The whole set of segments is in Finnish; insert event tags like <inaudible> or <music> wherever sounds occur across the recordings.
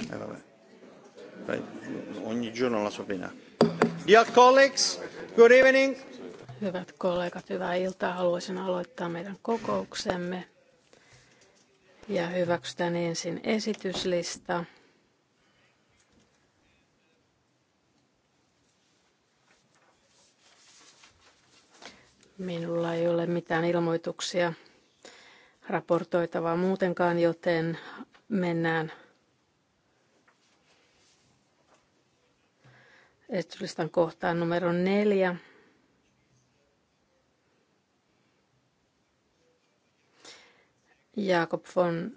Eh, vabbè. Vai, ogni giorno la sua pena. Dear colleagues, good evening. Hyvät kollegat, hyvää iltaa. Haluaisin aloittaa meidän kokouksemme. Ja hyväksytään ensin esityslista. Minulla ei ole mitään ilmoituksia raportoitavaa muutenkaan, joten mennään Esityslistan kohtaan numero neljä. Jakob von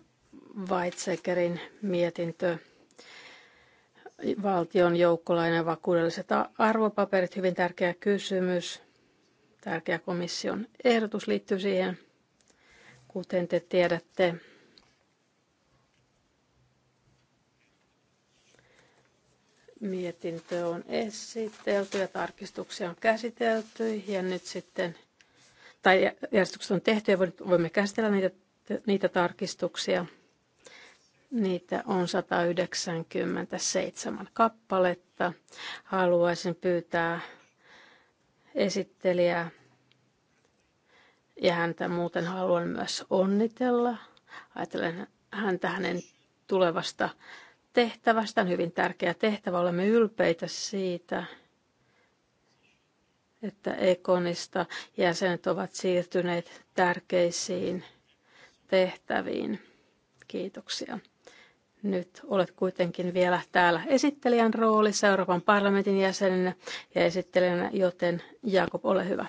Weizsäckerin mietintö valtion joukkolainen vakuudelliset arvopaperit, hyvin tärkeä kysymys. Tärkeä komission ehdotus liittyy siihen. Kuten te tiedätte, Mietintö on esitelty ja tarkistuksia on käsitelty ja nyt sitten, tai järjestykset on tehty ja voimme käsitellä niitä, niitä tarkistuksia. Niitä on 197 kappaletta. Haluaisin pyytää esittelijää ja häntä muuten haluan myös onnitella. Ajattelen häntä hänen tulevasta sitä on hyvin tärkeä tehtävä. Olemme ylpeitä siitä, että Ekonista jäsenet ovat siirtyneet tärkeisiin tehtäviin. Kiitoksia. Nyt olet kuitenkin vielä täällä esittelijän roolissa Euroopan parlamentin jäsenenä ja esittelijänä, joten Jakob, ole hyvä.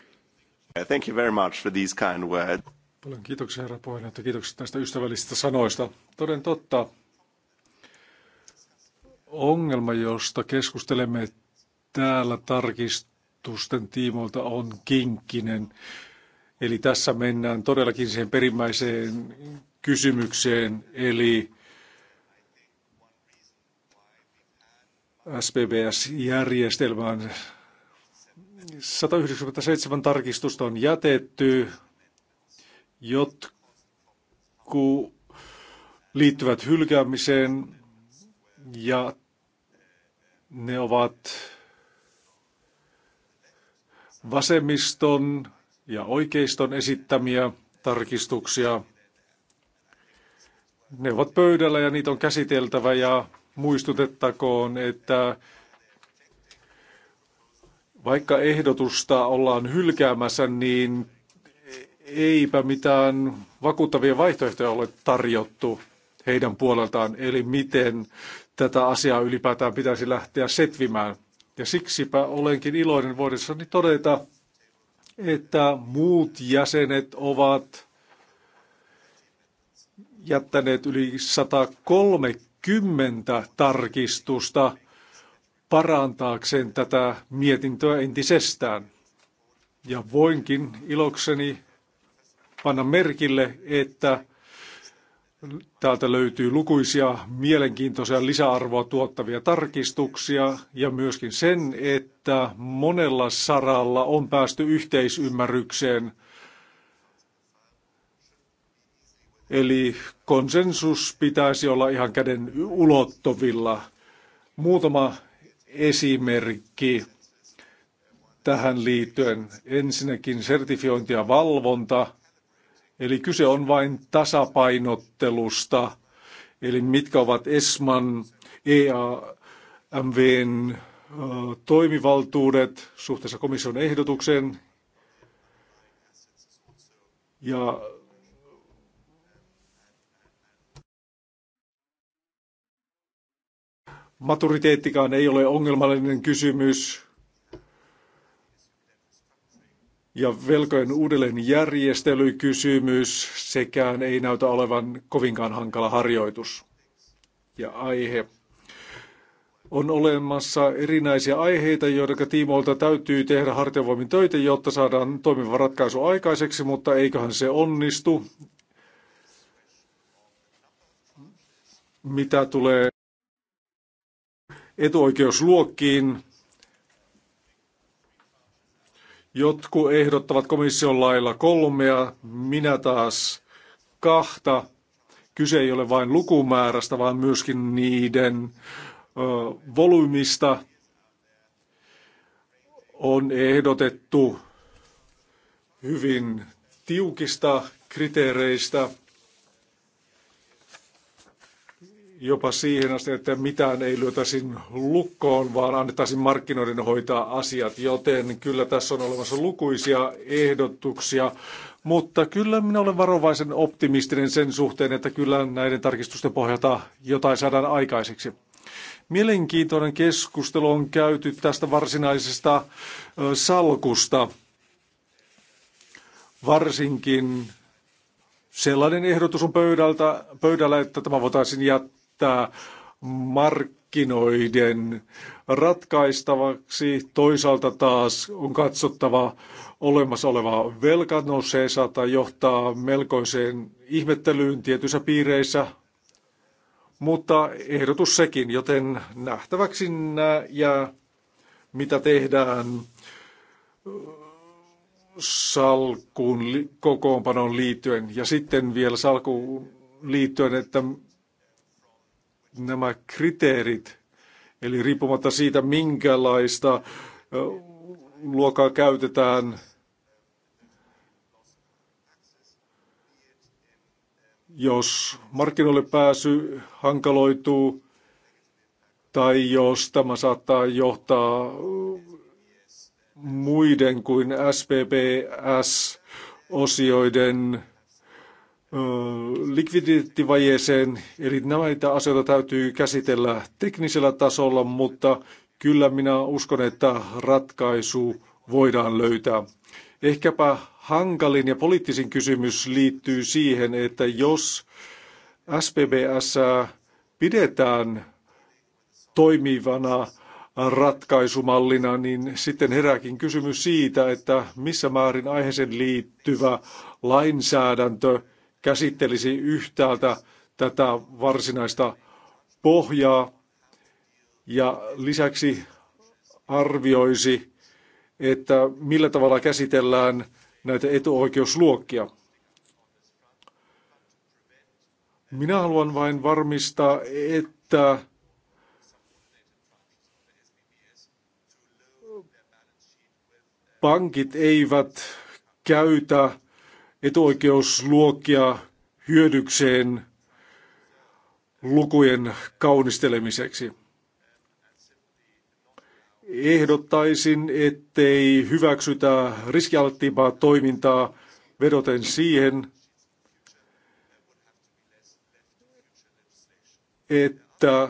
Thank you very much for these kind words. Paljon kiitoksia herra puheenjohtaja, kiitoksia näistä ystävällisistä sanoista. Toden totta, ongelma, josta keskustelemme täällä tarkistusten tiimoilta, on kinkkinen. Eli tässä mennään todellakin siihen perimmäiseen kysymykseen, eli SPBS-järjestelmään. 197 tarkistusta on jätetty, jotkut liittyvät hylkäämiseen, ja ne ovat vasemmiston ja oikeiston esittämiä tarkistuksia. Ne ovat pöydällä ja niitä on käsiteltävä ja muistutettakoon, että vaikka ehdotusta ollaan hylkäämässä, niin eipä mitään vakuuttavia vaihtoehtoja ole tarjottu heidän puoleltaan, eli miten tätä asiaa ylipäätään pitäisi lähteä setvimään. Ja siksipä olenkin iloinen voidessani todeta, että muut jäsenet ovat jättäneet yli 130 tarkistusta parantaakseen tätä mietintöä entisestään. Ja voinkin ilokseni panna merkille, että Täältä löytyy lukuisia mielenkiintoisia lisäarvoa tuottavia tarkistuksia ja myöskin sen, että monella saralla on päästy yhteisymmärrykseen. Eli konsensus pitäisi olla ihan käden ulottuvilla. Muutama esimerkki tähän liittyen. Ensinnäkin sertifiointi ja valvonta – Eli kyse on vain tasapainottelusta, eli mitkä ovat ESMAN, EAMVn toimivaltuudet suhteessa komission ehdotukseen. Ja maturiteettikaan ei ole ongelmallinen kysymys. Ja velkojen uudelleenjärjestelykysymys sekään ei näytä olevan kovinkaan hankala harjoitus ja aihe. On olemassa erinäisiä aiheita, joiden tiimoilta täytyy tehdä hartiavoimin töitä, jotta saadaan toimiva ratkaisu aikaiseksi, mutta eiköhän se onnistu. Mitä tulee etuoikeusluokkiin, Jotkut ehdottavat komission lailla kolmea, minä taas kahta. Kyse ei ole vain lukumäärästä, vaan myöskin niiden ö, volyymista. On ehdotettu hyvin tiukista kriteereistä jopa siihen asti, että mitään ei lyötäisiin lukkoon, vaan annettaisiin markkinoiden hoitaa asiat, joten kyllä tässä on olemassa lukuisia ehdotuksia, mutta kyllä minä olen varovaisen optimistinen sen suhteen, että kyllä näiden tarkistusten pohjalta jotain saadaan aikaiseksi. Mielenkiintoinen keskustelu on käyty tästä varsinaisesta salkusta, varsinkin sellainen ehdotus on pöydältä, pöydällä, että tämä voitaisiin jättää jättää markkinoiden ratkaistavaksi. Toisaalta taas on katsottava olemassa oleva velka No saattaa johtaa melkoiseen ihmettelyyn tietyissä piireissä, mutta ehdotus sekin, joten nähtäväksi ja mitä tehdään salkun kokoonpanon liittyen. Ja sitten vielä salkuun liittyen, että nämä kriteerit, eli riippumatta siitä, minkälaista luokkaa käytetään, jos markkinoille pääsy hankaloituu tai jos tämä saattaa johtaa muiden kuin SPPS-osioiden likviditeettivajeeseen, eli näitä asioita täytyy käsitellä teknisellä tasolla, mutta kyllä minä uskon, että ratkaisu voidaan löytää. Ehkäpä hankalin ja poliittisin kysymys liittyy siihen, että jos SPBS pidetään toimivana ratkaisumallina, niin sitten herääkin kysymys siitä, että missä määrin aiheeseen liittyvä lainsäädäntö – käsittelisi yhtäältä tätä varsinaista pohjaa ja lisäksi arvioisi, että millä tavalla käsitellään näitä etuoikeusluokkia. Minä haluan vain varmistaa, että pankit eivät käytä etuoikeusluokkia hyödykseen lukujen kaunistelemiseksi. Ehdottaisin, ettei hyväksytä riskialttiimpaa toimintaa vedoten siihen, että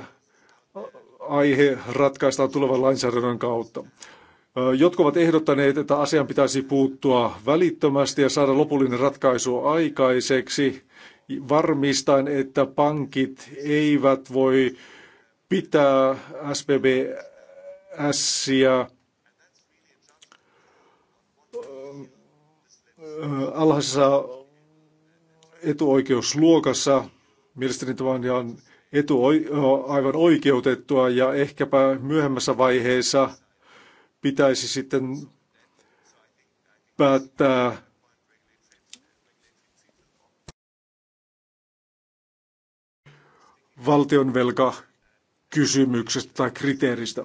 aihe ratkaistaan tulevan lainsäädännön kautta. Jotkut ovat ehdottaneet, että asian pitäisi puuttua välittömästi ja saada lopullinen ratkaisu aikaiseksi, varmistaen, että pankit eivät voi pitää SPBSiä alhaisessa etuoikeusluokassa. Mielestäni tämä on ihan etu, aivan oikeutettua ja ehkäpä myöhemmässä vaiheessa – pitäisi sitten päättää valtionvelka kysymyksestä tai kriteeristä.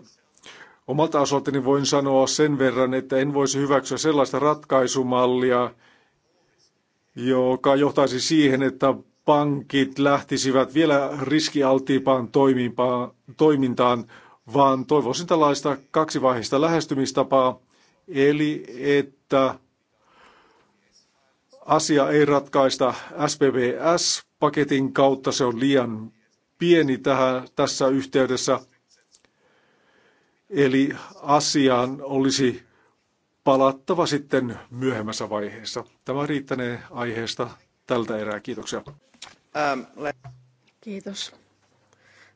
Omalta osaltani voin sanoa sen verran, että en voisi hyväksyä sellaista ratkaisumallia, joka johtaisi siihen, että pankit lähtisivät vielä riskialtiimpaan toimintaan vaan toivoisin tällaista kaksivaiheista lähestymistapaa, eli että asia ei ratkaista SPVS-paketin kautta, se on liian pieni tähän, tässä yhteydessä. Eli asiaan olisi palattava sitten myöhemmässä vaiheessa. Tämä riittänee aiheesta tältä erää. Kiitoksia. Ähm, Kiitos.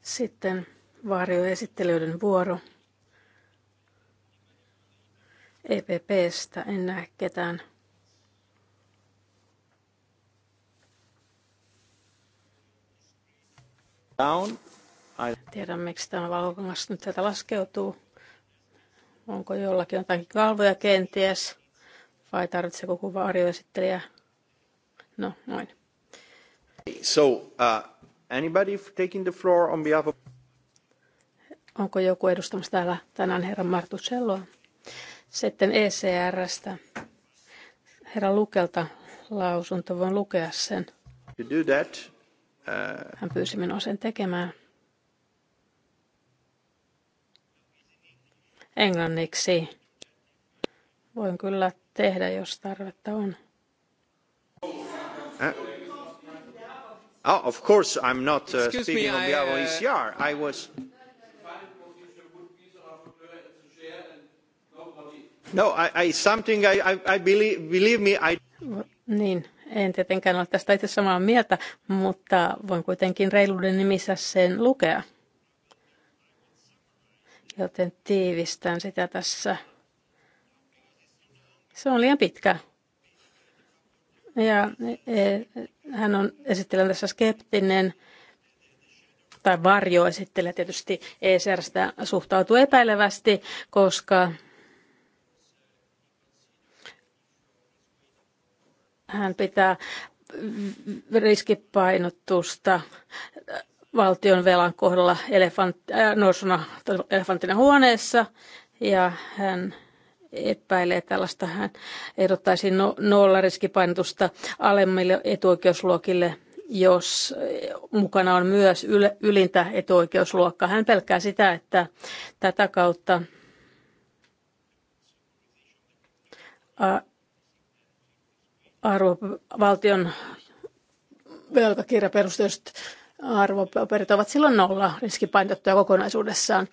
Sitten varjoesittelyiden vuoro. EPPstä en näe ketään. Down. I... Tiedän, miksi tämä valokangas nyt tätä laskeutuu. Onko jollakin jotakin kalvoja kenties? Vai tarvitseeko joku varjoesittelijä? No, noin. So, uh, anybody taking the floor on behalf of... Onko joku edustamassa täällä tänään herra Martucelloa? Sitten ECRstä. Herra Lukelta lausunto, voin lukea sen. Uh, Hän pyysi minua sen tekemään. Englanniksi. Voin kyllä tehdä, jos tarvetta on. Uh, oh, of course I'm not uh, speaking me, on behalf of uh, ECR. I was... No, I, I something I, I, I believe, believe me, I... Niin, en tietenkään ole tästä itse samaa mieltä, mutta voin kuitenkin reiluuden nimissä sen lukea. Joten tiivistän sitä tässä. Se on liian pitkä. Ja e, e, hän on esittelen tässä skeptinen tai varjoesittelijä tietysti ECRstä suhtautuu epäilevästi, koska Hän pitää riskipainotusta valtion velan kohdalla elefant, äh, elefanttina huoneessa ja hän epäilee tällaista. Hän ehdottaisi no, nollariskipainotusta alemmille etuoikeusluokille, jos mukana on myös yl, ylintä etuoikeusluokkaa. Hän pelkää sitä, että tätä kautta äh, arvovaltion velkakirjaperusteiset arvopaperit ovat silloin nolla riskipainotettuja kokonaisuudessaan.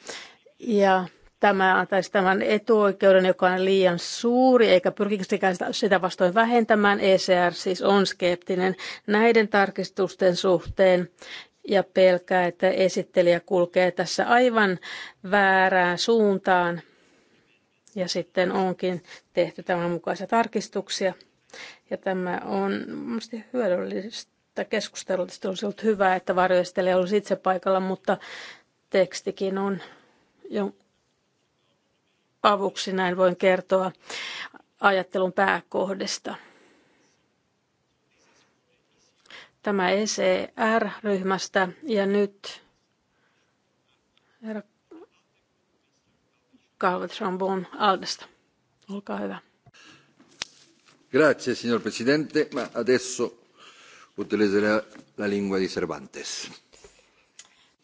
Ja tämä antaisi siis tämän etuoikeuden, joka on liian suuri, eikä pyrkisikään sitä, sitä vastoin vähentämään. ECR siis on skeptinen näiden tarkistusten suhteen ja pelkää, että esittelijä kulkee tässä aivan väärään suuntaan. Ja sitten onkin tehty tämän mukaisia tarkistuksia. Ja tämä on mielestäni hyödyllistä keskustelua. Tietysti olisi ollut hyvä, että varjoistelija olisi itse paikalla, mutta tekstikin on jo avuksi, näin voin kertoa ajattelun pääkohdista. Tämä ECR-ryhmästä ja nyt herra Calvet Rambon Aldesta. Olkaa hyvä signor Presidente, ma adesso utilizzerò la lingua di Cervantes.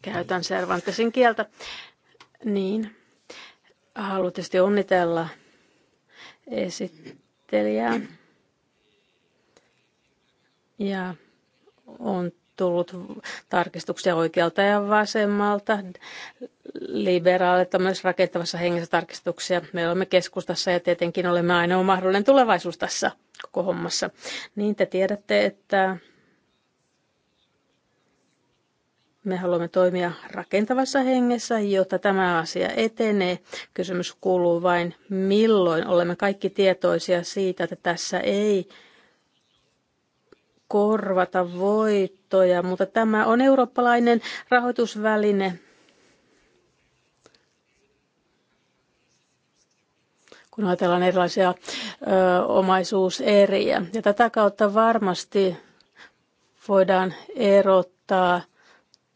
Käytän Cervantesin kieltä. Niin. Haluan tietysti onnitella esittelijää. Ja on tullut tarkistuksia oikealta ja vasemmalta. Liberaalit on myös rakentavassa hengessä tarkistuksia. Me olemme keskustassa ja tietenkin olemme ainoa mahdollinen tulevaisuus tässä hommassa, niin te tiedätte, että me haluamme toimia rakentavassa hengessä, jotta tämä asia etenee. Kysymys kuuluu vain, milloin olemme kaikki tietoisia siitä, että tässä ei korvata voittoja, mutta tämä on eurooppalainen rahoitusväline, kun ajatellaan erilaisia ö, omaisuuseriä. Ja tätä kautta varmasti voidaan erottaa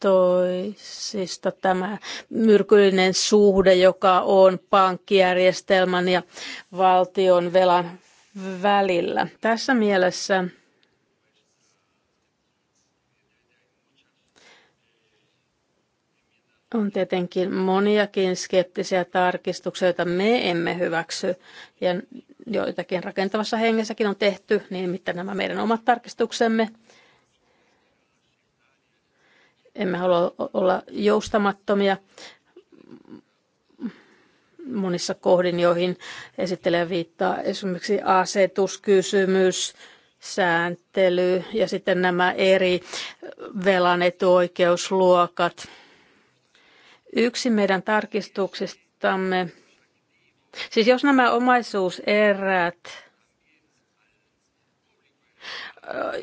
toisista tämä myrkyllinen suhde, joka on pankkijärjestelmän ja valtion velan välillä. Tässä mielessä On tietenkin moniakin skeptisiä tarkistuksia, joita me emme hyväksy, ja joitakin rakentavassa hengessäkin on tehty, niin mitä nämä meidän omat tarkistuksemme. Emme halua olla joustamattomia monissa kohdin, joihin esittelee viittaa esimerkiksi asetuskysymys, sääntely ja sitten nämä eri etuoikeusluokat, Yksi meidän tarkistuksistamme, siis jos nämä omaisuuserät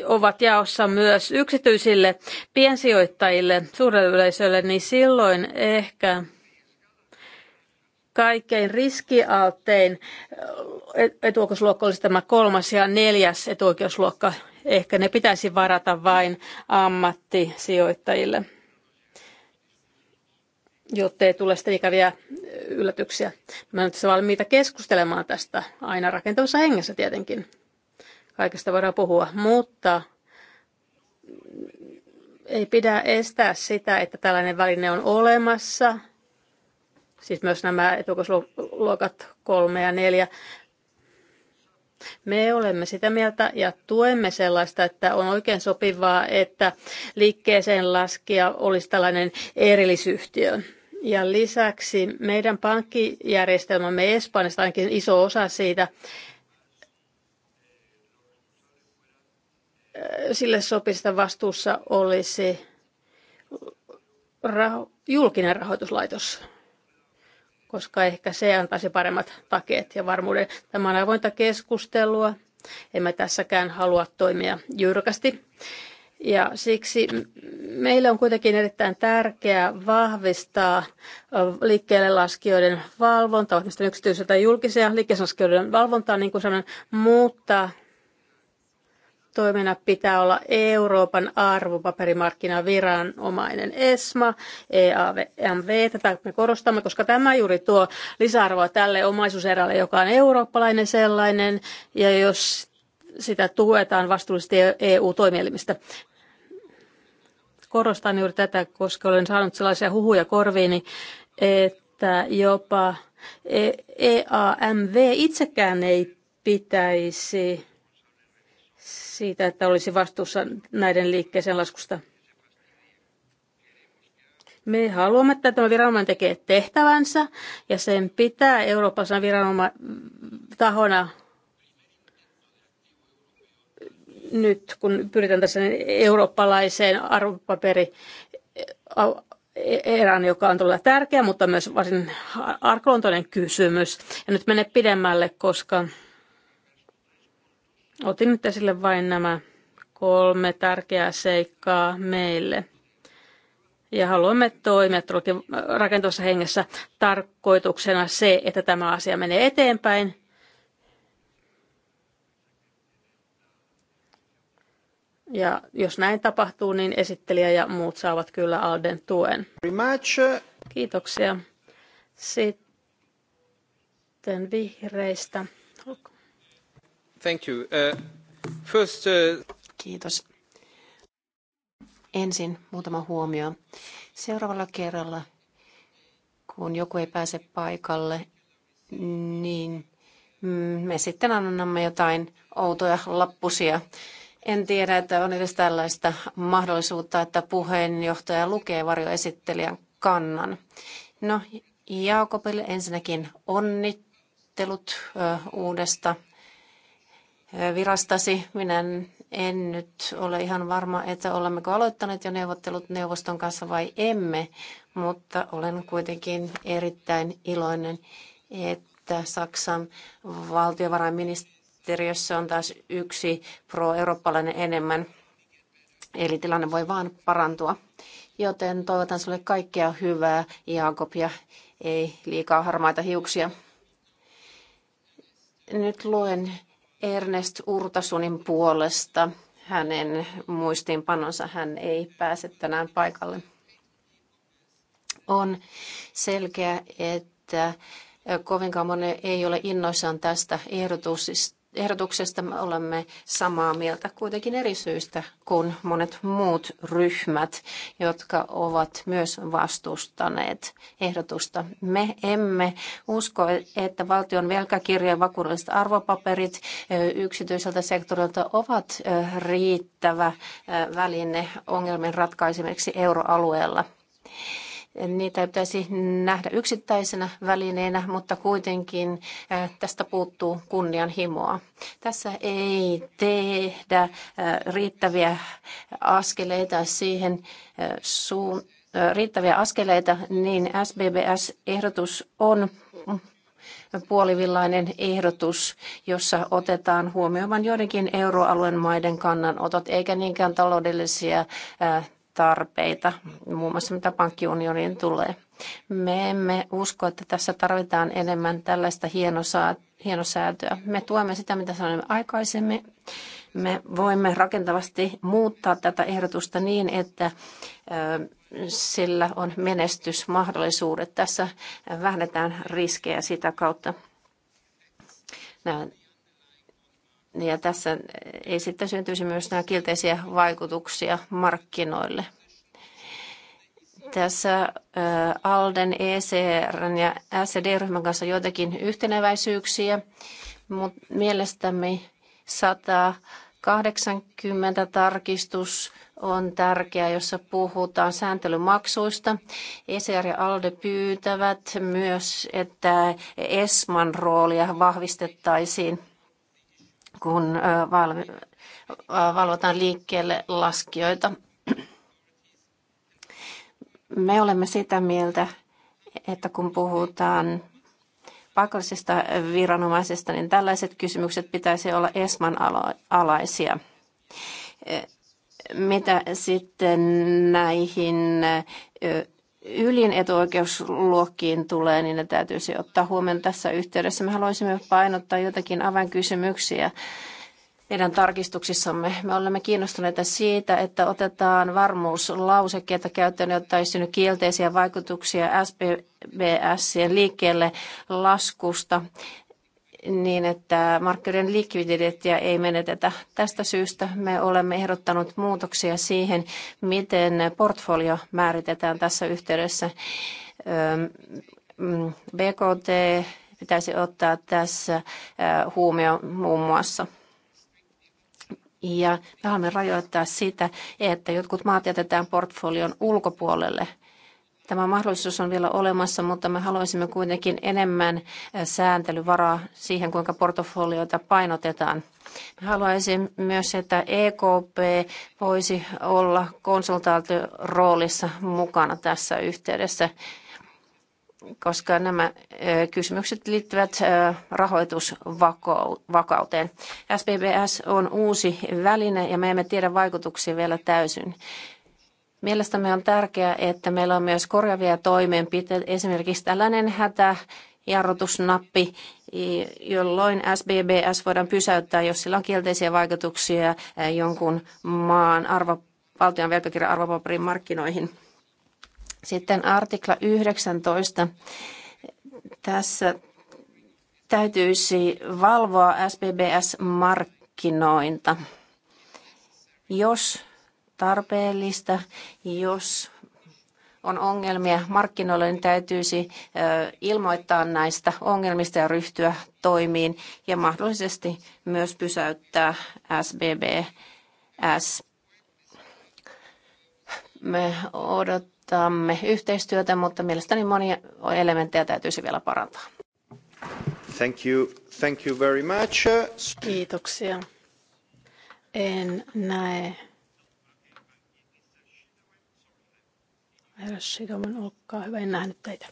ovat jaossa myös yksityisille piensijoittajille, suurelle yleisölle, niin silloin ehkä kaikkein riskialtein etuoikeusluokka olisi tämä kolmas ja neljäs etuoikeusluokka. Ehkä ne pitäisi varata vain ammattisijoittajille jotta ei tule sitten ikäviä yllätyksiä. Mä nyt se valmiita keskustelemaan tästä aina rakentavassa hengessä tietenkin. Kaikesta voidaan puhua, mutta ei pidä estää sitä, että tällainen väline on olemassa. Siis myös nämä etukosluokat kolme ja neljä me olemme sitä mieltä ja tuemme sellaista, että on oikein sopivaa, että liikkeeseen laskija olisi tällainen erillisyhtiö. Ja lisäksi meidän pankkijärjestelmämme Espanjasta ainakin iso osa siitä äh, sille sopista vastuussa olisi raho- julkinen rahoituslaitos koska ehkä se antaisi paremmat takeet ja varmuuden. Tämä on avointa keskustelua. Emme tässäkään halua toimia jyrkästi. Ja siksi meille on kuitenkin erittäin tärkeää vahvistaa liikkeelle laskijoiden valvontaa, mistä yksityiseltä ja julkisia liikkeelle laskijoiden valvontaa, niin kuin sanon, mutta toimena pitää olla Euroopan arvopaperimarkkinaviranomainen ESMA, EAMV. Tätä me korostamme, koska tämä juuri tuo lisäarvoa tälle omaisuuserälle, joka on eurooppalainen sellainen, ja jos sitä tuetaan vastuullisesti EU-toimielimistä. Korostan juuri tätä, koska olen saanut sellaisia huhuja korviini, että jopa EAMV itsekään ei pitäisi siitä, että olisi vastuussa näiden liikkeeseen laskusta. Me haluamme, että tämä viranomainen tekee tehtävänsä ja sen pitää Euroopassa tahona nyt, kun pyritään tässä niin eurooppalaiseen arvopaperi erään, joka on todella tärkeä, mutta myös varsin arkoontoinen kysymys. Ja nyt menee pidemmälle, koska Otin nyt esille vain nämä kolme tärkeää seikkaa meille. Ja haluamme toimia äh, rakentavassa hengessä tarkoituksena se, että tämä asia menee eteenpäin. Ja jos näin tapahtuu, niin esittelijä ja muut saavat kyllä Alden tuen. Kiitoksia. Sitten vihreistä. Uh, uh, Kiitos. Ensin muutama huomio. Seuraavalla kerralla, kun joku ei pääse paikalle, niin mm, me sitten annamme jotain outoja lappusia. En tiedä, että on edes tällaista mahdollisuutta, että puheenjohtaja lukee varjoesittelijän kannan. No, Jaakobille ensinnäkin onnittelut uudesta virastasi. Minä en nyt ole ihan varma, että olemmeko aloittaneet jo neuvottelut neuvoston kanssa vai emme, mutta olen kuitenkin erittäin iloinen, että Saksan valtiovarainministeriössä on taas yksi pro-eurooppalainen enemmän. Eli tilanne voi vaan parantua. Joten toivotan sulle kaikkea hyvää, Jaakob, ja ei liikaa harmaita hiuksia. Nyt luen Ernest Urtasunin puolesta. Hänen muistiinpanonsa hän ei pääse tänään paikalle. On selkeä, että kovinkaan moni ei ole innoissaan tästä ehdotuksesta ehdotuksesta me olemme samaa mieltä kuitenkin eri syistä kuin monet muut ryhmät, jotka ovat myös vastustaneet ehdotusta. Me emme usko, että valtion velkakirja ja vakuudelliset arvopaperit yksityiseltä sektorilta ovat riittävä väline ongelmien ratkaisemiseksi euroalueella. Niitä ei pitäisi nähdä yksittäisenä välineenä, mutta kuitenkin tästä puuttuu kunnianhimoa. Tässä ei tehdä riittäviä askeleita siihen suun, riittäviä askeleita, niin SBBS-ehdotus on puolivillainen ehdotus, jossa otetaan huomioon joidenkin euroalueen maiden kannanotot, eikä niinkään taloudellisia tarpeita, muun muassa mitä pankkiunioniin tulee. Me emme usko, että tässä tarvitaan enemmän tällaista hienosäätöä. Me tuemme sitä, mitä sanoimme aikaisemmin. Me voimme rakentavasti muuttaa tätä ehdotusta niin, että sillä on menestysmahdollisuudet. Tässä vähennetään riskejä sitä kautta. Niin ja tässä ei sitten syntyisi myös nämä kielteisiä vaikutuksia markkinoille. Tässä Alden, ECR ja SED-ryhmän kanssa joitakin yhteneväisyyksiä, mutta mielestämme 180 tarkistus on tärkeä, jossa puhutaan sääntelymaksuista. ECR ja ALDE pyytävät myös, että ESMAn roolia vahvistettaisiin kun valvotaan liikkeelle laskijoita. Me olemme sitä mieltä, että kun puhutaan pakollisista viranomaisista, niin tällaiset kysymykset pitäisi olla ESMAn alaisia. Mitä sitten näihin ylin etuoikeusluokkiin tulee, niin ne täytyisi ottaa huomioon tässä yhteydessä. Me haluaisimme painottaa jotakin avainkysymyksiä meidän tarkistuksissamme. Me olemme kiinnostuneita siitä, että otetaan varmuuslausekkeita käyttöön, jotta ei synny kielteisiä vaikutuksia SPBSien liikkeelle laskusta niin, että markkinoiden likviditeettiä ei menetetä. Tästä syystä me olemme ehdottanut muutoksia siihen, miten portfolio määritetään tässä yhteydessä. Mm, BKT pitäisi ottaa tässä huomioon muun muassa. Ja me haluamme rajoittaa sitä, että jotkut maat jätetään portfolion ulkopuolelle – Tämä mahdollisuus on vielä olemassa, mutta me haluaisimme kuitenkin enemmän sääntelyvaraa siihen, kuinka portofolioita painotetaan. Me haluaisin myös, että EKP voisi olla konsultaatioroolissa mukana tässä yhteydessä, koska nämä kysymykset liittyvät rahoitusvakauteen. SPBS on uusi väline ja me emme tiedä vaikutuksia vielä täysin. Mielestämme on tärkeää, että meillä on myös korjavia toimenpiteitä, esimerkiksi tällainen hätä, jarrutusnappi, jolloin SBBS voidaan pysäyttää, jos sillä on kielteisiä vaikutuksia jonkun maan arvo, valtion velkakirjan arvopaperin markkinoihin. Sitten artikla 19. Tässä täytyisi valvoa SBBS-markkinointa. Jos tarpeellista. Jos on ongelmia markkinoilla, niin täytyisi ilmoittaa näistä ongelmista ja ryhtyä toimiin ja mahdollisesti myös pysäyttää SBBS. Me odotamme yhteistyötä, mutta mielestäni monia elementtejä täytyisi vielä parantaa. Thank you. Thank you very much. Kiitoksia. En näe Herra Sidoman, olkaa hyvä, en nähnyt teitä.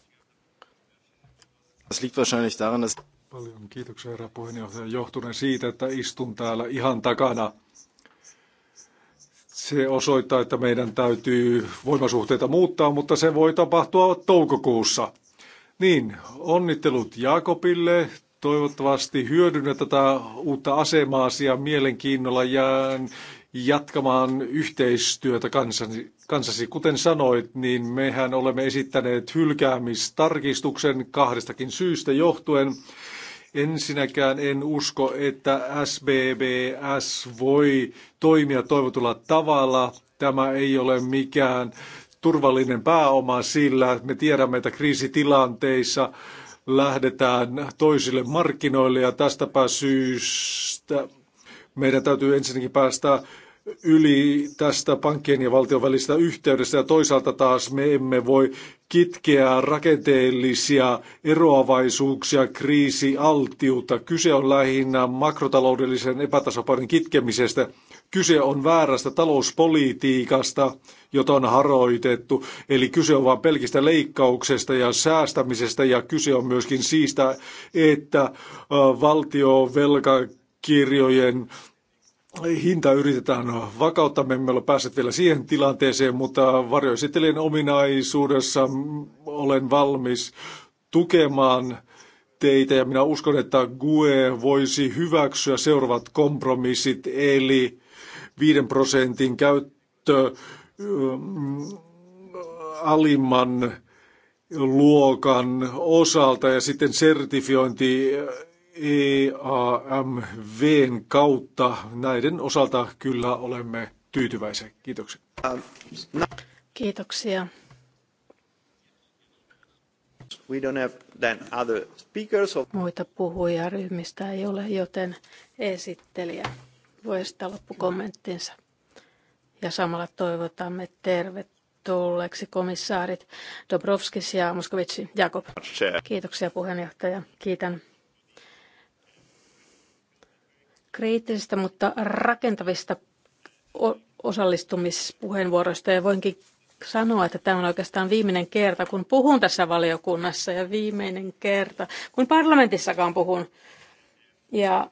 Das liegt wahrscheinlich daran, dass... Paljon kiitoksia, herra puheenjohtaja. Johtuneen siitä, että istun täällä ihan takana. Se osoittaa, että meidän täytyy voimasuhteita muuttaa, mutta se voi tapahtua toukokuussa. Niin, onnittelut Jakobille. Toivottavasti hyödynnä tätä uutta asemaa ja mielenkiinnolla jään jatkamaan yhteistyötä kanssasi, kanssasi. Kuten sanoit, niin mehän olemme esittäneet hylkäämistarkistuksen kahdestakin syystä johtuen. Ensinnäkään en usko, että SBBS voi toimia toivotulla tavalla. Tämä ei ole mikään turvallinen pääoma sillä, me tiedämme, että kriisitilanteissa lähdetään toisille markkinoille ja tästäpä syystä meidän täytyy ensinnäkin päästä yli tästä pankkien ja valtion välisestä yhteydestä ja toisaalta taas me emme voi kitkeä rakenteellisia eroavaisuuksia kriisialtiutta. Kyse on lähinnä makrotaloudellisen epätasapainon kitkemisestä. Kyse on väärästä talouspolitiikasta, jota on haroitettu. Eli kyse on vain pelkistä leikkauksesta ja säästämisestä ja kyse on myöskin siitä, että valtiovelkakirjojen hinta yritetään no, vakauttaa. Me emme ole päässeet vielä siihen tilanteeseen, mutta varjoesittelijän ominaisuudessa olen valmis tukemaan teitä ja minä uskon, että GUE voisi hyväksyä seuraavat kompromissit, eli 5 prosentin käyttö alimman luokan osalta ja sitten sertifiointi EAMVn kautta näiden osalta kyllä olemme tyytyväisiä. Kiitoksia. Kiitoksia. We don't have then other speakers of... Muita puhujia ryhmistä ei ole, joten esittelijä voi esittää loppukommenttinsa. Ja samalla toivotamme tervetulleeksi komissaarit Dobrovskis ja Moskovitsi Jakob. Kiitoksia puheenjohtaja. Kiitän kriittisistä, mutta rakentavista osallistumispuheenvuoroista ja voinkin sanoa, että tämä on oikeastaan viimeinen kerta, kun puhun tässä valiokunnassa ja viimeinen kerta, kun parlamentissakaan puhun. Ja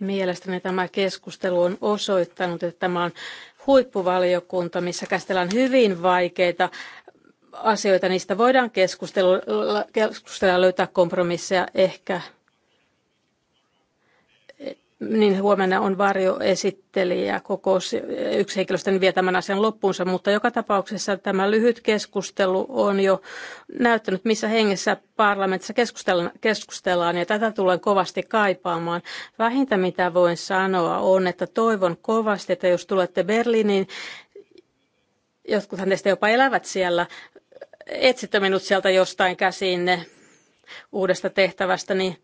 mielestäni tämä keskustelu on osoittanut, että tämä on huippuvaliokunta, missä käsitellään hyvin vaikeita asioita. Niistä voidaan keskustella, keskustella löytää kompromisseja ehkä niin huomenna on varjoesittelijä kokous yksi henkilöstä vie tämän asian loppuunsa, mutta joka tapauksessa tämä lyhyt keskustelu on jo näyttänyt, missä hengessä parlamentissa keskustellaan, ja tätä tulen kovasti kaipaamaan. Vähintä mitä voin sanoa on, että toivon kovasti, että jos tulette Berliiniin, jotkuthan teistä jopa elävät siellä, etsitte minut sieltä jostain käsiinne uudesta tehtävästä, niin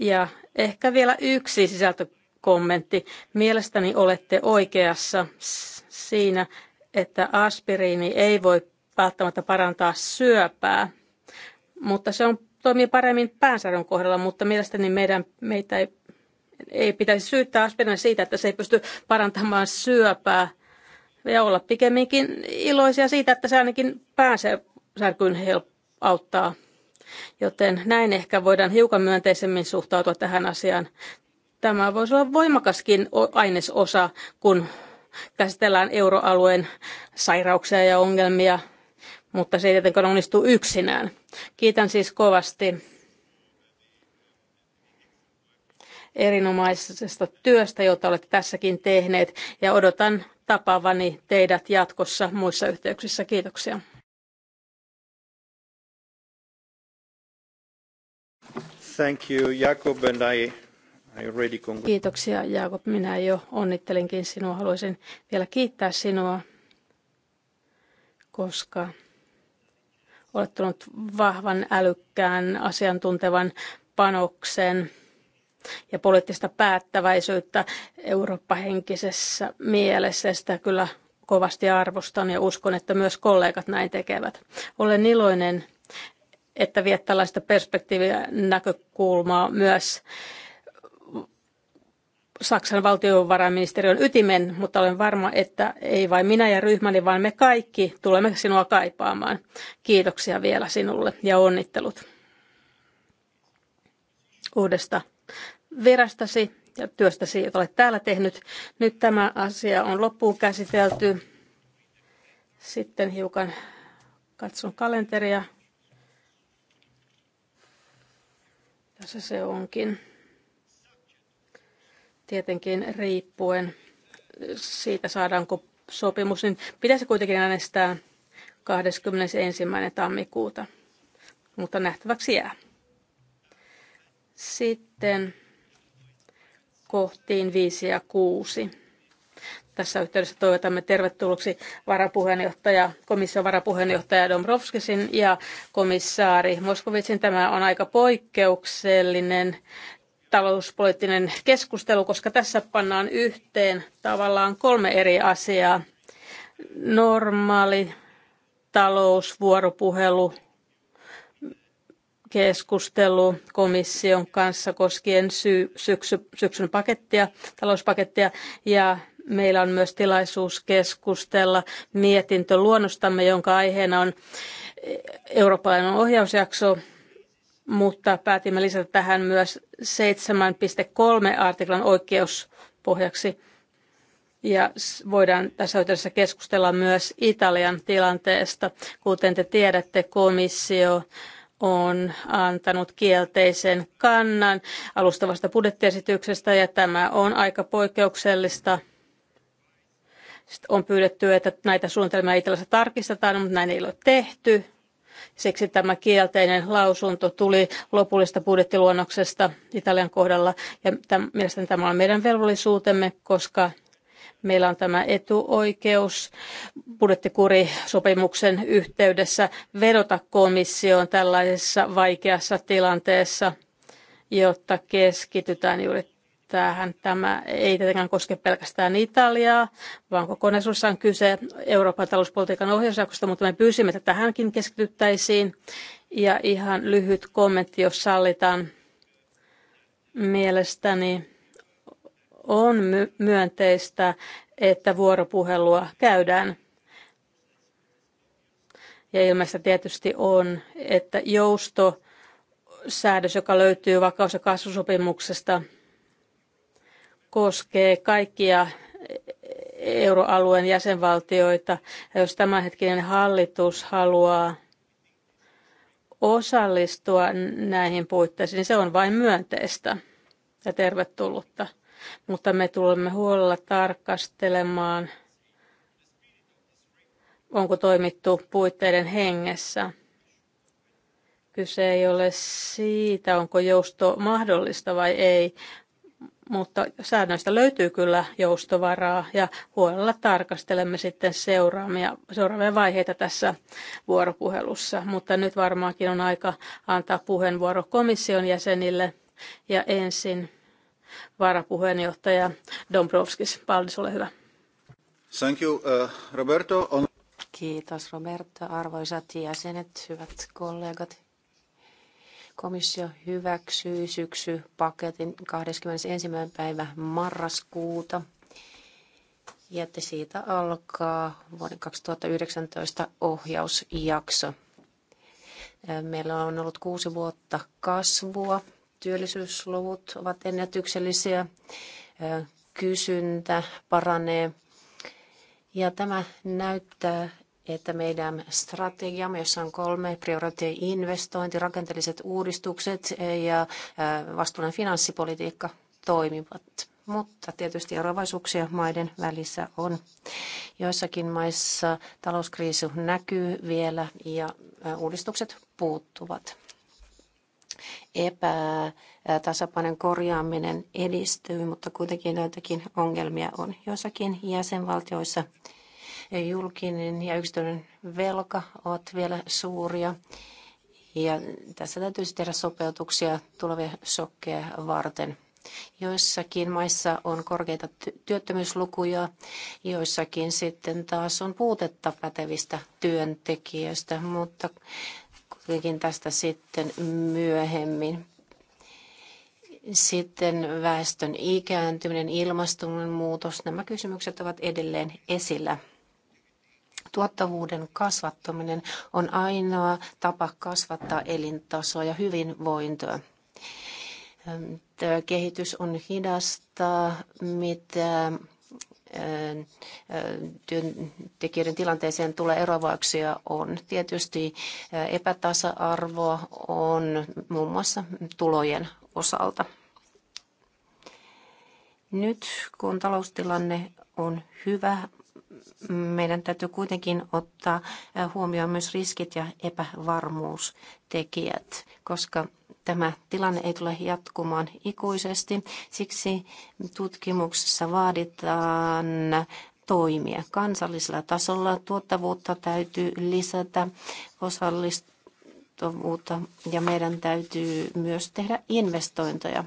ja ehkä vielä yksi sisältökommentti. Mielestäni olette oikeassa siinä, että aspiriini ei voi välttämättä parantaa syöpää, mutta se on, toimii paremmin päänsädön kohdalla, mutta mielestäni meidän, meitä ei, ei pitäisi syyttää aspiriinia siitä, että se ei pysty parantamaan syöpää ja olla pikemminkin iloisia siitä, että se ainakin päänsärkyyn help auttaa Joten näin ehkä voidaan hiukan myönteisemmin suhtautua tähän asiaan. Tämä voisi olla voimakaskin ainesosa, kun käsitellään euroalueen sairauksia ja ongelmia, mutta se ei tietenkään onnistu yksinään. Kiitän siis kovasti erinomaisesta työstä, jota olette tässäkin tehneet, ja odotan tapaavani teidät jatkossa muissa yhteyksissä. Kiitoksia. Thank you, Jakob, and I, already congr- Kiitoksia, Jakob. Minä jo onnittelinkin sinua. Haluaisin vielä kiittää sinua, koska olet ollut vahvan, älykkään, asiantuntevan panoksen ja poliittista päättäväisyyttä eurooppahenkisessä mielessä. sitä kyllä kovasti arvostan ja uskon, että myös kollegat näin tekevät. Olen iloinen että viet tällaista perspektiiviä näkökulmaa myös Saksan valtiovarainministeriön ytimen, mutta olen varma, että ei vain minä ja ryhmäni, vaan me kaikki tulemme sinua kaipaamaan. Kiitoksia vielä sinulle ja onnittelut uudesta virastasi ja työstäsi, jota olet täällä tehnyt. Nyt tämä asia on loppuun käsitelty. Sitten hiukan katson kalenteria. Tässä se onkin. Tietenkin riippuen siitä, saadaanko sopimus, niin pitäisi kuitenkin äänestää 21. tammikuuta, mutta nähtäväksi jää. Sitten kohtiin 5 ja 6 tässä yhteydessä toivotamme tervetulluksi varapuheenjohtaja, komission varapuheenjohtaja Dombrovskisin ja komissaari Moskovitsin. Tämä on aika poikkeuksellinen talouspoliittinen keskustelu, koska tässä pannaan yhteen tavallaan kolme eri asiaa. Normaali talousvuoropuhelu, keskustelu komission kanssa koskien sy- syksy, syksyn pakettia, talouspakettia ja Meillä on myös tilaisuus keskustella luonnostamme, jonka aiheena on eurooppalainen ohjausjakso, mutta päätimme lisätä tähän myös 7.3 artiklan oikeuspohjaksi. Ja voidaan tässä yhteydessä keskustella myös Italian tilanteesta. Kuten te tiedätte, komissio on antanut kielteisen kannan alustavasta budjettiesityksestä ja tämä on aika poikkeuksellista sitten on pyydetty, että näitä suunnitelmia Italiassa tarkistetaan, mutta näin ei ole tehty. Siksi tämä kielteinen lausunto tuli lopullista budjettiluonnoksesta Italian kohdalla. Ja tämän, mielestäni tämä on meidän velvollisuutemme, koska meillä on tämä etuoikeus budjettikurisopimuksen yhteydessä vedota komissioon tällaisessa vaikeassa tilanteessa, jotta keskitytään juuri tähän. Tämä ei tietenkään koske pelkästään Italiaa, vaan kokonaisuudessa on kyse Euroopan talouspolitiikan ohjausjaksosta, mutta me pyysimme, että tähänkin keskityttäisiin. Ja ihan lyhyt kommentti, jos sallitaan. Mielestäni on myönteistä, että vuoropuhelua käydään. Ja ilmeistä tietysti on, että jousto säädös, joka löytyy vakaus- ja kasvusopimuksesta – koskee kaikkia euroalueen jäsenvaltioita. Ja jos tämänhetkinen hallitus haluaa osallistua näihin puitteisiin, niin se on vain myönteistä ja tervetullutta. Mutta me tulemme huolella tarkastelemaan, onko toimittu puitteiden hengessä. Kyse ei ole siitä, onko jousto mahdollista vai ei, mutta säännöistä löytyy kyllä joustovaraa ja huolella tarkastelemme sitten seuraamia, seuraavia vaiheita tässä vuoropuhelussa. Mutta nyt varmaankin on aika antaa puheenvuoro komission jäsenille ja ensin varapuheenjohtaja Dombrovskis. Paldis, ole hyvä. Thank you, uh, Roberto. On... Kiitos Roberto, arvoisat jäsenet, hyvät kollegat. Komissio hyväksyi syksypaketin 21. päivä marraskuuta. Ja että siitä alkaa vuoden 2019 ohjausjakso. Meillä on ollut kuusi vuotta kasvua. Työllisyysluvut ovat ennätyksellisiä. Kysyntä paranee. Ja tämä näyttää, että meidän strategiamme, jossa on kolme prioriteetti, investointi, rakenteelliset uudistukset eh, ja eh, vastuullinen finanssipolitiikka toimivat. Mutta tietysti eroavaisuuksia maiden välissä on. Joissakin maissa talouskriisi näkyy vielä ja eh, uudistukset puuttuvat. Epätasapainon korjaaminen edistyy, mutta kuitenkin joitakin ongelmia on. Joissakin jäsenvaltioissa Julkinen ja yksityinen velka ovat vielä suuria. Ja tässä täytyisi siis tehdä sopeutuksia tulevia shokkeja varten. Joissakin maissa on korkeita työttömyyslukuja, joissakin sitten taas on puutetta pätevistä työntekijöistä, mutta kuitenkin tästä sitten myöhemmin. Sitten väestön ikääntyminen, ilmastonmuutos, nämä kysymykset ovat edelleen esillä. Tuottavuuden kasvattaminen on ainoa tapa kasvattaa elintasoa ja hyvinvointia. Tämä kehitys on hidasta, mitä öö, öö, työntekijöiden tilanteeseen tulee eroavauksia on. Tietysti öö, epätasa arvo on muun mm. muassa tulojen osalta. Nyt kun taloustilanne on hyvä, meidän täytyy kuitenkin ottaa huomioon myös riskit ja epävarmuustekijät, koska tämä tilanne ei tule jatkumaan ikuisesti. Siksi tutkimuksessa vaaditaan toimia. Kansallisella tasolla tuottavuutta täytyy lisätä, osallist- uskottavuutta ja meidän täytyy myös tehdä investointeja.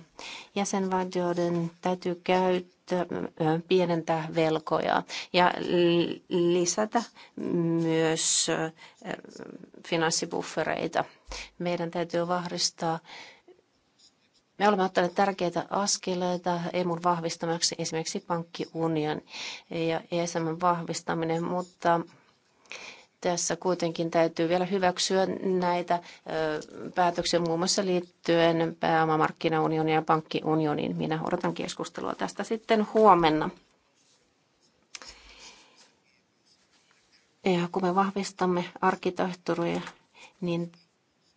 Jäsenvaltioiden täytyy käyttää, pienentää velkoja ja lisätä myös finanssibuffereita. Meidän täytyy vahvistaa me olemme ottaneet tärkeitä askeleita EMUn vahvistamiseksi, esimerkiksi pankkiunion ja ESMn vahvistaminen, mutta tässä kuitenkin täytyy vielä hyväksyä näitä päätöksiä muun muassa liittyen pääomamarkkinaunioniin ja pankkiunioniin. Minä odotan keskustelua tästä sitten huomenna. Ja kun me vahvistamme arkkitehtuuria, niin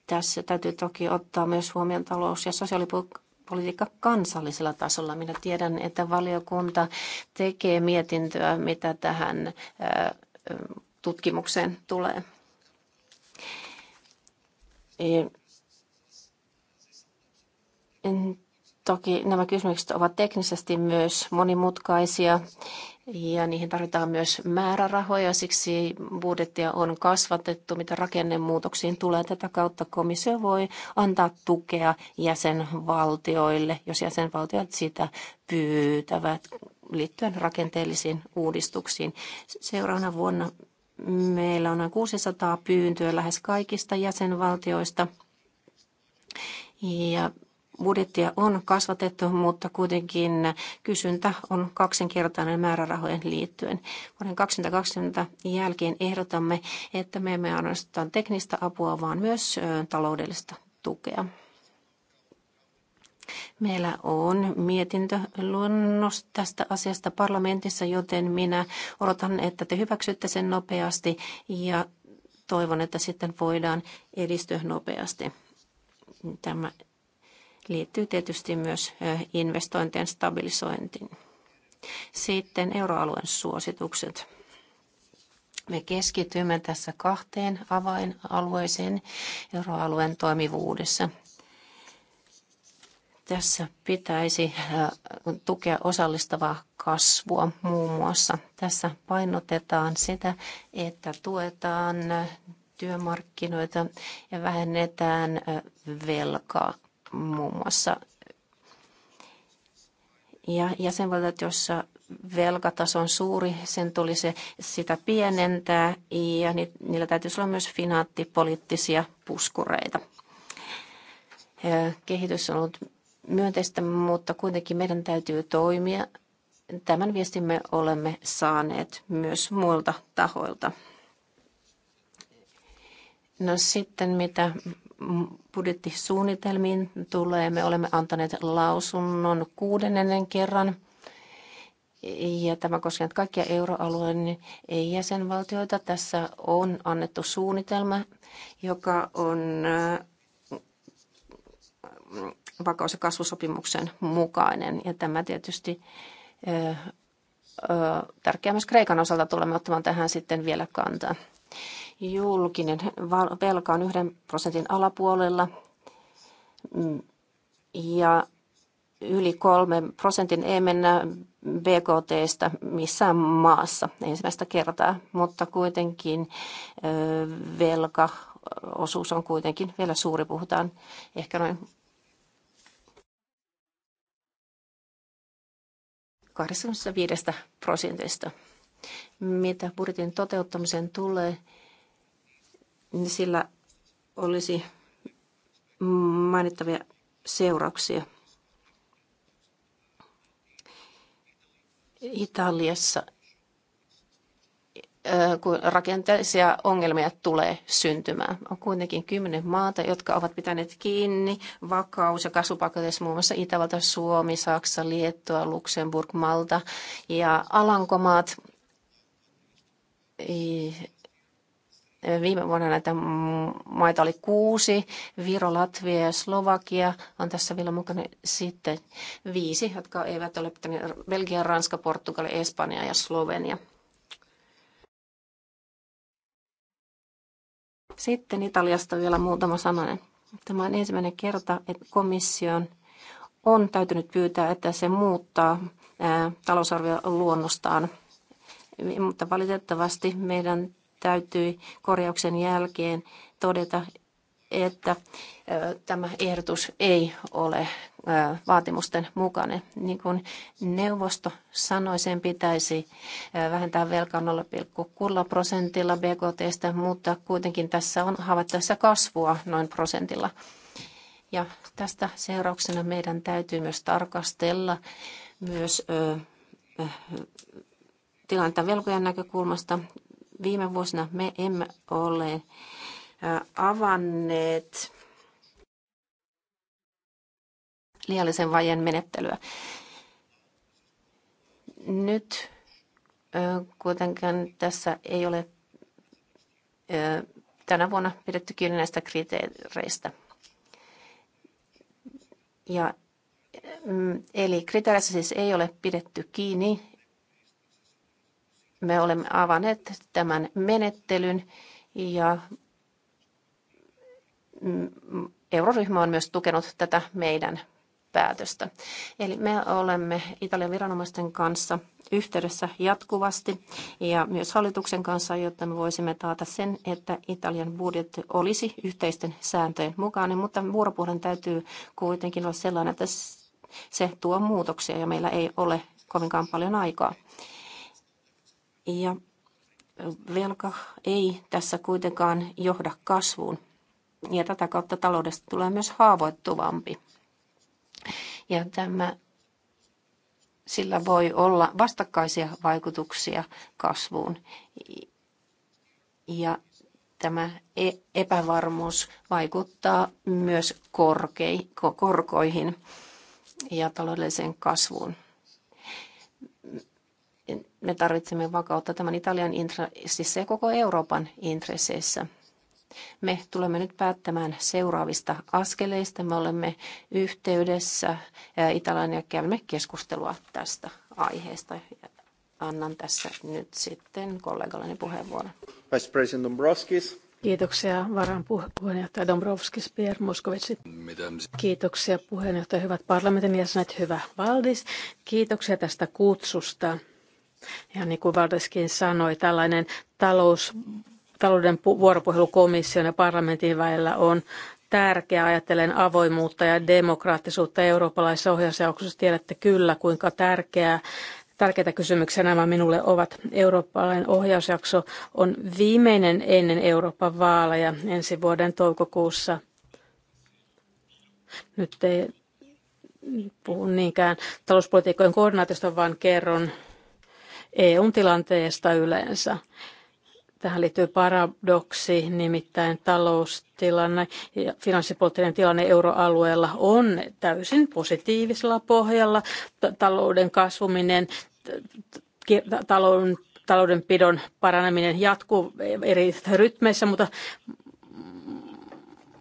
tässä täytyy toki ottaa myös huomioon talous- ja sosiaalipolitiikka kansallisella tasolla. Minä tiedän, että valiokunta tekee mietintöä, mitä tähän tutkimukseen tulee. Toki nämä kysymykset ovat teknisesti myös monimutkaisia ja niihin tarvitaan myös määrärahoja. Siksi budjettia on kasvatettu, mitä rakennemuutoksiin tulee. Tätä kautta komissio voi antaa tukea jäsenvaltioille, jos jäsenvaltiot sitä pyytävät liittyen rakenteellisiin uudistuksiin. Seuraavana vuonna Meillä on noin 600 pyyntöä lähes kaikista jäsenvaltioista. Ja budjettia on kasvatettu, mutta kuitenkin kysyntä on kaksinkertainen määrärahojen liittyen. Vuoden 2020 jälkeen ehdotamme, että me emme ainoastaan teknistä apua, vaan myös taloudellista tukea. Meillä on mietintö luonnos tästä asiasta parlamentissa, joten minä odotan, että te hyväksytte sen nopeasti ja toivon, että sitten voidaan edistyä nopeasti. Tämä liittyy tietysti myös investointien stabilisointiin. Sitten euroalueen suositukset. Me keskitymme tässä kahteen avainalueeseen euroalueen toimivuudessa. Tässä pitäisi tukea osallistavaa kasvua muun muassa. Tässä painotetaan sitä, että tuetaan työmarkkinoita ja vähennetään velkaa muun muassa. Ja jäsenvaltiot, joissa velkataso on suuri, sen tulisi sitä pienentää ja niillä täytyisi olla myös finanssipoliittisia puskureita. Kehitys on ollut myönteistä, mutta kuitenkin meidän täytyy toimia. Tämän viestimme olemme saaneet myös muilta tahoilta. No sitten mitä budjettisuunnitelmiin tulee, me olemme antaneet lausunnon kuudennen kerran. Ja tämä koskee kaikkia euroalueen niin jäsenvaltioita. Tässä on annettu suunnitelma, joka on vakaus- ja kasvusopimuksen mukainen. Ja tämä tietysti tärkeää myös Kreikan osalta tulemme ottamaan tähän sitten vielä kantaa. Julkinen velka on yhden prosentin alapuolella mm, ja yli kolmen prosentin ei mennä BKTstä missään maassa ensimmäistä kertaa, mutta kuitenkin velkaosuus on kuitenkin vielä suuri, puhutaan ehkä noin 85 prosentista. Mitä budjetin toteuttamiseen tulee, niin sillä olisi mainittavia seurauksia. Italiassa kun rakenteellisia ongelmia tulee syntymään. On kuitenkin kymmenen maata, jotka ovat pitäneet kiinni vakaus- ja kasvupaketeissa muun muassa Itävalta, Suomi, Saksa, Liettua, Luxemburg, Malta ja Alankomaat. Viime vuonna näitä maita oli kuusi, Viro, Latvia ja Slovakia on tässä vielä mukana sitten viisi, jotka eivät ole pitäneet Belgia, Ranska, Portugali, Espanja ja Slovenia. Sitten Italiasta vielä muutama sananen. Tämä on ensimmäinen kerta, että komission on täytynyt pyytää, että se muuttaa talousarvioluonnostaan. Mutta valitettavasti meidän täytyi korjauksen jälkeen todeta, että tämä ehdotus ei ole vaatimusten mukainen. Niin kuin neuvosto sanoi, sen pitäisi vähentää velkaa 0,6 prosentilla BKTstä, mutta kuitenkin tässä on havaittavissa kasvua noin prosentilla. Ja tästä seurauksena meidän täytyy myös tarkastella myös tilannetta velkojen näkökulmasta. Viime vuosina me emme ole avanneet liiallisen vajen menettelyä. Nyt kuitenkaan tässä ei ole tänä vuonna pidetty kiinni näistä kriteereistä. Ja, mm, eli kriteereissä siis ei ole pidetty kiinni. Me olemme avanneet tämän menettelyn ja mm, euroryhmä on myös tukenut tätä meidän päätöstä. Eli me olemme Italian viranomaisten kanssa yhteydessä jatkuvasti ja myös hallituksen kanssa, jotta me voisimme taata sen, että Italian budjetti olisi yhteisten sääntöjen mukainen, mutta vuoropuhelun täytyy kuitenkin olla sellainen, että se tuo muutoksia ja meillä ei ole kovinkaan paljon aikaa. Ja velka ei tässä kuitenkaan johda kasvuun ja tätä kautta taloudesta tulee myös haavoittuvampi. Ja tämä sillä voi olla vastakkaisia vaikutuksia kasvuun. Ja tämä e-, epävarmuus vaikuttaa myös korkei, korkoihin ja taloudelliseen kasvuun. Me tarvitsemme vakautta tämän Italian intressissä ja koko Euroopan intresseissä. Me tulemme nyt päättämään seuraavista askeleista. Me olemme yhteydessä Italian ja käymme keskustelua tästä aiheesta. Annan tässä nyt sitten kollegalleni puheenvuoron. Vice President Dombrovskis. Kiitoksia varan puheenjohtaja Dombrovskis, Pierre Moskovitsi. Kiitoksia puheenjohtaja, hyvät parlamentin jäsenet, hyvä Valdis. Kiitoksia tästä kutsusta. Ja niin kuin Valdiskin sanoi, tällainen talous talouden vuoropuhelu komission ja parlamentin välillä on tärkeä. ajatellen avoimuutta ja demokraattisuutta eurooppalaisessa ohjausjauksessa. Tiedätte kyllä, kuinka tärkeää Tärkeitä kysymyksiä nämä minulle ovat. Eurooppalainen ohjausjakso on viimeinen ennen Euroopan vaaleja ensi vuoden toukokuussa. Nyt ei puhu niinkään talouspolitiikkojen koordinaatiosta, vaan kerron EUn tilanteesta yleensä. Tähän liittyy paradoksi, nimittäin taloustilanne ja finanssipoliittinen tilanne euroalueella on täysin positiivisella pohjalla. Talouden kasvuminen, talouden taloudenpidon paraneminen jatkuu eri rytmeissä, mutta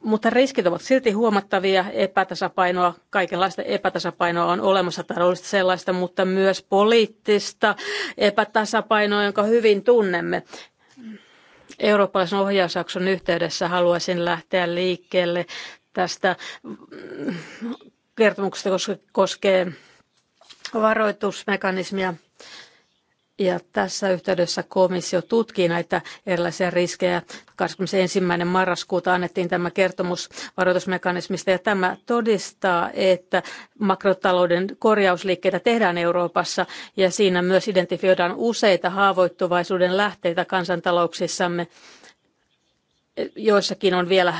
mutta riskit ovat silti huomattavia, epätasapainoa, kaikenlaista epätasapainoa on olemassa taloudellista sellaista, mutta myös poliittista epätasapainoa, jonka hyvin tunnemme eurooppalaisen ohjausjakson yhteydessä haluaisin lähteä liikkeelle tästä mm, kertomuksesta, koska koskee varoitusmekanismia ja tässä yhteydessä komissio tutkii näitä erilaisia riskejä. 21. marraskuuta annettiin tämä kertomus varoitusmekanismista ja tämä todistaa, että makrotalouden korjausliikkeitä tehdään Euroopassa ja siinä myös identifioidaan useita haavoittuvaisuuden lähteitä kansantalouksissamme joissakin on vielä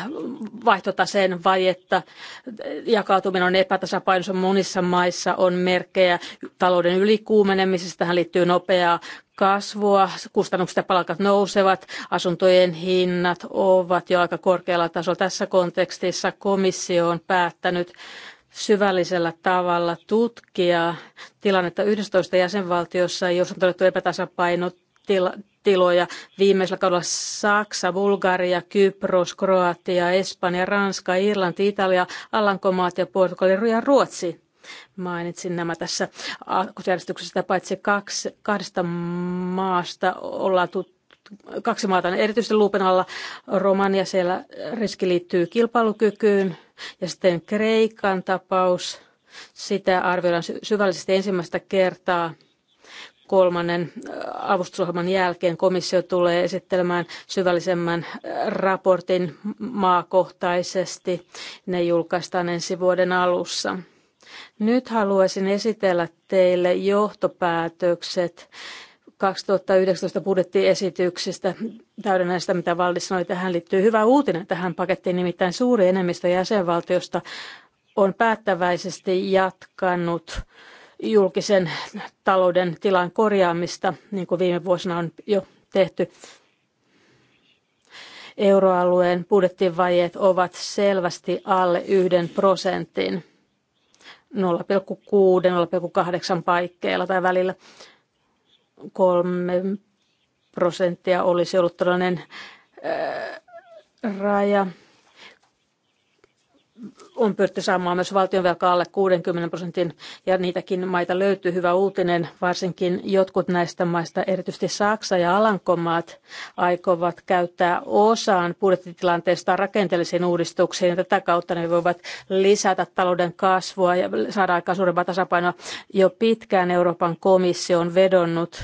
vaihtotaseen vajetta, jakautuminen on epätasapainossa, monissa maissa on merkkejä talouden ylikuumenemisesta, tähän liittyy nopeaa kasvua, kustannukset ja palkat nousevat, asuntojen hinnat ovat jo aika korkealla tasolla. Tässä kontekstissa komissio on päättänyt syvällisellä tavalla tutkia tilannetta 11 jäsenvaltiossa, jos on todettu epätasapaino tiloja. Viimeisellä kaudella Saksa, Bulgaria, Kypros, Kroatia, Espanja, Ranska, Irlanti, Italia, Alankomaat ja Portugali ja Ruotsi mainitsin nämä tässä aakkosjärjestyksessä, paitsi kaksi, kahdesta maasta ollaan kaksi maata, erityisesti luupen alla Romania, siellä riski liittyy kilpailukykyyn ja sitten Kreikan tapaus, sitä arvioidaan syvällisesti ensimmäistä kertaa kolmannen avustusohjelman jälkeen komissio tulee esittelemään syvällisemmän raportin maakohtaisesti. Ne julkaistaan ensi vuoden alussa. Nyt haluaisin esitellä teille johtopäätökset 2019 budjettiesityksistä täydennäistä, mitä Valdis sanoi. Tähän liittyy hyvä uutinen tähän pakettiin, nimittäin suuri enemmistö jäsenvaltiosta on päättäväisesti jatkanut julkisen talouden tilan korjaamista, niin kuin viime vuosina on jo tehty. Euroalueen budjettivajeet ovat selvästi alle yhden prosentin 0,6-0,8 paikkeilla tai välillä. Kolme prosenttia olisi ollut tällainen äh, raja on pyritty saamaan myös valtionvelkaa alle 60 prosentin, ja niitäkin maita löytyy. Hyvä uutinen, varsinkin jotkut näistä maista, erityisesti Saksa ja Alankomaat, aikovat käyttää osaan budjettitilanteesta rakenteellisiin uudistuksiin, ja tätä kautta ne voivat lisätä talouden kasvua ja saada aikaan suurempaa tasapainoa. Jo pitkään Euroopan komissio on vedonnut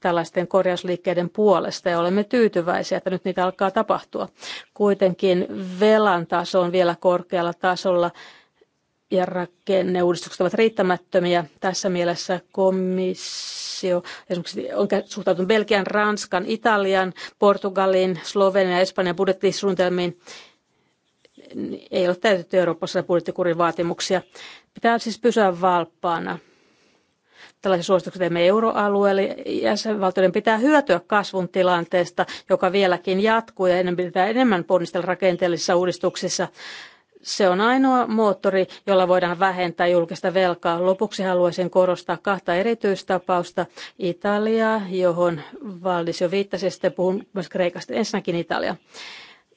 tällaisten korjausliikkeiden puolesta ja olemme tyytyväisiä, että nyt niitä alkaa tapahtua. Kuitenkin velan taso on vielä korkealla tasolla ja rakenneuudistukset ovat riittämättömiä. Tässä mielessä komissio esimerkiksi on suhtautunut Belgian, Ranskan, Italian, Portugalin, Slovenian ja Espanjan budjettisuunnitelmiin ei ole täytetty Euroopassa budjettikurin vaatimuksia. Pitää siis pysyä valppaana Tällaisia suosituksia teemme euroalueelle. Jäsenvaltioiden pitää hyötyä kasvun tilanteesta, joka vieläkin jatkuu ja ennen pitää enemmän ponnistella rakenteellisissa uudistuksissa. Se on ainoa moottori, jolla voidaan vähentää julkista velkaa. Lopuksi haluaisin korostaa kahta erityistapausta. Italiaa, johon Valdis jo viittasi, ja sitten puhun myös Kreikasta. Ensinnäkin Italia.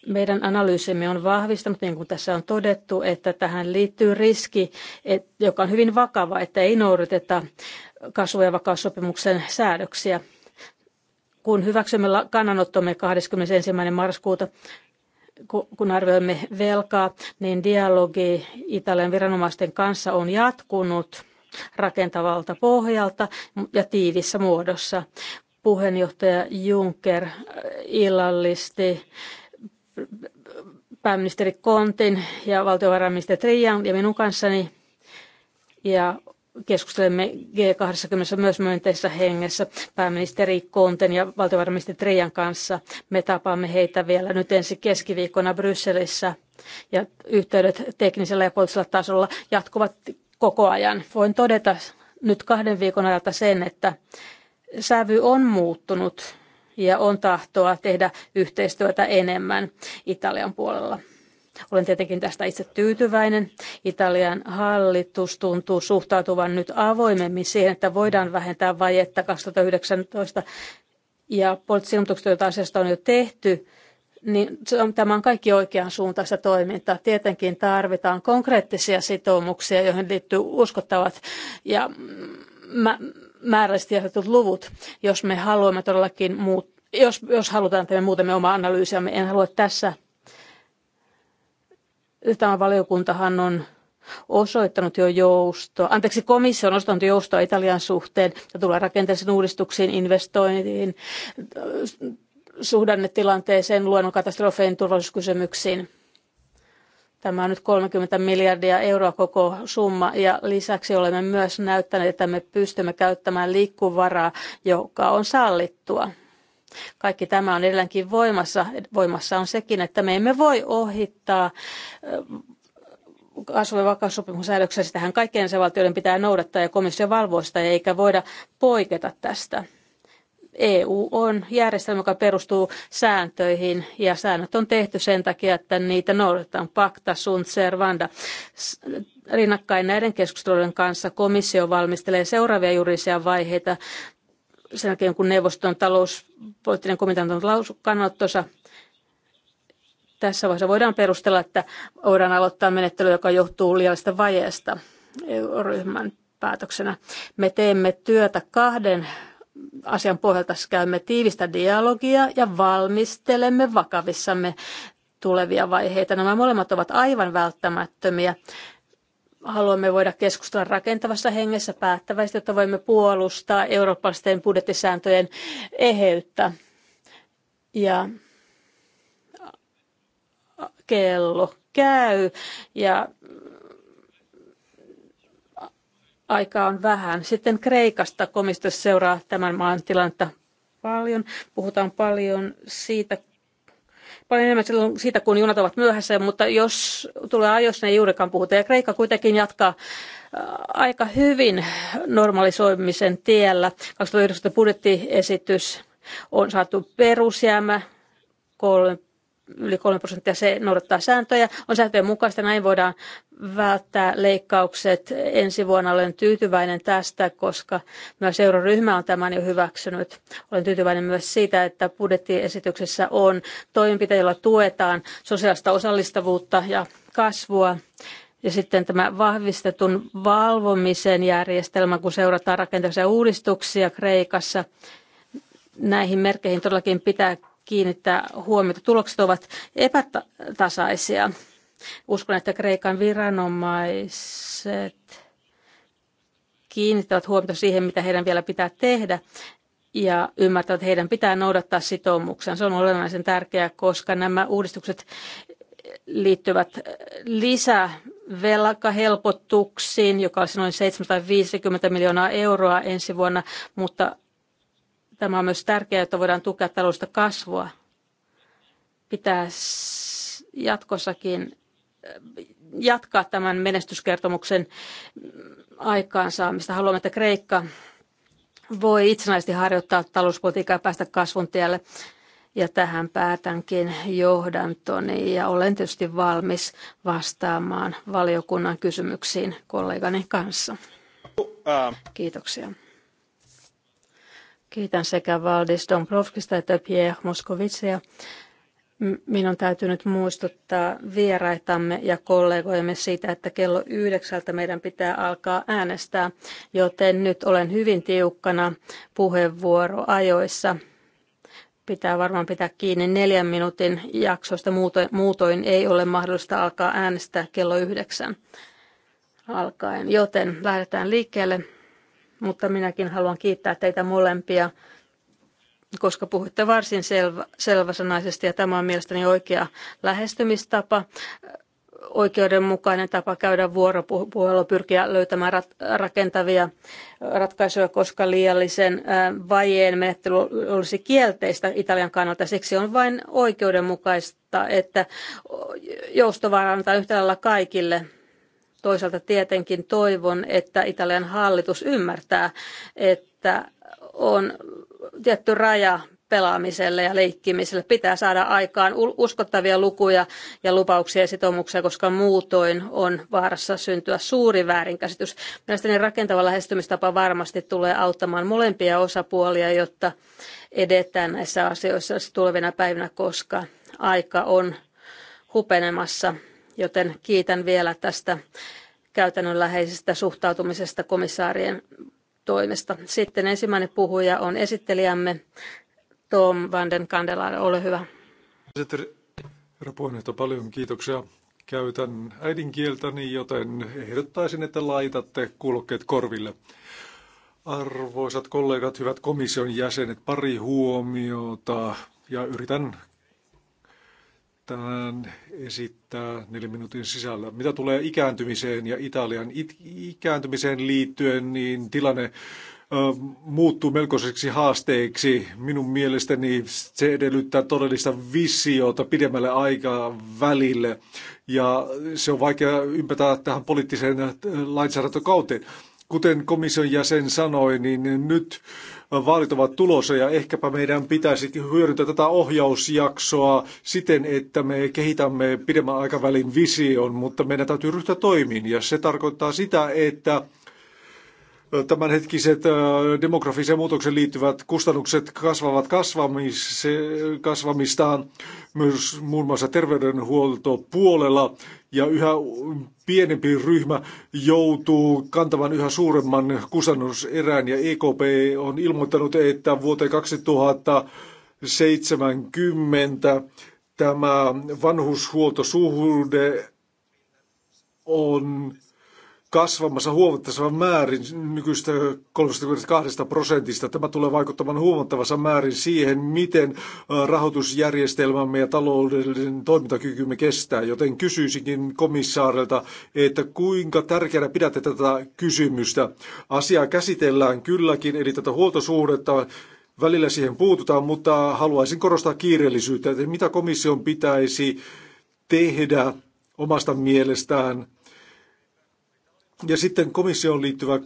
Meidän analyysimme on vahvistanut, niin kuin tässä on todettu, että tähän liittyy riski, joka on hyvin vakava, että ei noudateta kasvu- ja vakaussopimuksen säädöksiä. Kun hyväksymme kannanottomme 21. marraskuuta, kun arvioimme velkaa, niin dialogi Italian viranomaisten kanssa on jatkunut rakentavalta pohjalta ja tiivissä muodossa. Puheenjohtaja Juncker äh, illallisti pääministeri Kontin ja valtiovarainministeri Trian ja minun kanssani ja keskustelemme G20 myös myönteisessä hengessä pääministeri Konten ja valtiovarainministeri Trian kanssa. Me tapaamme heitä vielä nyt ensi keskiviikkona Brysselissä ja yhteydet teknisellä ja poliittisella tasolla jatkuvat koko ajan. Voin todeta nyt kahden viikon ajalta sen, että sävy on muuttunut ja on tahtoa tehdä yhteistyötä enemmän Italian puolella. Olen tietenkin tästä itse tyytyväinen. Italian hallitus tuntuu suhtautuvan nyt avoimemmin siihen, että voidaan vähentää vajetta 2019 ja poliittisilmoitukset, joita asiasta on jo tehty, niin tämä on kaikki oikean suuntaista toimintaa. Tietenkin tarvitaan konkreettisia sitoumuksia, joihin liittyy uskottavat ja mm, määrällisesti asetetut luvut, jos me haluamme todellakin muut, jos, jos halutaan, että me muutamme omaa analyysiämme. En halua tässä tämä valiokuntahan on osoittanut jo joustoa, anteeksi komissio on osoittanut joustoa Italian suhteen ja tulee rakenteellisiin uudistuksiin, investointiin, suhdannetilanteeseen, luonnonkatastrofeihin, turvallisuuskysymyksiin. Tämä on nyt 30 miljardia euroa koko summa ja lisäksi olemme myös näyttäneet, että me pystymme käyttämään liikkuvaraa, joka on sallittua kaikki tämä on edelleenkin voimassa. Voimassa on sekin, että me emme voi ohittaa kasvu- ja vakaussopimuksen Sitähän kaikkien valtioiden pitää noudattaa ja komissio valvoo sitä, eikä voida poiketa tästä. EU on järjestelmä, joka perustuu sääntöihin ja säännöt on tehty sen takia, että niitä noudatetaan. Pakta, sunt servanda. Rinnakkain näiden keskustelujen kanssa komissio valmistelee seuraavia juridisia vaiheita sen jälkeen, kun neuvoston talouspoliittinen komitea on kannanottonsa, tässä vaiheessa voidaan perustella, että voidaan aloittaa menettely, joka johtuu liiallisesta vajeesta ryhmän päätöksenä. Me teemme työtä kahden asian pohjalta. Käymme tiivistä dialogia ja valmistelemme vakavissamme tulevia vaiheita. Nämä molemmat ovat aivan välttämättömiä haluamme voida keskustella rakentavassa hengessä päättäväisesti, jotta voimme puolustaa eurooppalaisten budjettisääntöjen eheyttä. Ja kello käy ja aika on vähän. Sitten Kreikasta komistossa seuraa tämän maan tilannetta paljon. Puhutaan paljon siitä, paljon enemmän silloin siitä, kun junat ovat myöhässä, mutta jos tulee ajoissa, niin ei juurikaan puhuta. Ja Kreikka kuitenkin jatkaa äh, aika hyvin normalisoimisen tiellä. 2019 budjettiesitys on saatu perusjäämä yli 3 prosenttia, se noudattaa sääntöjä, on sääntöjen mukaista, näin voidaan välttää leikkaukset. Ensi vuonna olen tyytyväinen tästä, koska myös euroryhmä on tämän jo hyväksynyt. Olen tyytyväinen myös siitä, että budjettiesityksessä on toimenpiteitä, joilla tuetaan sosiaalista osallistavuutta ja kasvua. Ja sitten tämä vahvistetun valvomisen järjestelmä, kun seurataan rakenteellisia uudistuksia Kreikassa, näihin merkeihin todellakin pitää kiinnittää huomiota. Tulokset ovat epätasaisia. Uskon, että Kreikan viranomaiset kiinnittävät huomiota siihen, mitä heidän vielä pitää tehdä ja ymmärtävät, että heidän pitää noudattaa sitoumuksia. Se on olennaisen tärkeää, koska nämä uudistukset liittyvät lisävelkahelpotuksiin, joka olisi noin 750 miljoonaa euroa ensi vuonna, mutta Tämä on myös tärkeää, että voidaan tukea taloudellista kasvua. Pitää jatkossakin eh, jatkaa tämän menestyskertomuksen mm, aikaansaamista. Haluamme, että Kreikka voi itsenäisesti harjoittaa talouspolitiikkaa ja päästä kasvun tielle. Ja tähän päätänkin johdantoni ja olen tietysti valmis vastaamaan valiokunnan kysymyksiin kollegani kanssa. Uh, Kiitoksia. Kiitän sekä Valdis Dombrovskista että Pierre Moskovitsia. Minun täytyy nyt muistuttaa vieraitamme ja kollegoimme siitä, että kello yhdeksältä meidän pitää alkaa äänestää, joten nyt olen hyvin tiukkana puheenvuoroajoissa. Pitää varmaan pitää kiinni neljän minuutin jaksosta, muutoin, muutoin ei ole mahdollista alkaa äänestää kello yhdeksän alkaen. Joten lähdetään liikkeelle mutta minäkin haluan kiittää teitä molempia, koska puhuitte varsin selvä, selväsanaisesti ja tämä on mielestäni oikea lähestymistapa oikeudenmukainen tapa käydä vuoropuhelua, pyrkiä löytämään rat, rakentavia ratkaisuja, koska liiallisen vajeen menettely olisi kielteistä Italian kannalta. Siksi on vain oikeudenmukaista, että joustovaraa antaa yhtä lailla kaikille Toisaalta tietenkin toivon, että Italian hallitus ymmärtää, että on tietty raja pelaamiselle ja leikkimiselle. Pitää saada aikaan uskottavia lukuja ja lupauksia ja sitoumuksia, koska muutoin on vaarassa syntyä suuri väärinkäsitys. Mielestäni rakentava lähestymistapa varmasti tulee auttamaan molempia osapuolia, jotta edetään näissä asioissa tulevina päivinä, koska aika on hupenemassa joten kiitän vielä tästä käytännönläheisestä suhtautumisesta komissaarien toimesta. Sitten ensimmäinen puhuja on esittelijämme Tom van den Kandelaar. Ole hyvä. Herra puheenjohtaja, paljon kiitoksia. Käytän äidinkieltäni, joten ehdottaisin, että laitatte kuulokkeet korville. Arvoisat kollegat, hyvät komission jäsenet, pari huomiota ja yritän tänään esittää neljän minuutin sisällä. Mitä tulee ikääntymiseen ja Italian it- ikääntymiseen liittyen, niin tilanne ö, muuttuu melkoiseksi haasteeksi. Minun mielestäni se edellyttää todellista visiota pidemmälle aikaa välille. Ja se on vaikea ympätä tähän poliittiseen lainsäädäntökauteen. Kuten komission jäsen sanoi, niin nyt vaalit ovat tulossa ja ehkäpä meidän pitäisi hyödyntää tätä ohjausjaksoa siten, että me kehitämme pidemmän aikavälin vision, mutta meidän täytyy ryhtyä toimiin ja se tarkoittaa sitä, että tämänhetkiset äh, demografiseen muutokseen liittyvät kustannukset kasvavat kasvamis, kasvamistaan myös muun muassa terveydenhuoltopuolella ja yhä pienempi ryhmä joutuu kantamaan yhä suuremman kustannuserän ja EKP on ilmoittanut, että vuoteen 2070 tämä vanhushuoltosuhde on kasvamassa huomattavassa määrin nykyistä 32 prosentista. Tämä tulee vaikuttamaan huomattavassa määrin siihen, miten rahoitusjärjestelmämme ja taloudellinen toimintakykymme kestää. Joten kysyisinkin komissaarilta, että kuinka tärkeänä pidätte tätä kysymystä. Asiaa käsitellään kylläkin, eli tätä huoltosuhdetta välillä siihen puututaan, mutta haluaisin korostaa kiireellisyyttä, että mitä komission pitäisi tehdä omasta mielestään ja sitten komission liittyvä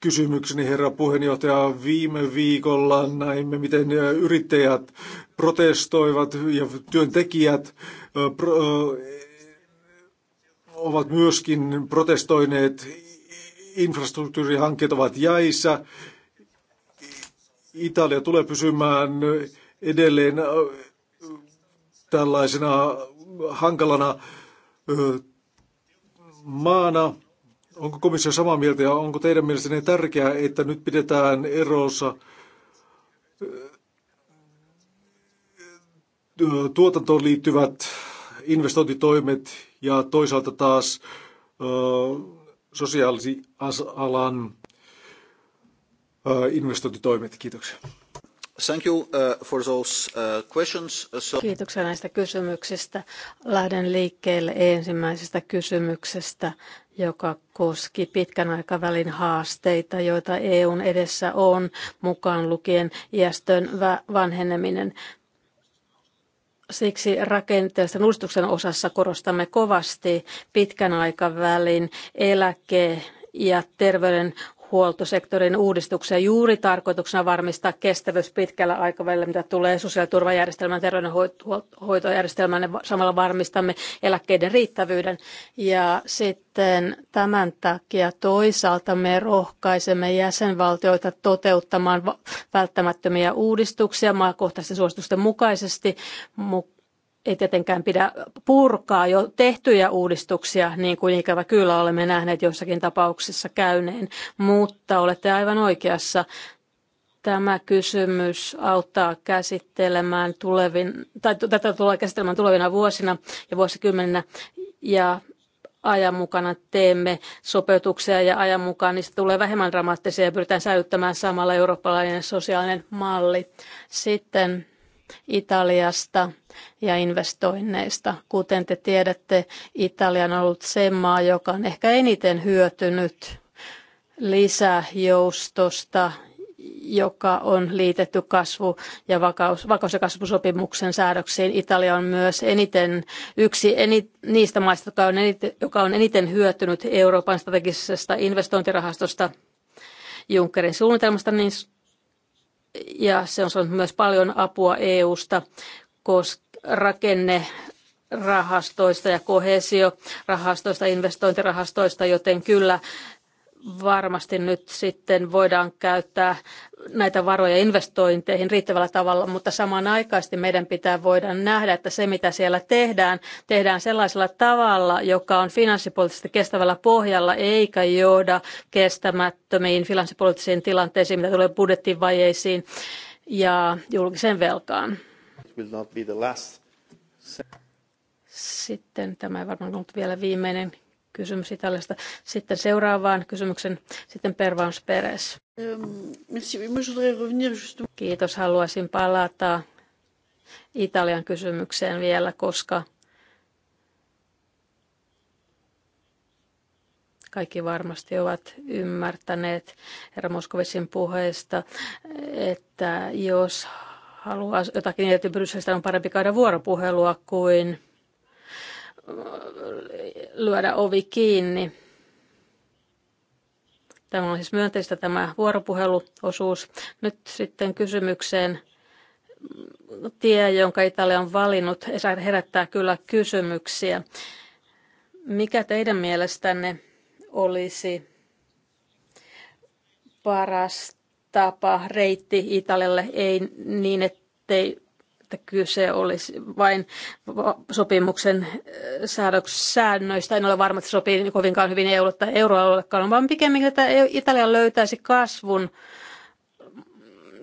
kysymykseni, herra puheenjohtaja. Viime viikolla näimme, miten yrittäjät protestoivat ja työntekijät ovat myöskin protestoineet. Infrastruktuurihankkeet ovat jäissä. Italia tulee pysymään edelleen tällaisena hankalana maana. Onko komissio samaa mieltä ja onko teidän mielestänne tärkeää, että nyt pidetään erossa äh, tuotantoon liittyvät investointitoimet ja toisaalta taas äh, sosiaalisalan äh, investointitoimet? Kiitoksia. Thank you uh, for those uh, questions. So... Kiitoksia näistä kysymyksistä. Lähden liikkeelle ensimmäisestä kysymyksestä joka koski pitkän aikavälin haasteita, joita EUn edessä on, mukaan lukien iästön vanheneminen. Siksi rakenteellisen uudistuksen osassa korostamme kovasti pitkän aikavälin eläke- ja terveydenhuollon huoltosektorin uudistuksia juuri tarkoituksena varmistaa kestävyys pitkällä aikavälillä, mitä tulee sosiaaliturvajärjestelmän, terveydenhoitojärjestelmän ja samalla varmistamme eläkkeiden riittävyyden. Ja sitten tämän takia toisaalta me rohkaisemme jäsenvaltioita toteuttamaan välttämättömiä uudistuksia maakohtaisten suositusten mukaisesti, ei tietenkään pidä purkaa jo tehtyjä uudistuksia, niin kuin ikävä kyllä olemme nähneet jossakin tapauksessa käyneen, mutta olette aivan oikeassa. Tämä kysymys auttaa käsittelemään tulevin, tai tätä tulee käsittelemään tulevina vuosina ja vuosikymmeninä, ja ajan mukana teemme sopeutuksia ja ajan mukaan niistä tulee vähemmän dramaattisia ja pyritään säilyttämään samalla eurooppalainen sosiaalinen malli. Sitten Italiasta ja investoinneista. Kuten te tiedätte, Italia on ollut se maa, joka on ehkä eniten hyötynyt lisäjoustosta, joka on liitetty kasvu- ja vakaus-, vakaus- ja kasvusopimuksen säädöksiin. Italia on myös eniten yksi eni, niistä maista, joka on, eniten, joka on eniten hyötynyt Euroopan strategisesta investointirahastosta Junckerin suunnitelmasta niin ja se on saanut myös paljon apua EU-sta, koska rakenne rahastoista ja koheesiorahastoista investointirahastoista, joten kyllä varmasti nyt sitten voidaan käyttää näitä varoja investointeihin riittävällä tavalla, mutta samanaikaisesti meidän pitää voida nähdä, että se mitä siellä tehdään, tehdään sellaisella tavalla, joka on finanssipoliittisesti kestävällä pohjalla, eikä johda kestämättömiin finanssipoliittisiin tilanteisiin, mitä tulee budjettivajeisiin ja julkiseen velkaan. Sitten tämä ei varmaan ollut vielä viimeinen kysymys Italiasta. Sitten seuraavaan kysymyksen, sitten Pervaus Peres. Euh, Kiitos, haluaisin palata Italian kysymykseen vielä, koska kaikki varmasti ovat ymmärtäneet herra Moskovisin puheesta, että jos haluaa jotakin irti Brysselistä, on parempi käydä vuoropuhelua kuin lyödä ovi kiinni. Tämä on siis myönteistä tämä vuoropuheluosuus. Nyt sitten kysymykseen tie, jonka Italia on valinnut, herättää kyllä kysymyksiä. Mikä teidän mielestänne olisi paras tapa, reitti Italialle, ei niin, ettei että kyse olisi vain sopimuksen säännöistä. En ole varma, että se sopii kovinkaan hyvin EU- tai euroalueellekaan, vaan pikemminkin, että e- Italia löytäisi kasvun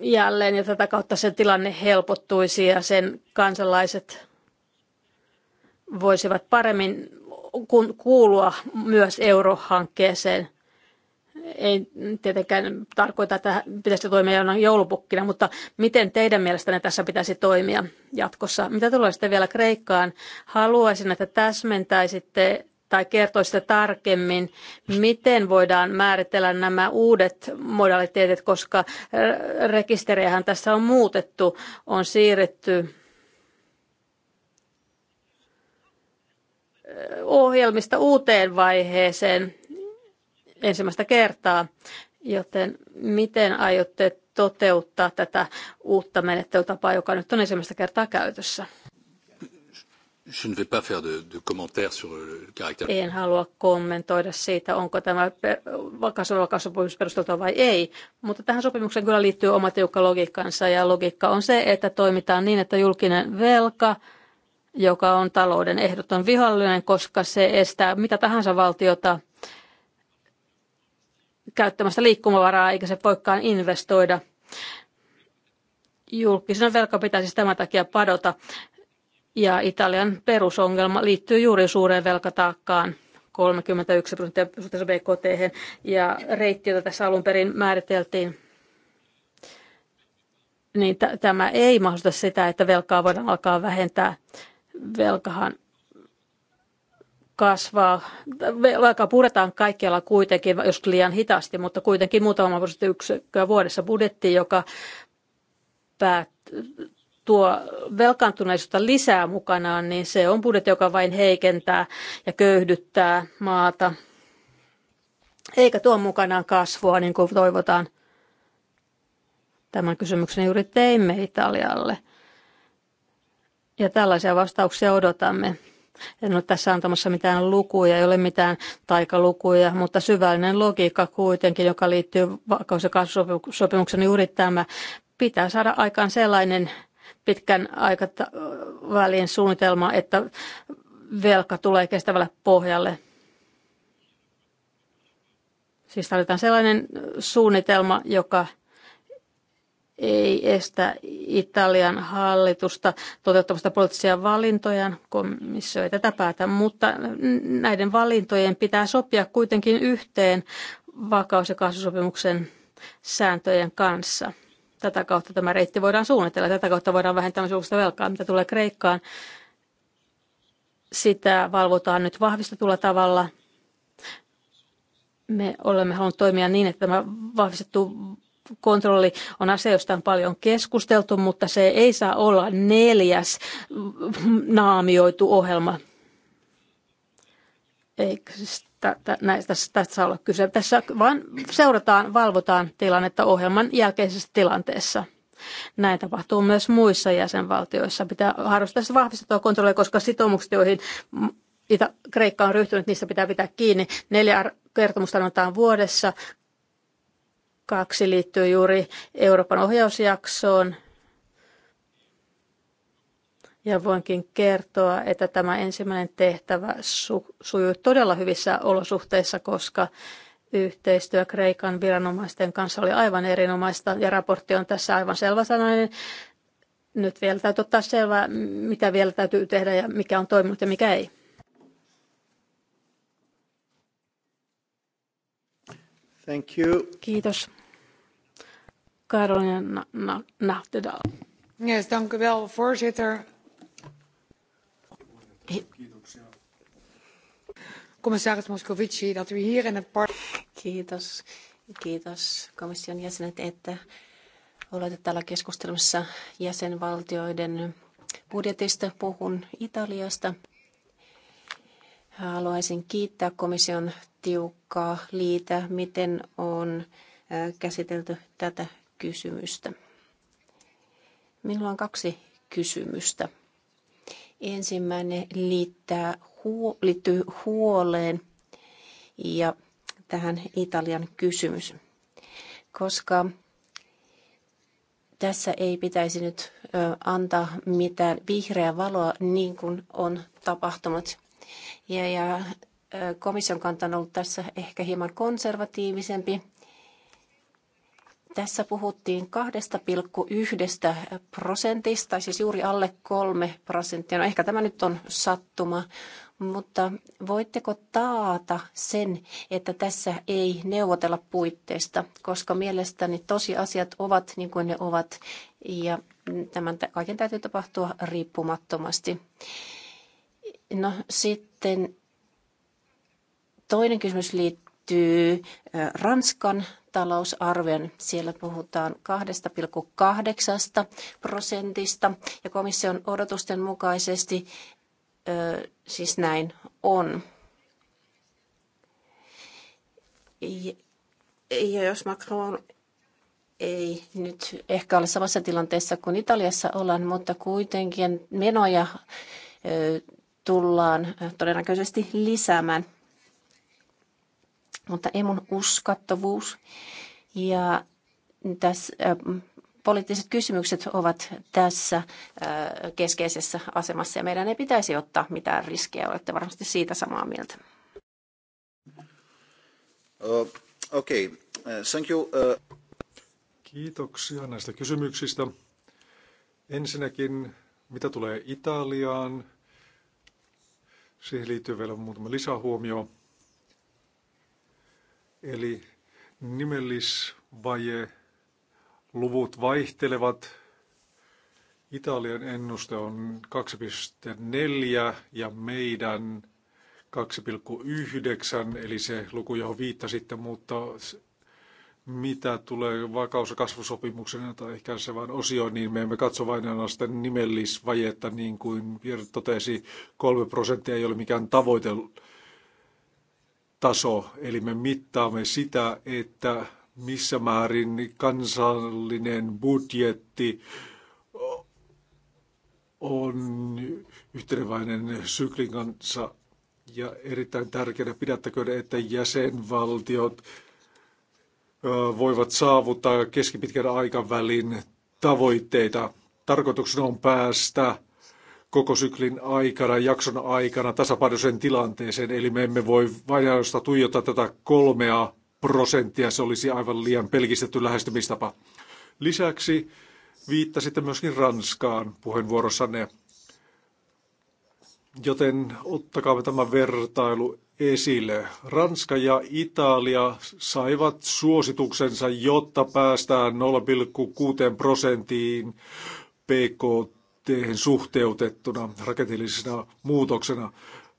jälleen ja tätä kautta sen tilanne helpottuisi ja sen kansalaiset voisivat paremmin kuulua myös eurohankkeeseen ei tietenkään tarkoita, että pitäisi toimia jonain joulupukkina, mutta miten teidän mielestänne tässä pitäisi toimia jatkossa? Mitä tulee sitten vielä Kreikkaan? Haluaisin, että täsmentäisitte tai kertoisitte tarkemmin, miten voidaan määritellä nämä uudet modaliteetit, koska rekisteriähän tässä on muutettu, on siirretty eh, ohjelmista uuteen vaiheeseen ensimmäistä kertaa, joten miten aiotte toteuttaa tätä uutta menettelytapaa, joka nyt on ensimmäistä kertaa käytössä? Je ne vais pas faire de, de sur le caractère. En halua kommentoida siitä, onko tämä kasvavakaussopimus perusteltua vai ei, mutta tähän sopimukseen kyllä liittyy oma tiukka logiikkansa ja logiikka on se, että toimitaan niin, että julkinen velka, joka on talouden ehdoton vihollinen, koska se estää mitä tahansa valtiota käyttämästä liikkumavaraa, eikä se poikkaan investoida. julkisen velka pitää siis tämän takia padota, ja Italian perusongelma liittyy juuri suureen velkataakkaan. 31 prosenttia suhteessa BKT, ja reitti, jota tässä alun perin määriteltiin, niin tämä ei mahdollista sitä, että velkaa voidaan alkaa vähentää. Velkahan kasvaa, vaikka puretaan kaikkialla kuitenkin, jos liian hitaasti, mutta kuitenkin muutama prosenttiyksikköä vuodessa budjetti, joka päät, tuo velkaantuneisuutta lisää mukanaan, niin se on budjetti, joka vain heikentää ja köyhdyttää maata, eikä tuo mukanaan kasvua, niin kuin toivotaan. Tämän kysymyksen juuri teimme Italialle. Ja tällaisia vastauksia odotamme. En ole tässä antamassa mitään lukuja, ei ole mitään taikalukuja, mutta syvällinen logiikka kuitenkin, joka liittyy vakaus- ja kasvusopimuksen juuri tämä, pitää saada aikaan sellainen pitkän aikavälin suunnitelma, että velka tulee kestävälle pohjalle. Siis tarvitaan sellainen suunnitelma, joka ei estä Italian hallitusta toteuttamasta poliittisia valintoja, komissio ei tätä päätä, mutta näiden valintojen pitää sopia kuitenkin yhteen vakaus- ja kasvusopimuksen sääntöjen kanssa. Tätä kautta tämä reitti voidaan suunnitella, tätä kautta voidaan vähentää julkista velkaa, mitä tulee Kreikkaan. Sitä valvotaan nyt vahvistetulla tavalla. Me olemme halunneet toimia niin, että tämä vahvistettu kontrolli on asia, josta on paljon keskusteltu, mutta se ei saa olla neljäs naamioitu ohjelma. Eikö näistä tästä saa olla kyse. Tässä vain seurataan, valvotaan tilannetta ohjelman jälkeisessä tilanteessa. Näin tapahtuu myös muissa jäsenvaltioissa. Pitää harrastaa se vahvistettua kontrollia, koska sitoumukset, joihin Itä- Kreikka on ryhtynyt, niistä pitää pitää kiinni. Neljä kertomusta annetaan vuodessa. Kaksi liittyy juuri Euroopan ohjausjaksoon. Ja voinkin kertoa, että tämä ensimmäinen tehtävä su- sujui todella hyvissä olosuhteissa, koska yhteistyö Kreikan viranomaisten kanssa oli aivan erinomaista ja raportti on tässä aivan selväsanainen. Nyt vielä täytyy ottaa selvää, mitä vielä täytyy tehdä ja mikä on toiminut ja mikä ei. Thank you. Kiitos. Caroline Nachtedal. Yes, dank u voorzitter. Commissaris Moscovici, dat u hier in het parlement... Kiitos. Kiitos komission jäsenet, että olette täällä keskustelussa jäsenvaltioiden budjetista. Puhun Italiasta. Haluaisin kiittää komission tiukkaa liitä, miten on käsitelty tätä kysymystä. Minulla on kaksi kysymystä. Ensimmäinen liittää, huo, liittyy huoleen ja tähän Italian kysymys, koska tässä ei pitäisi nyt antaa mitään vihreää valoa niin kuin on tapahtunut. Ja, ja komission kanta on ollut tässä ehkä hieman konservatiivisempi tässä puhuttiin 2,1 prosentista, siis juuri alle 3 prosenttia. No ehkä tämä nyt on sattuma, mutta voitteko taata sen, että tässä ei neuvotella puitteista, koska mielestäni tosiasiat ovat niin kuin ne ovat ja tämän kaiken täytyy tapahtua riippumattomasti. No sitten toinen kysymys liittyy liittyy Ranskan talousarvion. Siellä puhutaan 2,8 prosentista ja komission odotusten mukaisesti ö, siis näin on. Ja jos Macron ei nyt ehkä ole samassa tilanteessa kuin Italiassa ollaan, mutta kuitenkin menoja tullaan todennäköisesti lisäämään. Mutta emun uskottavuus ja tässä, poliittiset kysymykset ovat tässä keskeisessä asemassa ja meidän ei pitäisi ottaa mitään riskejä. Olette varmasti siitä samaa mieltä. Uh, okay. Thank you. Uh... Kiitoksia näistä kysymyksistä. Ensinnäkin, mitä tulee Italiaan, siihen liittyy vielä muutama lisähuomio. Eli nimellisvaje luvut vaihtelevat. Italian ennuste on 2,4 ja meidän 2,9, eli se luku, johon viittasitte, mutta mitä tulee vakaus- ja kasvusopimuksen tai vain osio, niin me emme katso vain ainoastaan nimellisvajetta, niin kuin Pierre totesi, kolme prosenttia ei ole mikään tavoite taso, eli me mittaamme sitä, että missä määrin kansallinen budjetti on yhteneväinen syklin kanssa ja erittäin tärkeänä pidättäkö, että jäsenvaltiot voivat saavuttaa keskipitkän aikavälin tavoitteita. Tarkoituksena on päästä koko syklin aikana, jakson aikana tasapainoisen tilanteeseen. Eli me emme voi vain ainoastaan tuijottaa tätä kolmea prosenttia, se olisi aivan liian pelkistetty lähestymistapa. Lisäksi viittasitte myöskin Ranskaan puheenvuorossanne, joten ottakaamme tämä vertailu esille. Ranska ja Italia saivat suosituksensa, jotta päästään 0,6 prosenttiin PKT BKT suhteutettuna rakenteellisena muutoksena.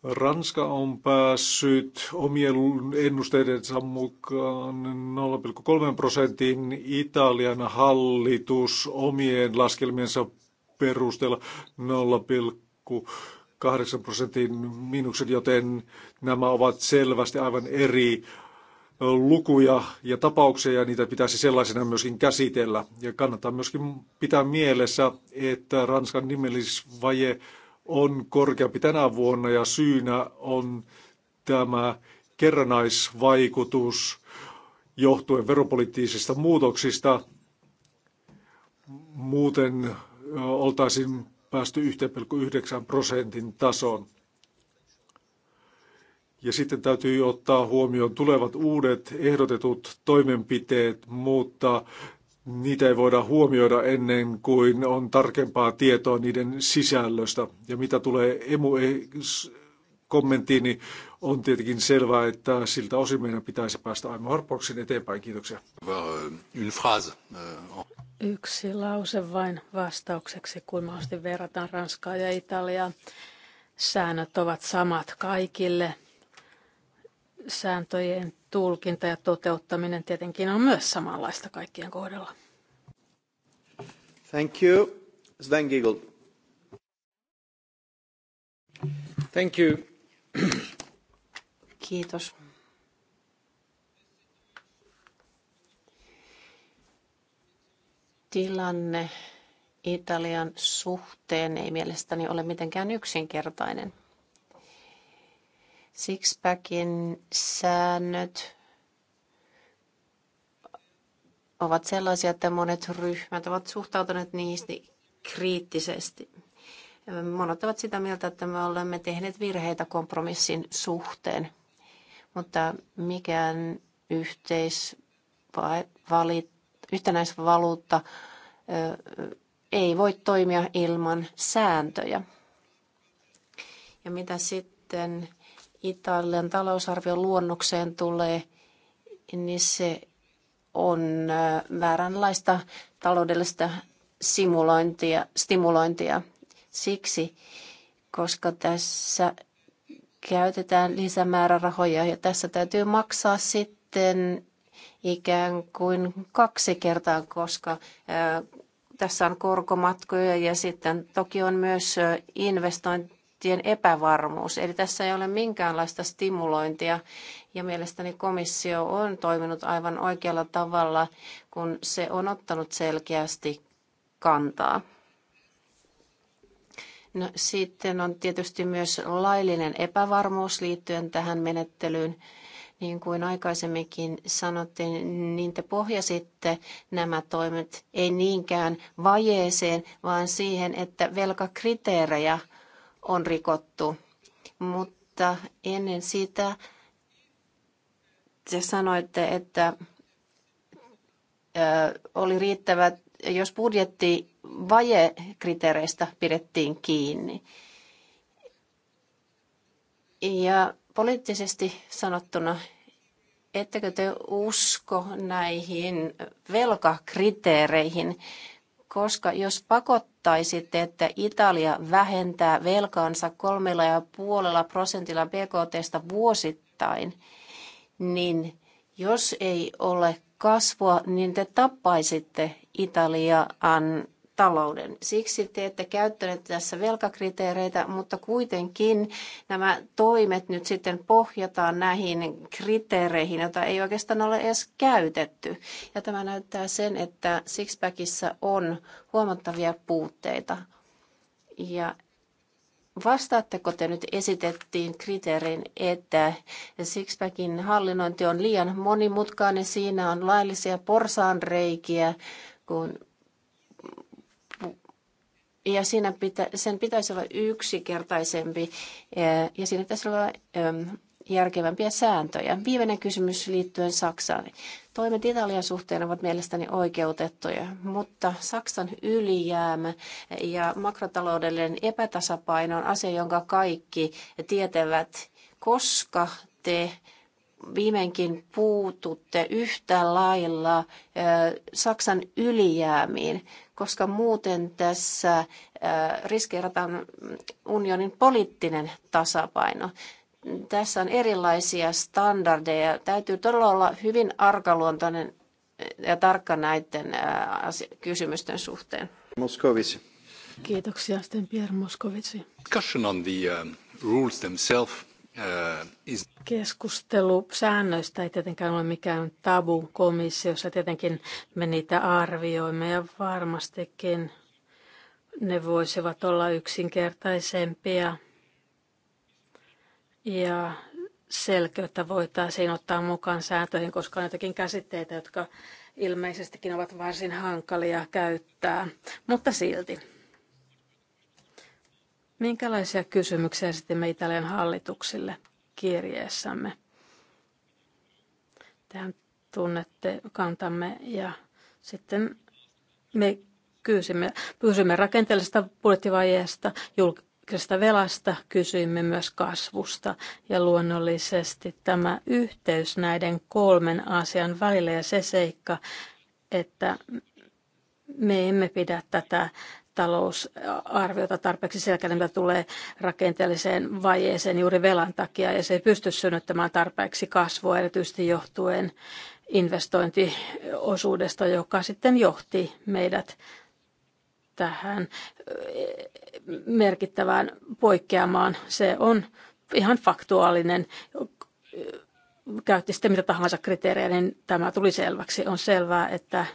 Ranska on päässyt omien ennusteidensa mukaan 0,3 prosentin, Italian hallitus omien laskelmiensa perusteella 0,8 prosentin minuksen joten nämä ovat selvästi aivan eri lukuja ja tapauksia ja niitä pitäisi sellaisena myöskin käsitellä. Ja kannattaa myöskin pitää mielessä, että Ranskan nimellisvaje on korkeampi tänä vuonna ja syynä on tämä kerranaisvaikutus johtuen veropoliittisista muutoksista. Muuten oltaisiin päästy 1,9 prosentin tasoon. Ja sitten täytyy ottaa huomioon tulevat uudet ehdotetut toimenpiteet, mutta niitä ei voida huomioida ennen kuin on tarkempaa tietoa niiden sisällöstä. Ja mitä tulee emu eh, kommenttiin, niin on tietenkin selvää, että siltä osin meidän pitäisi päästä Aimo Harpoksen eteenpäin. Kiitoksia. Euh, euh, Yksi lause vain vastaukseksi, kun mahdollisesti verrataan Ranskaa ja Italiaa. Säännöt ovat samat kaikille sääntöjen tulkinta ja toteuttaminen tietenkin on myös samanlaista kaikkien kohdalla. Thank you. Sven Giegold. Thank you. Kiitos. Tilanne Italian suhteen ei mielestäni ole mitenkään yksinkertainen. Sixpackin säännöt ovat sellaisia, että monet ryhmät ovat suhtautuneet niistä kriittisesti. Monet ovat sitä mieltä, että me olemme tehneet virheitä kompromissin suhteen, mutta mikään yhteisvalit, yhtenäisvaluutta ei voi toimia ilman sääntöjä. Ja mitä sitten Italian talousarvion luonnokseen tulee, niin se on vääränlaista taloudellista simulointia, stimulointia siksi, koska tässä käytetään lisämäärärahoja ja tässä täytyy maksaa sitten ikään kuin kaksi kertaa, koska tässä on korkomatkoja ja sitten toki on myös investointi konsulttien epävarmuus. Eli tässä ei ole minkäänlaista stimulointia ja mielestäni komissio on toiminut aivan oikealla tavalla, kun se on ottanut selkeästi kantaa. No, sitten on tietysti myös laillinen epävarmuus liittyen tähän menettelyyn. Niin kuin aikaisemminkin sanottiin, niin te pohjasitte nämä toimet ei niinkään vajeeseen, vaan siihen, että velkakriteerejä on rikottu. Mutta ennen sitä te sanoitte, että oli riittävä, jos budjetti vajekriteereistä pidettiin kiinni. Ja poliittisesti sanottuna, ettekö te usko näihin velkakriteereihin, koska jos pakottaisitte, että Italia vähentää velkaansa kolmella ja puolella prosentilla BKTstä vuosittain, niin jos ei ole kasvua, niin te tappaisitte Italian talouden. Siksi te ette käyttäneet tässä velkakriteereitä, mutta kuitenkin nämä toimet nyt sitten pohjataan näihin kriteereihin, joita ei oikeastaan ole edes käytetty. Ja tämä näyttää sen, että Sixpackissa on huomattavia puutteita. Ja vastaatteko te nyt esitettiin kriteerin, että Sixpackin hallinnointi on liian monimutkainen, siinä on laillisia porsaanreikiä, kun ja siinä pitä, sen pitäisi olla yksinkertaisempi eh, ja siinä pitäisi olla järkevämpiä sääntöjä. Viimeinen kysymys liittyen Saksaan. Toimet Italian suhteen ovat mielestäni oikeutettuja, mutta Saksan ylijäämä ja makrotaloudellinen epätasapaino on asia, jonka kaikki tietävät, koska te viimeinkin puututte yhtä lailla eh, Saksan ylijäämiin, koska muuten tässä äh, riskeerataan unionin poliittinen tasapaino. Tässä on erilaisia standardeja. Täytyy todella olla hyvin arkaluontoinen äh, ja tarkka näiden äh, kysymysten suhteen. Moskovitsi. Kiitoksia sitten Pierre Moskovitsi. Discussion on the um, rules themselves Uh, Keskustelu säännöistä ei tietenkään ole mikään tabu komissiossa. Tietenkin me niitä arvioimme ja varmastikin ne voisivat olla yksinkertaisempia ja selkeyttä voitaisiin ottaa mukaan sääntöihin, koska on jotakin käsitteitä, jotka ilmeisestikin ovat varsin hankalia käyttää, mutta silti Minkälaisia kysymyksiä esitimme Italian hallituksille kirjeessämme? Tähän tunnette kantamme ja sitten me kysymme pyysimme rakenteellisesta budjettivajeesta, julkisesta velasta, kysyimme myös kasvusta ja luonnollisesti tämä yhteys näiden kolmen asian välillä ja se seikka, että me emme pidä tätä talousarviota tarpeeksi selkeänä, mitä tulee rakenteelliseen vajeeseen juuri velan takia, ja se ei pysty synnyttämään tarpeeksi kasvua, erityisesti johtuen investointiosuudesta, joka sitten johti meidät tähän eh, merkittävään poikkeamaan. Se on ihan faktuaalinen. Käytti sitten mitä tahansa kriteerejä, niin tämä tuli selväksi. On selvää, että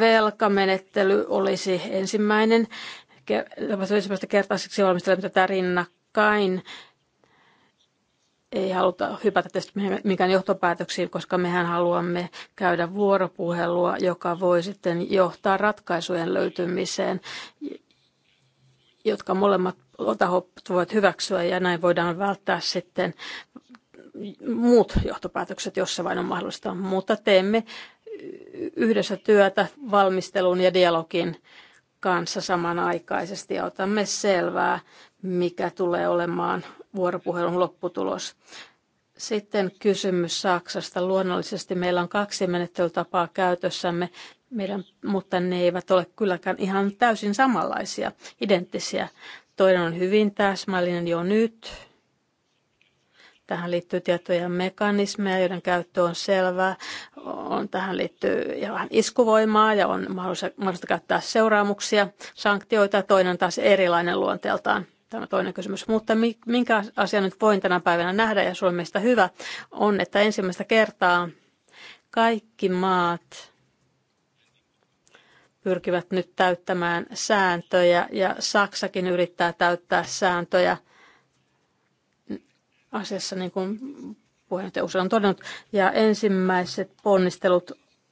velkamenettely olisi ensimmäinen, ensimmäistä kertaa siksi valmistelemme tätä rinnakkain. Ei haluta hypätä tästä mikään johtopäätöksiin, koska mehän haluamme käydä vuoropuhelua, joka voi sitten johtaa ratkaisujen löytymiseen, jotka molemmat tahot voivat hyväksyä ja näin voidaan välttää sitten muut johtopäätökset, jos se vain on mahdollista. Mutta teemme yhdessä työtä valmistelun ja dialogin kanssa samanaikaisesti ja otamme selvää, mikä tulee olemaan vuoropuhelun lopputulos. Sitten kysymys Saksasta. Luonnollisesti meillä on kaksi menettelytapaa käytössämme, meidän, mutta ne eivät ole kylläkään ihan täysin samanlaisia, identtisiä. Toinen on hyvin täsmällinen jo nyt, Tähän liittyy tiettyjä mekanismeja, joiden käyttö on selvää. On, tähän liittyy ja vähän iskuvoimaa ja on mahdollista, mahdollista käyttää seuraamuksia, sanktioita. Toinen taas erilainen luonteeltaan tämä toinen kysymys. Mutta minkä asian nyt voin tänä päivänä nähdä ja suomesta hyvä on, että ensimmäistä kertaa kaikki maat pyrkivät nyt täyttämään sääntöjä ja Saksakin yrittää täyttää sääntöjä asiassa, niin kuin puheenjohtaja usein on todennut, ja ensimmäiset ponnistelut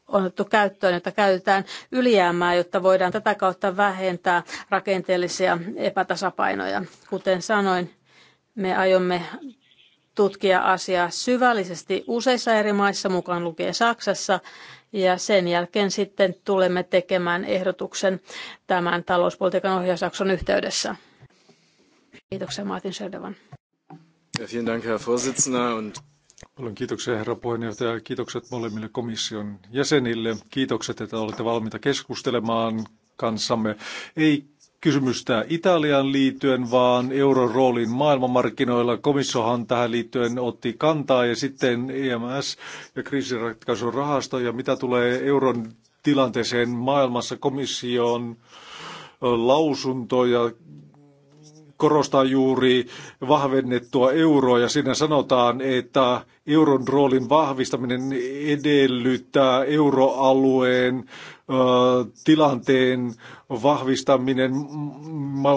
on otettu käyttöön, jota käytetään ylijäämää, jotta voidaan tätä kautta vähentää rakenteellisia epätasapainoja. Kuten sanoin, me aiomme tutkia asiaa syvällisesti useissa eri maissa, mukaan lukien Saksassa, ja sen jälkeen sitten tulemme tekemään ehdotuksen tämän talouspolitiikan ohjausjakson yhteydessä. Kiitoksia Martin Serdevan. Paljon kiitoksia herra puheenjohtaja ja kiitokset molemmille komission jäsenille. Kiitokset, että olette valmiita keskustelemaan kanssamme. Ei kysymystä Italian liittyen, vaan euron roolin maailmanmarkkinoilla. Komissiohan tähän liittyen otti kantaa ja sitten EMS ja rahasto ja mitä tulee euron tilanteeseen maailmassa komission lausuntoja korostaa juuri vahvennettua euroa ja siinä sanotaan, että euron roolin vahvistaminen edellyttää euroalueen tilanteen vahvistaminen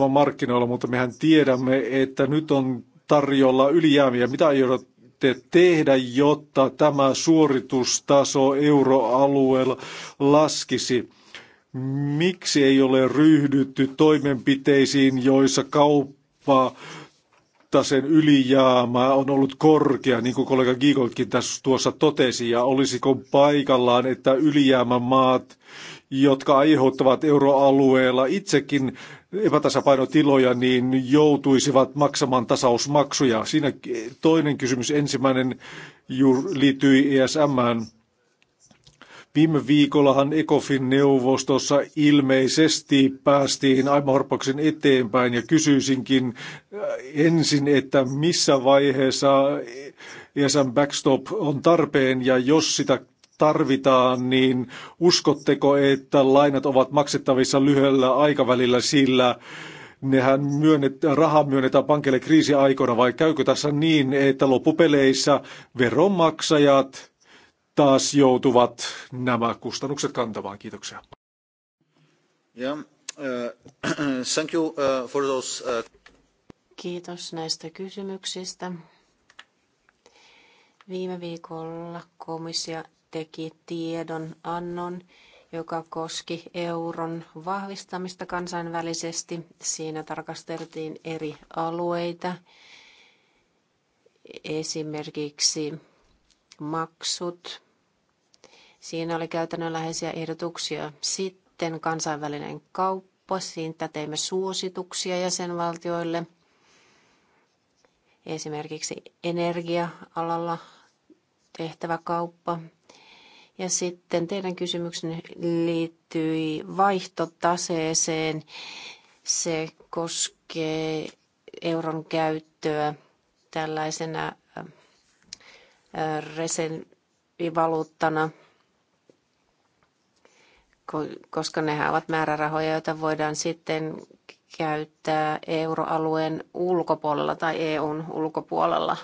markkinoilla, mutta mehän tiedämme, että nyt on tarjolla ylijäämiä. Mitä aiotte tehdä, jotta tämä suoritustaso euroalueella laskisi? miksi ei ole ryhdytty toimenpiteisiin, joissa kauppa sen ylijäämä on ollut korkea, niin kuin kollega Giikoltkin tässä tuossa totesi, ja olisiko paikallaan, että ylijäämämaat, jotka aiheuttavat euroalueella itsekin epätasapainotiloja, niin joutuisivat maksamaan tasausmaksuja. Siinä toinen kysymys, ensimmäinen liittyy ESMään Viime viikollahan ECOFIN neuvostossa ilmeisesti päästiin aimahorppauksen eteenpäin ja kysyisinkin äh, ensin, että missä vaiheessa ESM backstop on tarpeen ja jos sitä tarvitaan, niin uskotteko, että lainat ovat maksettavissa lyhyellä aikavälillä sillä nehän myönnet, rahaa myönnetään pankille kriisiaikoina vai käykö tässä niin, että loppupeleissä veronmaksajat taas joutuvat nämä kustannukset kantamaan. Kiitoksia. Yeah. Uh, <clears throat> thank you uh, for those, uh... Kiitos näistä kysymyksistä. Viime viikolla komissio teki tiedonannon, joka koski euron vahvistamista kansainvälisesti. Siinä tarkasteltiin eri alueita, esimerkiksi maksut, Siinä oli käytännönläheisiä ehdotuksia. Sitten kansainvälinen kauppa. Siitä teimme suosituksia jäsenvaltioille. Esimerkiksi energia-alalla tehtävä kauppa. Ja sitten teidän kysymyksenne liittyi vaihtotaseeseen. Se koskee euron käyttöä tällaisena reservivaluuttana – koska nehän ovat määrärahoja, joita voidaan sitten käyttää euroalueen ulkopuolella tai EUn ulkopuolella.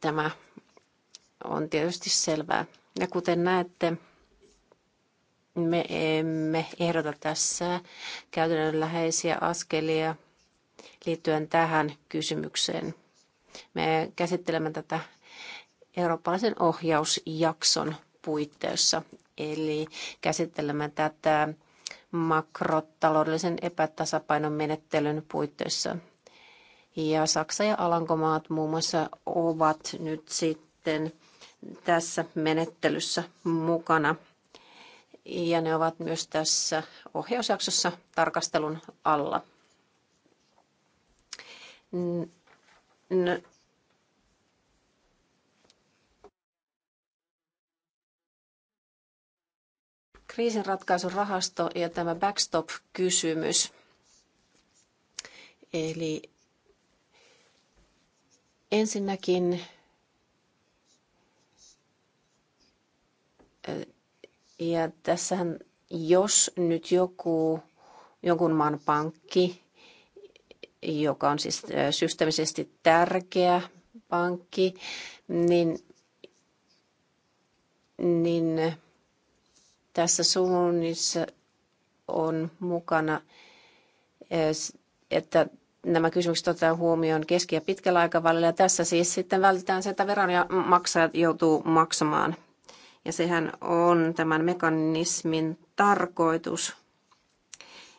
Tämä on tietysti selvää. Ja kuten näette, me emme ehdota tässä käytännönläheisiä askelia liittyen tähän kysymykseen. Me käsittelemme tätä eurooppalaisen ohjausjakson puitteissa. Eli käsittelemme tätä makrotaloudellisen epätasapainon menettelyn puitteissa. Ja Saksa ja Alankomaat muun muassa ovat nyt sitten tässä menettelyssä mukana. Ja ne ovat myös tässä ohjausjaksossa tarkastelun alla. kriisinratkaisurahasto ja tämä backstop-kysymys. Eli ensinnäkin eh, ja tässähän jos nyt joku, jonkun maan pankki, joka on siis eh, systeemisesti tärkeä pankki, niin, niin tässä suunnissa on mukana, eh, että nämä kysymykset otetaan huomioon keski- ja pitkällä aikavälillä. tässä siis sitten vältetään se, että veronmaksajat joutuu maksamaan. Ja sehän on tämän mekanismin tarkoitus.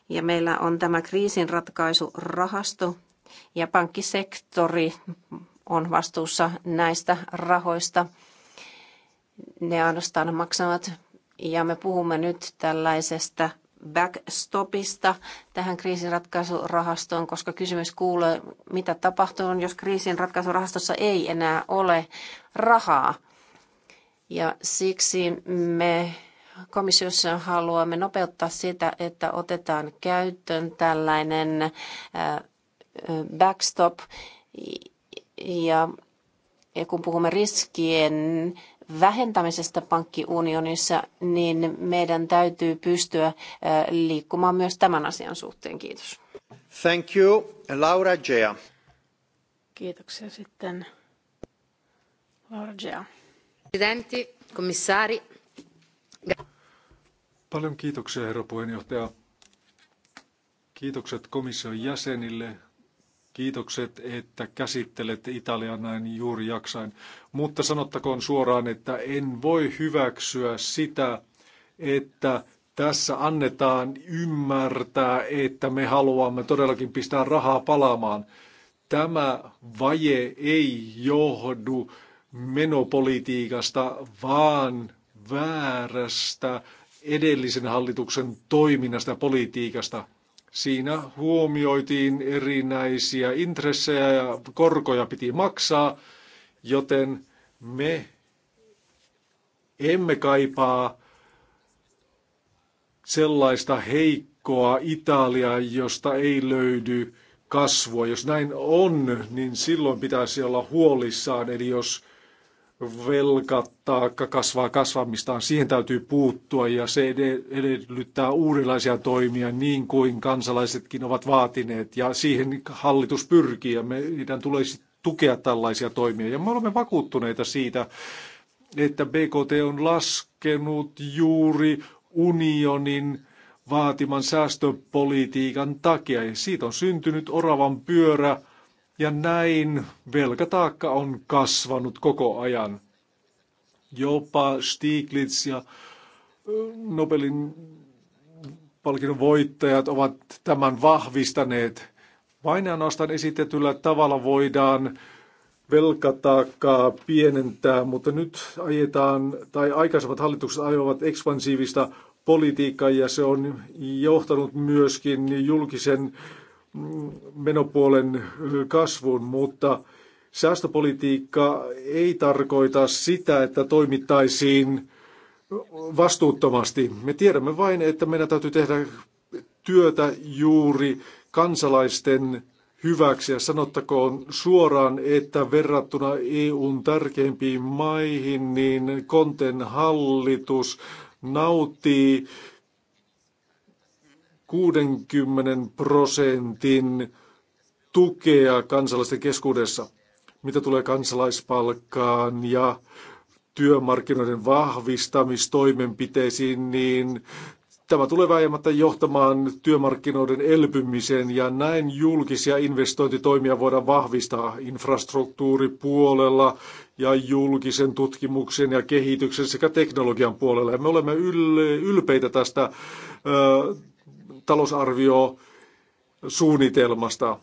Ja meillä on tämä kriisinratkaisurahasto ja pankkisektori on vastuussa näistä rahoista. Ne ainoastaan maksavat ja me puhumme nyt tällaisesta backstopista tähän kriisinratkaisurahastoon, koska kysymys kuuluu, mitä tapahtuu, jos kriisinratkaisurahastossa ei enää ole rahaa. Ja siksi me komissiossa haluamme nopeuttaa sitä, että otetaan käyttöön tällainen äh, backstop ja kun puhumme riskien vähentämisestä pankkiunionissa, niin meidän täytyy pystyä liikkumaan myös tämän asian suhteen. Kiitos. Thank you, Laura Gea. Kiitoksia sitten. Laura Gea. Presidentti, komissaari. Paljon kiitoksia, herra puheenjohtaja. Kiitokset komission jäsenille Kiitokset, että käsittelette Italian näin juuri jaksain. Mutta sanottakoon suoraan, että en voi hyväksyä sitä, että tässä annetaan ymmärtää, että me haluamme todellakin pistää rahaa palaamaan. Tämä vaje ei johdu menopolitiikasta, vaan väärästä edellisen hallituksen toiminnasta ja politiikasta. Siinä huomioitiin erinäisiä intressejä ja korkoja piti maksaa, joten me emme kaipaa sellaista heikkoa Italiaa, josta ei löydy kasvua. Jos näin on, niin silloin pitäisi olla huolissaan. Eli jos velkataakka kasvaa kasvamistaan. Siihen täytyy puuttua ja se edellyttää uudenlaisia toimia niin kuin kansalaisetkin ovat vaatineet. Ja siihen hallitus pyrkii ja meidän tulisi tukea tällaisia toimia. Ja me olemme vakuuttuneita siitä, että BKT on laskenut juuri unionin vaatiman säästöpolitiikan takia. Ja siitä on syntynyt oravan pyörä, ja näin velkataakka on kasvanut koko ajan. Jopa Stiglitz ja Nobelin palkinnon voittajat ovat tämän vahvistaneet. Vain ainoastaan esitetyllä tavalla voidaan velkataakkaa pienentää, mutta nyt ajetaan, tai aikaisemmat hallitukset ajoivat ekspansiivista politiikkaa ja se on johtanut myöskin julkisen menopuolen kasvun, mutta säästöpolitiikka ei tarkoita sitä, että toimittaisiin vastuuttomasti. Me tiedämme vain, että meidän täytyy tehdä työtä juuri kansalaisten hyväksi. Ja sanottakoon suoraan, että verrattuna EUn tärkeimpiin maihin, niin Konten hallitus nauttii 60 prosentin tukea kansalaisten keskuudessa, mitä tulee kansalaispalkkaan ja työmarkkinoiden vahvistamistoimenpiteisiin, niin tämä tulee väijämättä johtamaan työmarkkinoiden elpymiseen ja näin julkisia investointitoimia voidaan vahvistaa infrastruktuuripuolella ja julkisen tutkimuksen ja kehityksen sekä teknologian puolella. Ja me olemme ylpeitä tästä talousarvio suunnitelmasta.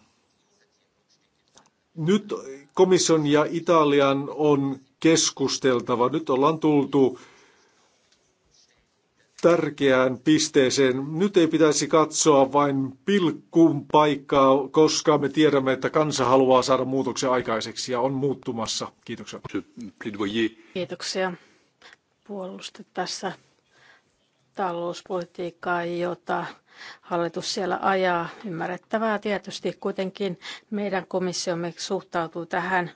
Nyt komission ja Italian on keskusteltava. Nyt ollaan tultu tärkeään pisteeseen. Nyt ei pitäisi katsoa vain pilkkuun paikkaa, koska me tiedämme, että kansa haluaa saada muutoksen aikaiseksi ja on muuttumassa. Kiitoksia. Kiitoksia. Puolusti tässä talouspolitiikkaa, jota hallitus siellä ajaa. Ymmärrettävää tietysti kuitenkin meidän komissiomme suhtautuu tähän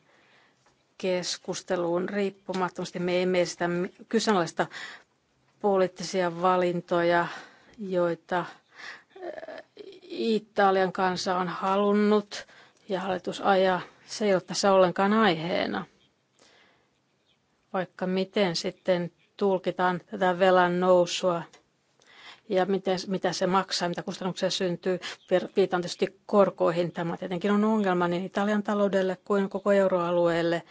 keskusteluun riippumattomasti. Me emme sitä kyseenalaista poliittisia valintoja, joita eh, Italian kansa on halunnut ja hallitus ajaa. Se ei ole tässä ollenkaan aiheena. Vaikka miten sitten tulkitaan tätä velan nousua ja miten, mitä se maksaa, mitä kustannuksia syntyy. Viitan tietysti korkoihin. Tämä tietenkin on ongelma niin Italian taloudelle kuin koko euroalueelle.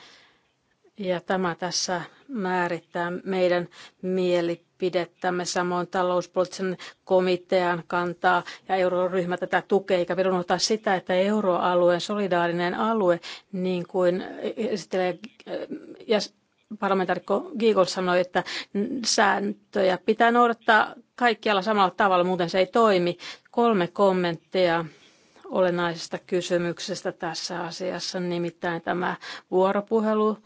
Ja tämä tässä määrittää meidän mielipidettämme, samoin talouspoliittisen komitean kantaa ja euroryhmä tätä tukee, eikä vielä unohtaa sitä, että euroalueen solidaarinen alue, niin kuin esittelee äh, parlamentaarikko Giegel sanoi, että sääntöjä pitää noudattaa kaikkialla samalla tavalla, muuten se ei toimi. Kolme kommenttia olennaisesta kysymyksestä tässä asiassa, nimittäin tämä vuoropuhelu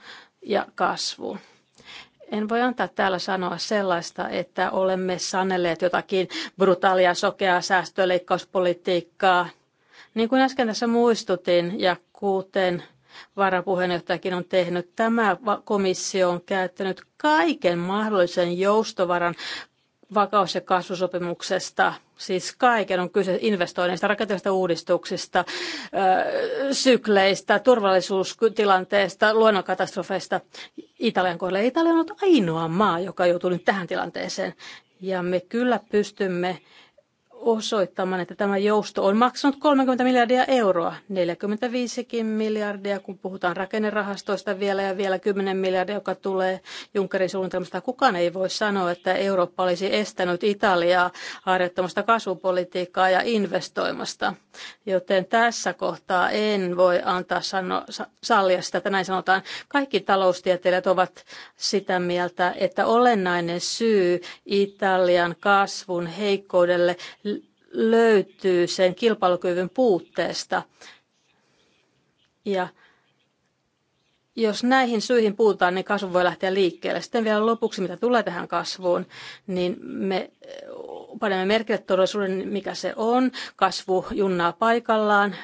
ja kasvu. En voi antaa täällä sanoa sellaista, että olemme sanelleet jotakin brutaalia, sokeaa säästöleikkauspolitiikkaa. Niin kuin äsken tässä muistutin ja kuten varapuheenjohtajakin on tehnyt. Tämä komissio on käyttänyt kaiken mahdollisen joustovaran vakaus- ja kasvusopimuksesta, siis kaiken on kyse investoinneista, rakenteellisista uudistuksista, sykleistä, turvallisuustilanteesta, luonnonkatastrofeista Italian kohdalla. Italia on ollut ainoa maa, joka joutuu nyt tähän tilanteeseen. Ja me kyllä pystymme osoittamaan, että tämä jousto on maksanut 30 miljardia euroa, 45 miljardia, kun puhutaan rakennerahastoista vielä ja vielä 10 miljardia, joka tulee Junckerin suunnitelmasta. Kukaan ei voi sanoa, että Eurooppa olisi estänyt Italiaa harjoittamasta kasvupolitiikkaa ja investoimasta. Joten tässä kohtaa en voi antaa sano, sallia sitä, että näin sanotaan. Kaikki taloustieteilijät ovat sitä mieltä, että olennainen syy Italian kasvun heikkoudelle löytyy sen kilpailukyvyn puutteesta. Ja jos näihin syihin puhutaan, niin kasvu voi lähteä liikkeelle. Sitten vielä lopuksi, mitä tulee tähän kasvuun, niin me panemme merkille todellisuuden, mikä se on. Kasvu junnaa paikallaan.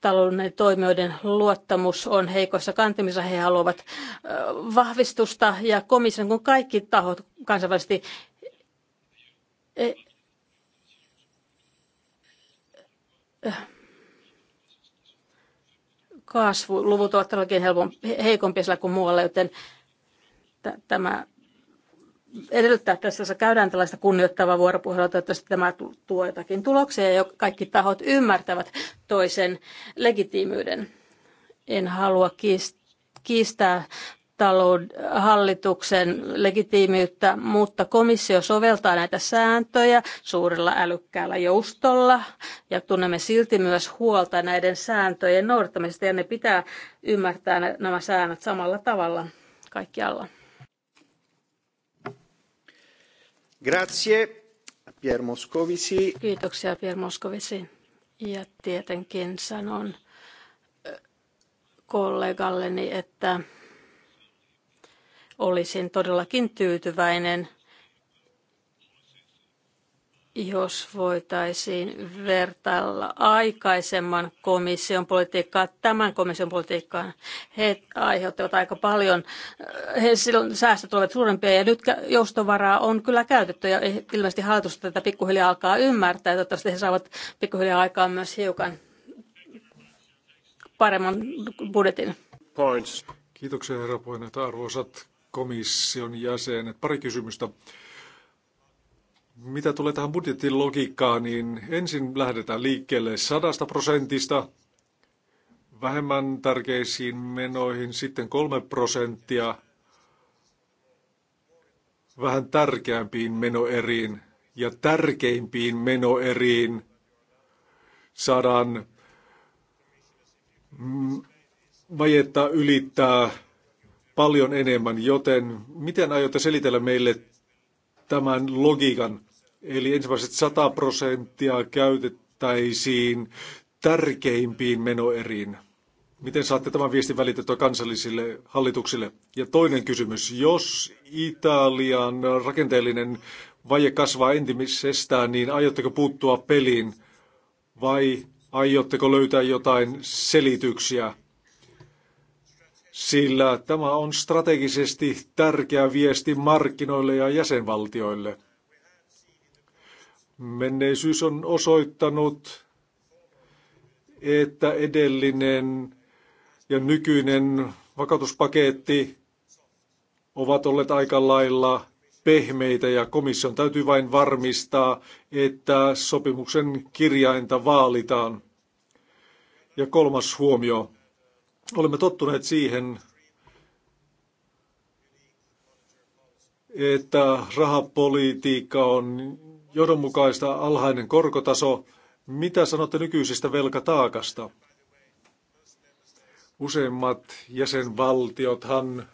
Talouden toimijoiden luottamus on heikoissa kantimissa. He haluavat vahvistusta ja komission, kun kaikki tahot kansainvälisesti e, kasvuluvut ovat todellakin heikompia siellä kuin muualla, joten tämä edellyttää, että tässä käydään tällaista kunnioittavaa vuoropuhelua, että tämä tuo jotakin tuloksia ja kaikki tahot ymmärtävät toisen legitiimyyden. En halua kiistää taloud- hallituksen legitiimiyttä, mutta komissio soveltaa näitä sääntöjä suurella älykkäällä joustolla ja tunnemme silti myös huolta näiden sääntöjen noudattamisesta ja ne pitää ymmärtää nämä säännöt samalla tavalla kaikkialla. Grazie, Pier Moscovici. Kiitoksia, Pier Moscovici. Ja tietenkin sanon kollegalleni, että olisin todellakin tyytyväinen, jos voitaisiin vertailla aikaisemman komission politiikkaa tämän komission politiikkaan. He aiheuttavat aika paljon, he silloin säästöt olivat suurempia ja nyt joustovaraa on kyllä käytetty ja eh, ilmeisesti hallitus tätä pikkuhiljaa alkaa ymmärtää. Toivottavasti he saavat pikkuhiljaa aikaan myös hiukan paremman budjetin. Points. Kiitoksia herra puhemies. Arvoisat komission jäsenet. Pari kysymystä. Mitä tulee tähän budjetin logiikkaan, niin ensin lähdetään liikkeelle sadasta prosentista vähemmän tärkeisiin menoihin, sitten kolme prosenttia vähän tärkeämpiin menoeriin ja tärkeimpiin menoeriin saadaan mm, vajetta ylittää paljon enemmän, joten miten aiotte selitellä meille tämän logiikan? Eli ensimmäiset 100 prosenttia käytettäisiin tärkeimpiin menoeriin. Miten saatte tämän viestin välitettyä kansallisille hallituksille? Ja toinen kysymys, jos Italian rakenteellinen vaje kasvaa entimisestään, niin aiotteko puuttua peliin vai aiotteko löytää jotain selityksiä? sillä tämä on strategisesti tärkeä viesti markkinoille ja jäsenvaltioille. Menneisyys on osoittanut, että edellinen ja nykyinen vakautuspaketti ovat olleet aika lailla pehmeitä ja komission täytyy vain varmistaa, että sopimuksen kirjainta vaalitaan. Ja kolmas huomio. Olemme tottuneet siihen, että rahapolitiikka on johdonmukaista alhainen korkotaso. Mitä sanotte nykyisestä velkataakasta? Useimmat jäsenvaltiothan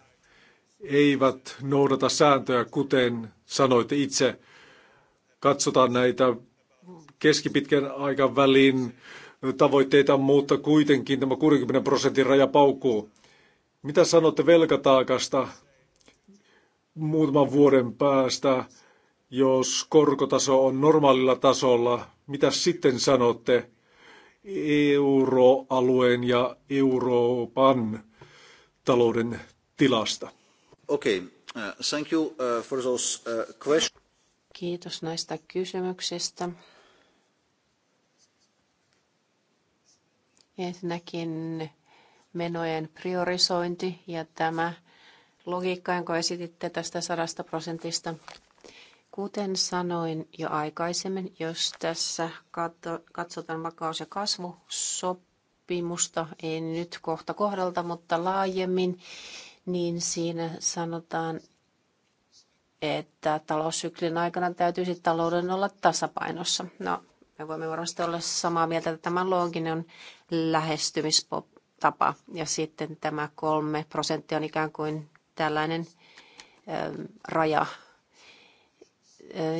eivät noudata sääntöjä, kuten sanoitte itse. Katsotaan näitä keskipitkän aikavälin tavoitteita, mutta kuitenkin tämä 60 prosentin raja paukkuu. Mitä sanotte velkataakasta muutaman vuoden päästä, jos korkotaso on normaalilla tasolla? Mitä sitten sanotte euroalueen ja Euroopan talouden tilasta? Okei, okay. uh, thank you uh, for those uh, questions. Kiitos näistä kysymyksistä. Ensinnäkin menojen priorisointi ja tämä logiikka, jonka esititte tästä sadasta prosentista. Kuten sanoin jo aikaisemmin, jos tässä katsotaan vakaus- ja kasvusopimusta, ei nyt kohta kohdalta, mutta laajemmin, niin siinä sanotaan, että taloussyklin aikana täytyisi talouden olla tasapainossa. No, me voimme varmasti olla samaa mieltä, että tämä looginen lähestymistapa ja sitten tämä kolme prosenttia on ikään kuin tällainen ö, ähm, raja. Äh,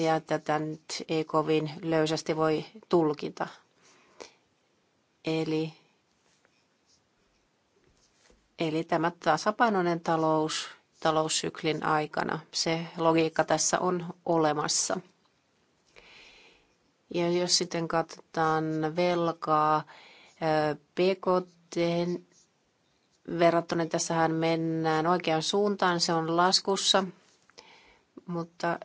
ja tätä nyt ei kovin löysästi voi tulkita. Eli, eli tämä tasapainoinen talous taloussyklin aikana. Se logiikka tässä on olemassa. Ja jos sitten katsotaan velkaa PKT verrattuna, niin tässähän mennään oikeaan suuntaan, se on laskussa, mutta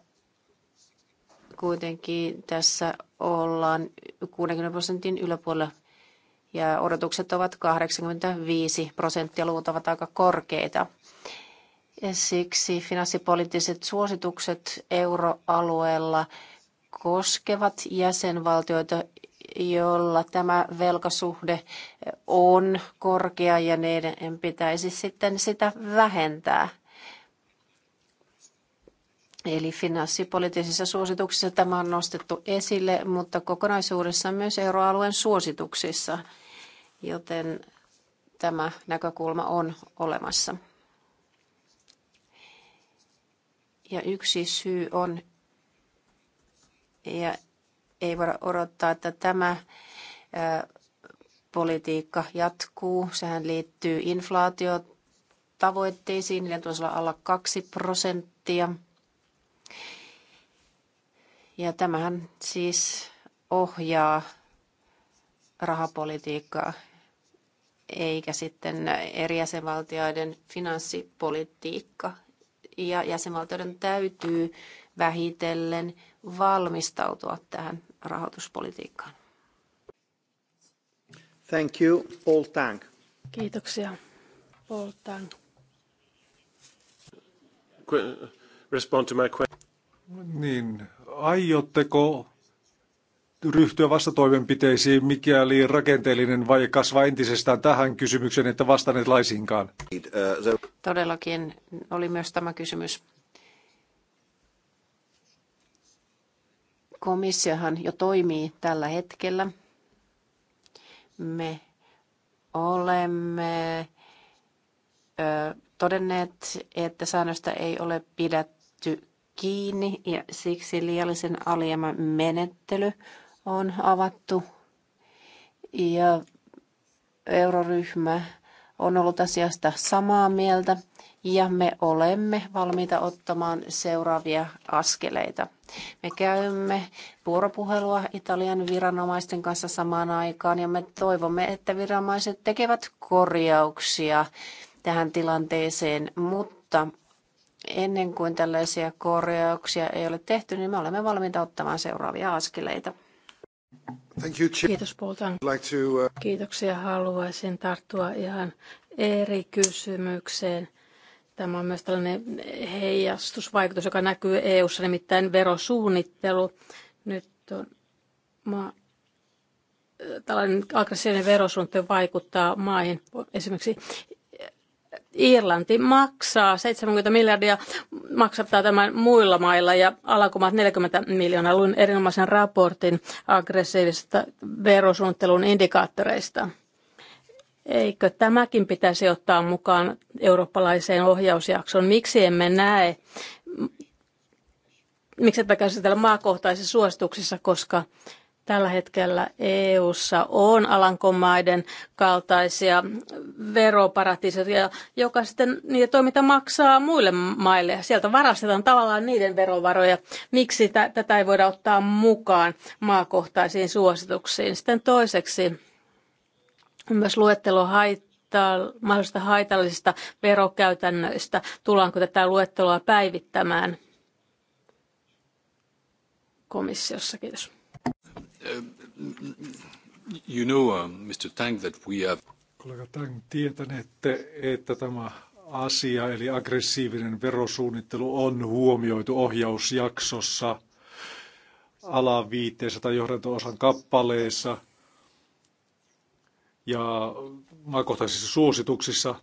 kuitenkin tässä ollaan 60 prosentin yläpuolella ja odotukset ovat 85 prosenttia, luvut ovat aika korkeita. Ja siksi finanssipoliittiset suositukset euroalueella koskevat jäsenvaltioita, jolla tämä velkasuhde on korkea ja niiden pitäisi sitten sitä vähentää. Eli finanssipoliittisissa suosituksissa tämä on nostettu esille, mutta kokonaisuudessaan myös euroalueen suosituksissa, joten tämä näkökulma on olemassa. Ja yksi syy on, ja ei voida odottaa, että tämä politiikka jatkuu. Sehän liittyy inflaatiotavoitteisiin, niiden tulisi olla alla 2 prosenttia. Ja tämähän siis ohjaa rahapolitiikkaa eikä sitten eri jäsenvaltioiden finanssipolitiikka. Ja jäsenvaltioiden täytyy vähitellen valmistautua tähän rahoituspolitiikkaan. Thank you, Paul Tang. Kiitoksia, Paul Tang. respond to my question. Niin, aiotteko ryhtyä vastatoimenpiteisiin, mikäli rakenteellinen vai kasvaa entisestään tähän kysymykseen, että vastanneet laisinkaan? Uh, Todellakin oli myös tämä kysymys. Komissiohan jo toimii tällä hetkellä. Me olemme ö, todenneet, että säännöstä ei ole pidetty kiinni ja siksi liiallisen alijäämän menettely on avattu. Ja euroryhmä on ollut asiasta samaa mieltä ja me olemme valmiita ottamaan seuraavia askeleita. Me käymme vuoropuhelua Italian viranomaisten kanssa samaan aikaan ja me toivomme, että viranomaiset tekevät korjauksia tähän tilanteeseen, mutta ennen kuin tällaisia korjauksia ei ole tehty, niin me olemme valmiita ottamaan seuraavia askeleita. Thank you, Kiitos Poltan. Like to, uh... Kiitoksia. Haluaisin tarttua ihan eri kysymykseen – Tämä on myös tällainen heijastusvaikutus, joka näkyy EU-ssa, nimittäin verosuunnittelu. Nyt on ma- tällainen aggressiivinen verosuunnittelu vaikuttaa maihin. Esimerkiksi Irlanti maksaa 70 miljardia, maksattaa tämän muilla mailla ja alakumat 40 miljoonaa. Luin erinomaisen raportin aggressiivisesta verosuunnittelun indikaattoreista – Eikö tämäkin pitäisi ottaa mukaan eurooppalaiseen ohjausjaksoon? Miksi emme näe, miksi tätä käsitellä maakohtaisissa suosituksissa, koska tällä hetkellä EU:ssa on Alankomaiden kaltaisia veroparatiiseja, joka sitten niitä toiminta maksaa muille maille. Sieltä varastetaan tavallaan niiden verovaroja. Miksi tätä ei voida ottaa mukaan maakohtaisiin suosituksiin? Sitten toiseksi on myös luettelo haittaa, mahdollisista haitallisista verokäytännöistä. Tullaanko tätä luetteloa päivittämään komissiossa? Kiitos. Uh, you know, uh, Mr. Tang, that we have... Kollega Tang, tietänette, että tämä asia, eli aggressiivinen verosuunnittelu, on huomioitu ohjausjaksossa alaviitteessä tai johdanto-osan kappaleessa – ja maakohtaisissa suosituksissa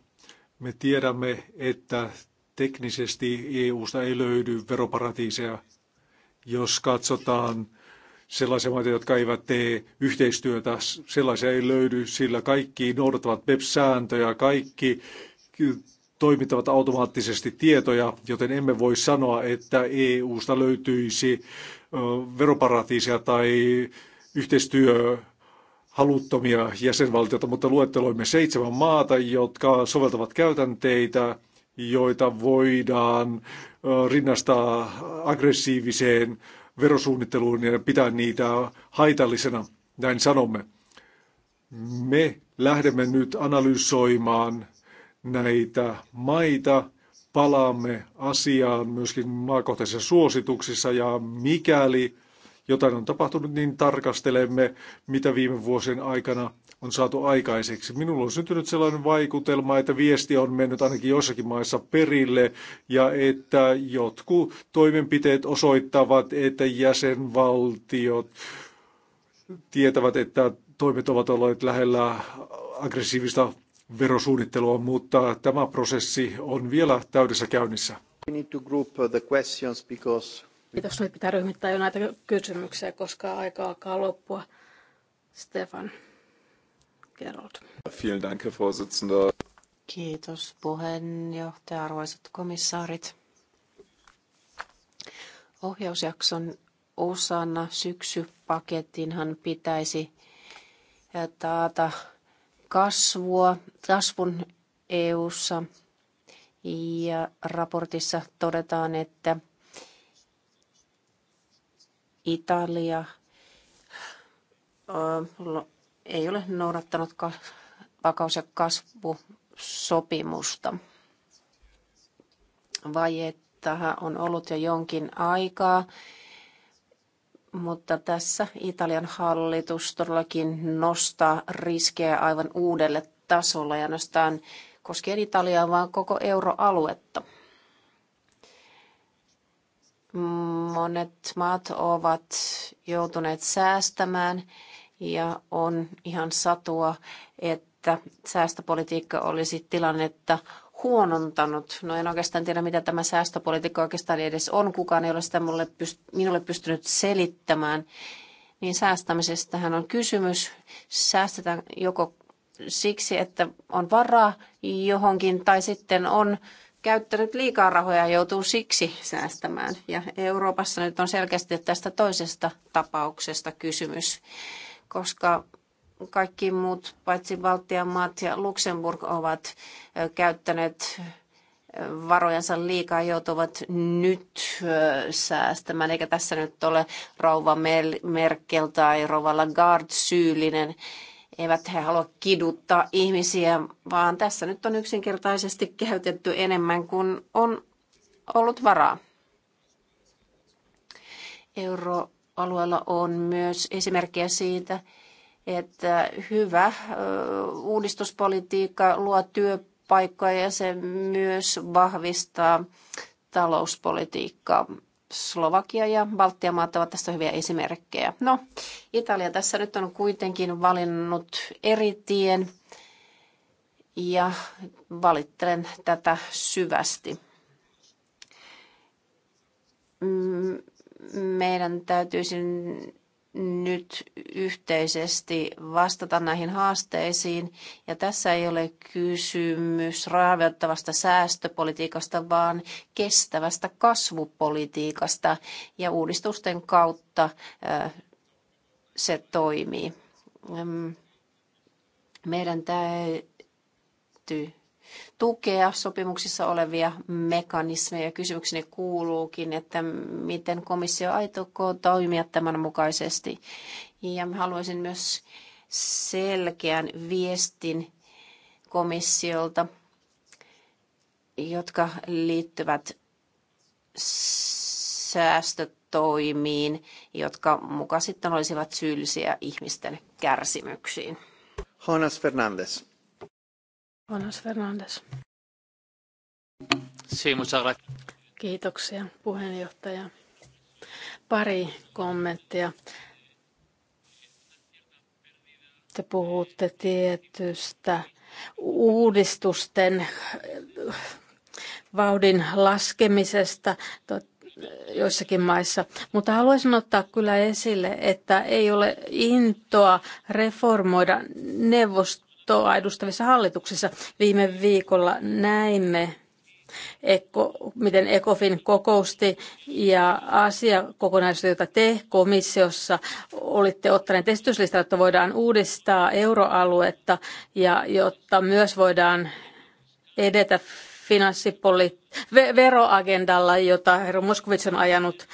me tiedämme, että teknisesti EUsta ei löydy veroparatiiseja, jos katsotaan sellaisia maita, jotka eivät tee yhteistyötä, sellaisia ei löydy, sillä kaikki noudattavat BEPS-sääntöjä, kaikki toimittavat automaattisesti tietoja, joten emme voi sanoa, että EUsta löytyisi veroparatiisia tai yhteistyö haluttomia jäsenvaltioita, mutta luetteloimme seitsemän maata, jotka soveltavat käytänteitä, joita voidaan rinnastaa aggressiiviseen verosuunnitteluun ja pitää niitä haitallisena, näin sanomme. Me lähdemme nyt analysoimaan näitä maita, palaamme asiaan myöskin maakohtaisissa suosituksissa ja mikäli jotain on tapahtunut, niin tarkastelemme, mitä viime vuosien aikana on saatu aikaiseksi. Minulla on syntynyt sellainen vaikutelma, että viesti on mennyt ainakin jossakin maissa perille ja että jotkut toimenpiteet osoittavat, että jäsenvaltiot tietävät, että toimet ovat olleet lähellä aggressiivista verosuunnittelua, mutta tämä prosessi on vielä täydessä käynnissä. We need to group the questions because Kiitos, nyt pitää ryhmittää jo näitä kysymyksiä, koska aika alkaa loppua. Stefan Gerold. Vielen Dank, Herr Vorsitzender. Kiitos puheenjohtaja, arvoisat komissaarit. Ohjausjakson osana syksypaketinhan pitäisi eh, taata kasvua, kasvun EU:ssa ja raportissa todetaan, että Italia ei ole noudattanut vakaus- ja kasvusopimusta. Vajetta on ollut jo jonkin aikaa, mutta tässä Italian hallitus todellakin nostaa riskejä aivan uudelle tasolle ja nostaa koskien Italiaa, vaan koko euroaluetta. Monet maat ovat joutuneet säästämään ja on ihan satua, että säästöpolitiikka olisi tilannetta huonontanut. No en oikeastaan tiedä, mitä tämä säästöpolitiikka oikeastaan edes on. Kukaan ei ole sitä mulle pyst- minulle pystynyt selittämään. Niin säästämisestähän on kysymys. Säästetään joko siksi, että on varaa johonkin, tai sitten on käyttänyt liikaa rahoja ja joutuu siksi säästämään. Ja Euroopassa nyt on selkeästi tästä toisesta tapauksesta kysymys, koska kaikki muut, paitsi Baltian maat ja Luxemburg, ovat käyttäneet varojensa liikaa joutuvat nyt säästämään, eikä tässä nyt ole rouva Merkel tai rouva Lagarde syyllinen. Eivät he halua kiduttaa ihmisiä, vaan tässä nyt on yksinkertaisesti käytetty enemmän kuin on ollut varaa. Euroalueella on myös esimerkkejä siitä, että hyvä uudistuspolitiikka luo työpaikkoja ja se myös vahvistaa talouspolitiikkaa. Slovakia ja Baltian maat ovat tästä hyviä esimerkkejä. No, Italia tässä nyt on kuitenkin valinnut eri tien ja valittelen tätä syvästi. Meidän täytyisi nyt yhteisesti vastata näihin haasteisiin. Ja tässä ei ole kysymys raaviottavasta säästöpolitiikasta, vaan kestävästä kasvupolitiikasta. Ja uudistusten kautta se toimii. Meidän täytyy tukea sopimuksissa olevia mekanismeja. Kysymykseni kuuluukin, että miten komissio aitoo toimia tämän mukaisesti. Ja haluaisin myös selkeän viestin komissiolta, jotka liittyvät säästötoimiin, jotka muka sitten olisivat syyllisiä ihmisten kärsimyksiin. Jonas Fernandes. Jonas Fernandes. Kiitoksia puheenjohtaja. Pari kommenttia. Te puhutte tietystä uudistusten vauhdin laskemisesta joissakin maissa. Mutta haluaisin ottaa kyllä esille, että ei ole intoa reformoida neuvostoa johtoa edustavissa hallituksissa. Viime viikolla näimme Eko, miten ECOFIN kokousti ja asiakokonaisuus, jota te komissiossa olitte ottaneet esityslistalle, että voidaan uudistaa euroaluetta ja jotta myös voidaan edetä finanssipoliit- veroagendalla, jota herra Moskovits on ajanut.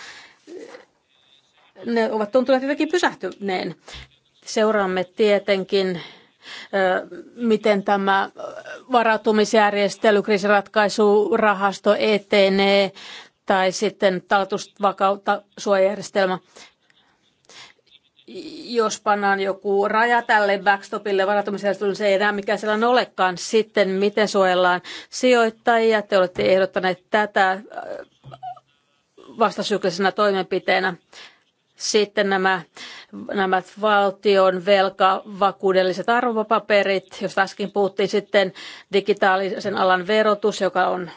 Ne ovat tuntuneet jotenkin pysähtyneen. Seuraamme tietenkin miten tämä varautumisjärjestely, kriisiratkaisurahasto etenee tai sitten taltusvakautta suojajärjestelmä jos pannaan joku raja tälle backstopille varautumisjärjestelylle, se ei enää mikään sellainen olekaan. Sitten miten suojellaan sijoittajia? Te olette ehdottaneet tätä vastasyklisenä toimenpiteenä. Sitten nämä, nämä valtion velkavakuudelliset arvopaperit, josta äsken puhuttiin sitten digitaalisen alan verotus, joka on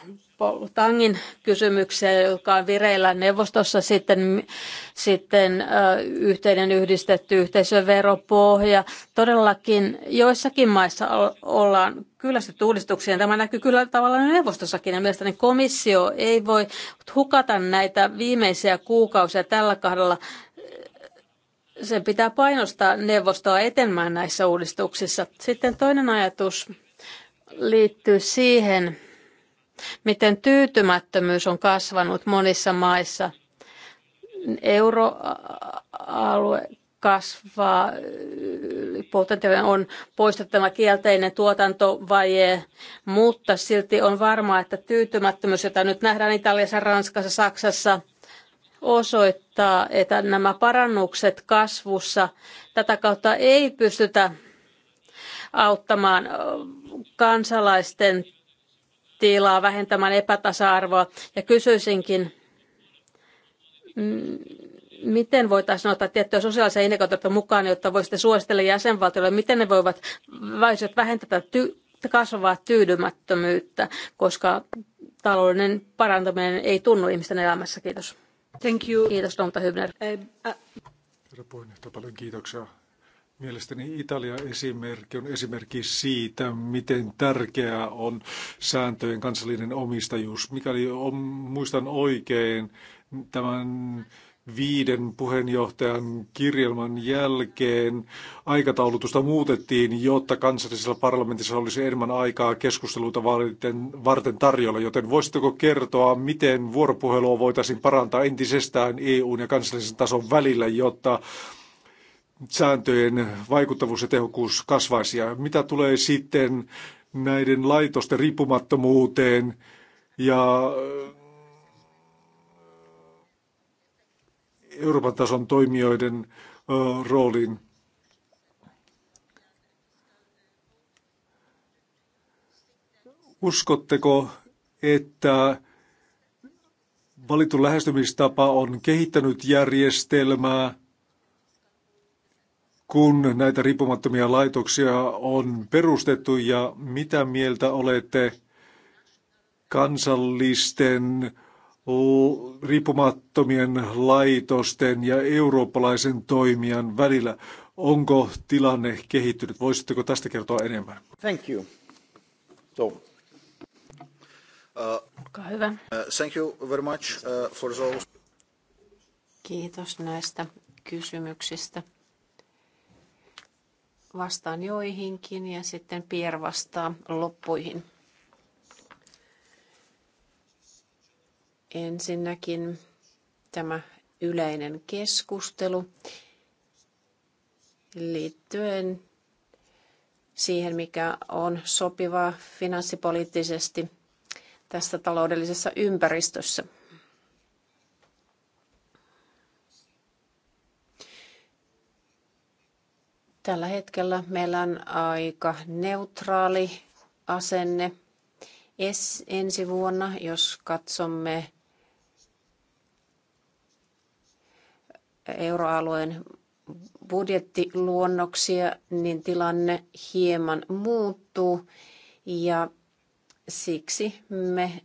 Tangin kysymyksiä, joka on vireillä neuvostossa sitten, sitten yhteinen yhdistetty yhteisöveropohja. Todellakin joissakin maissa ollaan kyllästytty uudistuksia. Tämä näkyy kyllä tavallaan neuvostossakin ja mielestäni komissio ei voi hukata näitä viimeisiä kuukausia tällä kahdella sen pitää painostaa neuvostoa etenemään näissä uudistuksissa. Sitten toinen ajatus liittyy siihen, miten tyytymättömyys on kasvanut monissa maissa. Euroalue kasvaa, potentiaalinen on poistettava kielteinen tuotantovaje, mutta silti on varmaa, että tyytymättömyys, jota nyt nähdään Italiassa, Ranskassa, Saksassa – osoittaa, että nämä parannukset kasvussa tätä kautta ei pystytä auttamaan kansalaisten tilaa vähentämään epätasa-arvoa. Ja kysyisinkin, miten voitaisiin ottaa tiettyä sosiaalisia indikaatioita mukaan, jotta voisitte suositella jäsenvaltioille, miten ne voivat vähentää ty- kasvavaa tyydymättömyyttä, koska taloudellinen parantaminen ei tunnu ihmisten elämässä. Kiitos. Thank you. Eh, eh, kiitoksia. Mielestäni Italia-esimerkki on esimerkki siitä, miten tärkeää on sääntöjen kansallinen omistajuus. Mikäli on, muistan oikein, tämän viiden puheenjohtajan kirjelman jälkeen aikataulutusta muutettiin, jotta kansallisella parlamentissa olisi enemmän aikaa keskusteluita varten tarjolla. Joten voisitteko kertoa, miten vuoropuhelua voitaisiin parantaa entisestään EUn ja kansallisen tason välillä, jotta sääntöjen vaikuttavuus ja tehokkuus kasvaisi? Ja mitä tulee sitten näiden laitosten riippumattomuuteen ja Euroopan tason toimijoiden rooliin. Uskotteko, että valittu lähestymistapa on kehittänyt järjestelmää, kun näitä riippumattomia laitoksia on perustettu ja mitä mieltä olette kansallisten riippumattomien laitosten ja eurooppalaisen toimijan välillä. Onko tilanne kehittynyt? Voisitteko tästä kertoa enemmän? Thank you. So, uh, Olkaa hyvä. Uh, thank you very much uh, for those. Kiitos näistä kysymyksistä. Vastaan joihinkin ja sitten Pierre vastaa loppuihin. Ensinnäkin tämä yleinen keskustelu liittyen siihen, mikä on sopivaa finanssipoliittisesti tässä taloudellisessa ympäristössä. Tällä hetkellä meillä on aika neutraali asenne ensi vuonna, jos katsomme euroalueen budjettiluonnoksia, niin tilanne hieman muuttuu ja siksi me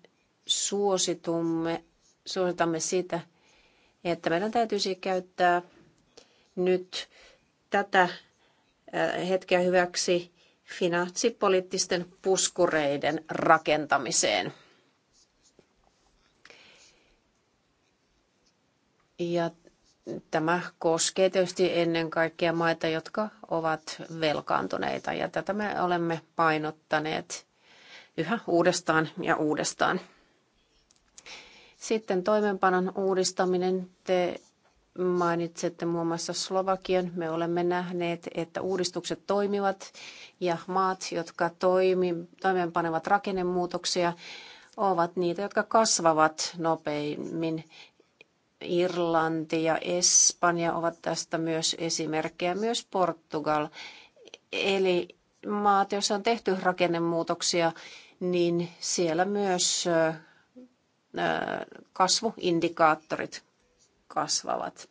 suositumme, suositamme sitä, että meidän täytyisi käyttää nyt tätä hetkeä hyväksi finanssipoliittisten puskureiden rakentamiseen. Ja Tämä koskee tietysti ennen kaikkea maita, jotka ovat velkaantuneita ja tätä me olemme painottaneet yhä uudestaan ja uudestaan. Sitten toimenpanon uudistaminen. Te mainitsette muun muassa Slovakian. Me olemme nähneet, että uudistukset toimivat ja maat, jotka toimi, toimeenpanevat rakennemuutoksia, ovat niitä, jotka kasvavat nopeimmin. Irlanti ja Espanja ovat tästä myös esimerkkejä, myös Portugal. Eli maat, joissa on tehty rakennemuutoksia, niin siellä myös kasvuindikaattorit kasvavat.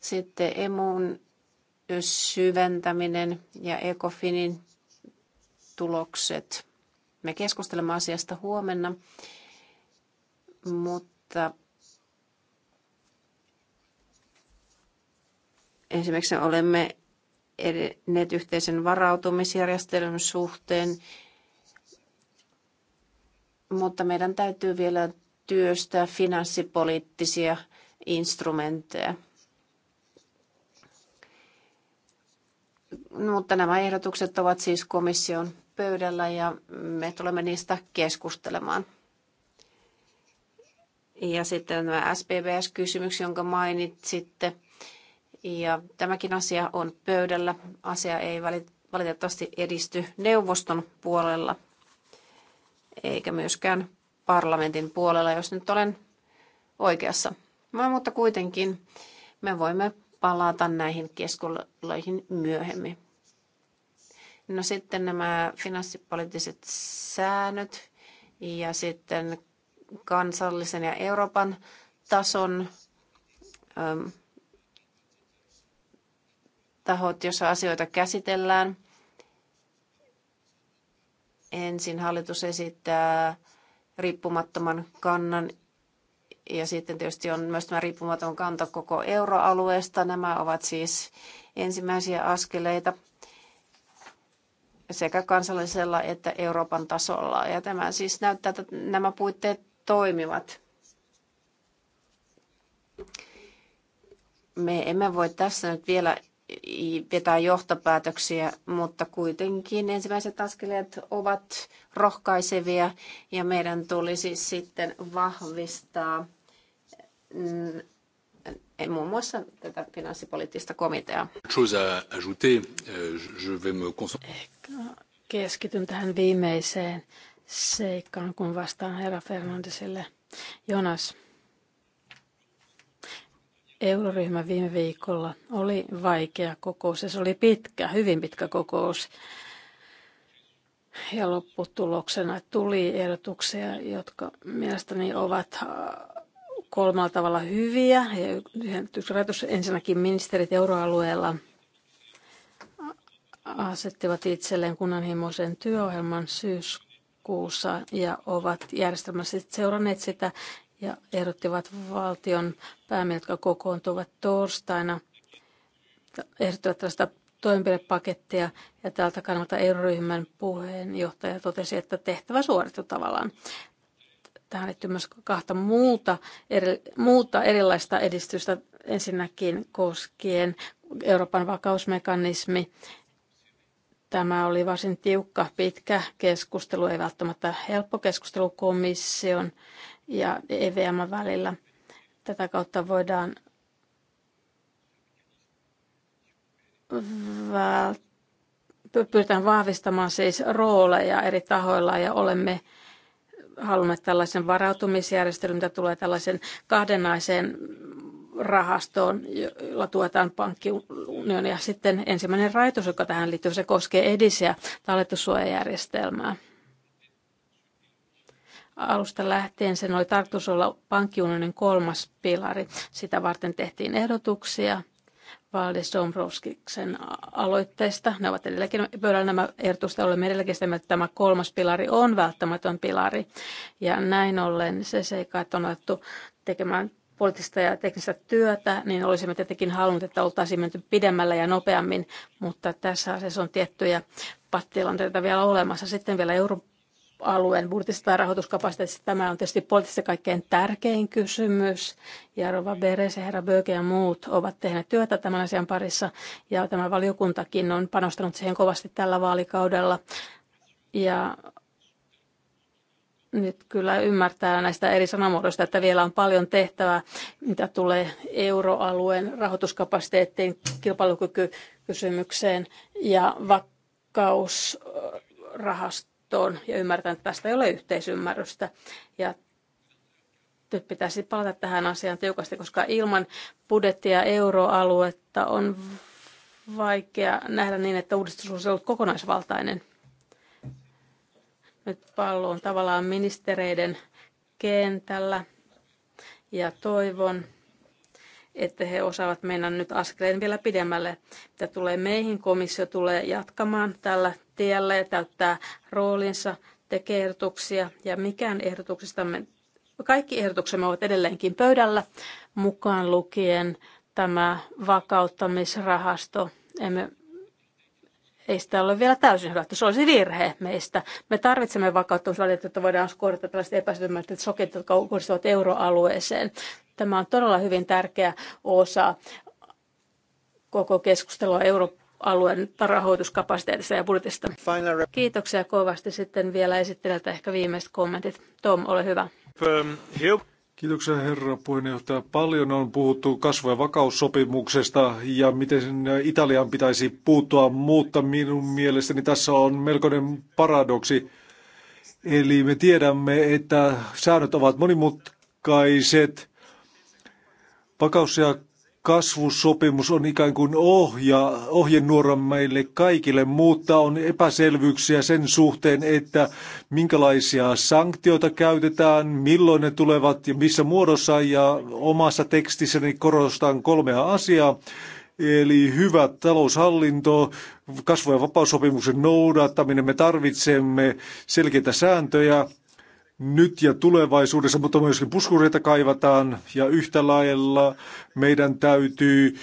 Sitten emun syventäminen ja ECOFINin tulokset. Me keskustelemme asiasta huomenna, mutta esimerkiksi olemme edenneet yhteisen varautumisjärjestelyn suhteen, mutta meidän täytyy vielä työstää finanssipoliittisia instrumentteja. Mutta nämä ehdotukset ovat siis komission pöydällä ja me tulemme niistä keskustelemaan. Ja sitten tämä SPBS-kysymys, jonka mainitsitte. Ja tämäkin asia on pöydällä. Asia ei valitettavasti edisty neuvoston puolella eikä myöskään parlamentin puolella, jos nyt olen oikeassa. No, mutta kuitenkin me voimme palata näihin keskusteluihin myöhemmin. No sitten nämä finanssipoliittiset säännöt ja sitten kansallisen ja Euroopan tason äm, tahot, joissa asioita käsitellään. Ensin hallitus esittää riippumattoman kannan ja sitten tietysti on myös tämä riippumaton kanta koko euroalueesta. Nämä ovat siis ensimmäisiä askeleita sekä kansallisella että Euroopan tasolla. Ja tämä siis näyttää, että nämä puitteet toimivat. Me emme voi tässä nyt vielä vetää johtopäätöksiä, mutta kuitenkin ensimmäiset askeleet ovat rohkaisevia ja meidän tulisi sitten vahvistaa E, muun muassa tätä finanssipoliittista komiteaa. Euh, keskityn tähän viimeiseen seikkaan, kun vastaan herra Fernandesille. Jonas, euroryhmä viime viikolla oli vaikea kokous ja se oli pitkä, hyvin pitkä kokous. Ja lopputuloksena tuli ehdotuksia, jotka mielestäni ovat äh, kolmella tavalla hyviä. Yksi rajoitus ensinnäkin ministerit euroalueella asettivat itselleen kunnanhimoisen työohjelman syyskuussa ja ovat järjestelmässä seuranneet sitä ja ehdottivat valtion päämiä, jotka kokoontuvat torstaina, ehdottivat tällaista toimenpidepakettia ja tältä kannalta euroryhmän puheenjohtaja totesi, että tehtävä suoritu tavallaan. Tähän liittyy myös kahta muuta, eri, muuta erilaista edistystä ensinnäkin koskien Euroopan vakausmekanismi. Tämä oli varsin tiukka, pitkä keskustelu, ei välttämättä helppo keskustelu komission ja EVM välillä. Tätä kautta voidaan vält- pyritään vahvistamaan siis rooleja eri tahoilla ja olemme haluamme tällaisen varautumisjärjestelyn, mitä tulee tällaisen kahdenaiseen rahastoon, jolla tuetaan pankkiunionia. Sitten ensimmäinen rajoitus, joka tähän liittyy, se koskee edisiä talletussuojajärjestelmää. Alusta lähtien sen oli tarkoitus olla pankkiunionin kolmas pilari. Sitä varten tehtiin ehdotuksia – Valdis Dombrovskiksen aloitteesta. Ne ovat edelläkin pöydällä nämä ehdotukset, Olemme edelläkin sitä, että tämä kolmas pilari on välttämätön pilari. Ja näin ollen se seikka, että on alettu tekemään poliittista ja teknistä työtä, niin olisimme tietenkin halunneet, että oltaisiin menty pidemmällä ja nopeammin, mutta tässä asiassa on tiettyjä pattilanteita vielä olemassa. Sitten vielä Euroopan alueen budjetista tai rahoituskapasiteetista. Tämä on tietysti poliittisesti kaikkein tärkein kysymys. Jarova Beres ja herra Böke ja muut ovat tehneet työtä tämän asian parissa ja tämä valiokuntakin on panostanut siihen kovasti tällä vaalikaudella. Ja nyt kyllä ymmärtää näistä eri sanamuodoista, että vielä on paljon tehtävää, mitä tulee euroalueen rahoituskapasiteettiin, kilpailukykykysymykseen ja vakkausrahastoon neuvostoon ja ymmärtän, että tästä ei ole yhteisymmärrystä. Ja nyt pitäisi palata tähän asiaan tiukasti, koska ilman budjettia euroaluetta on vaikea nähdä niin, että uudistus olisi ollut kokonaisvaltainen. Nyt pallo on tavallaan ministereiden kentällä ja toivon, että he osaavat mennä nyt askeleen vielä pidemmälle. Mitä tulee meihin, komissio tulee jatkamaan tällä tielle ja täyttää roolinsa, tekee ehdotuksia ja mikään ehdotuksistamme, kaikki ehdotuksemme ovat edelleenkin pöydällä, mukaan lukien tämä vakauttamisrahasto. Emme ei sitä ole vielä täysin hylätty. Se olisi virhe meistä. Me tarvitsemme vakauttamisvälineitä, että voidaan korjata tällaiset epäsymmäiset sokit, jotka kohdistuvat euroalueeseen. Tämä on todella hyvin tärkeä osa koko keskustelua Euroopan alueen rahoituskapasiteetista ja budjetista. Kiitoksia kovasti sitten vielä esittelijältä ehkä viimeiset kommentit. Tom, ole hyvä. Kiitoksia herra puheenjohtaja. Paljon on puhuttu kasvu- ja vakaussopimuksesta ja miten Italian pitäisi puuttua, mutta minun mielestäni tässä on melkoinen paradoksi. Eli me tiedämme, että säännöt ovat monimutkaiset. Vakaus- ja kasvusopimus on ikään kuin ohja, ohjenuora meille kaikille, mutta on epäselvyyksiä sen suhteen, että minkälaisia sanktioita käytetään, milloin ne tulevat ja missä muodossa. Ja omassa tekstissäni korostan kolmea asiaa. Eli hyvä taloushallinto, kasvu- ja vapaussopimuksen noudattaminen, me tarvitsemme selkeitä sääntöjä, nyt ja tulevaisuudessa, mutta myöskin puskureita kaivataan ja yhtä lailla meidän täytyy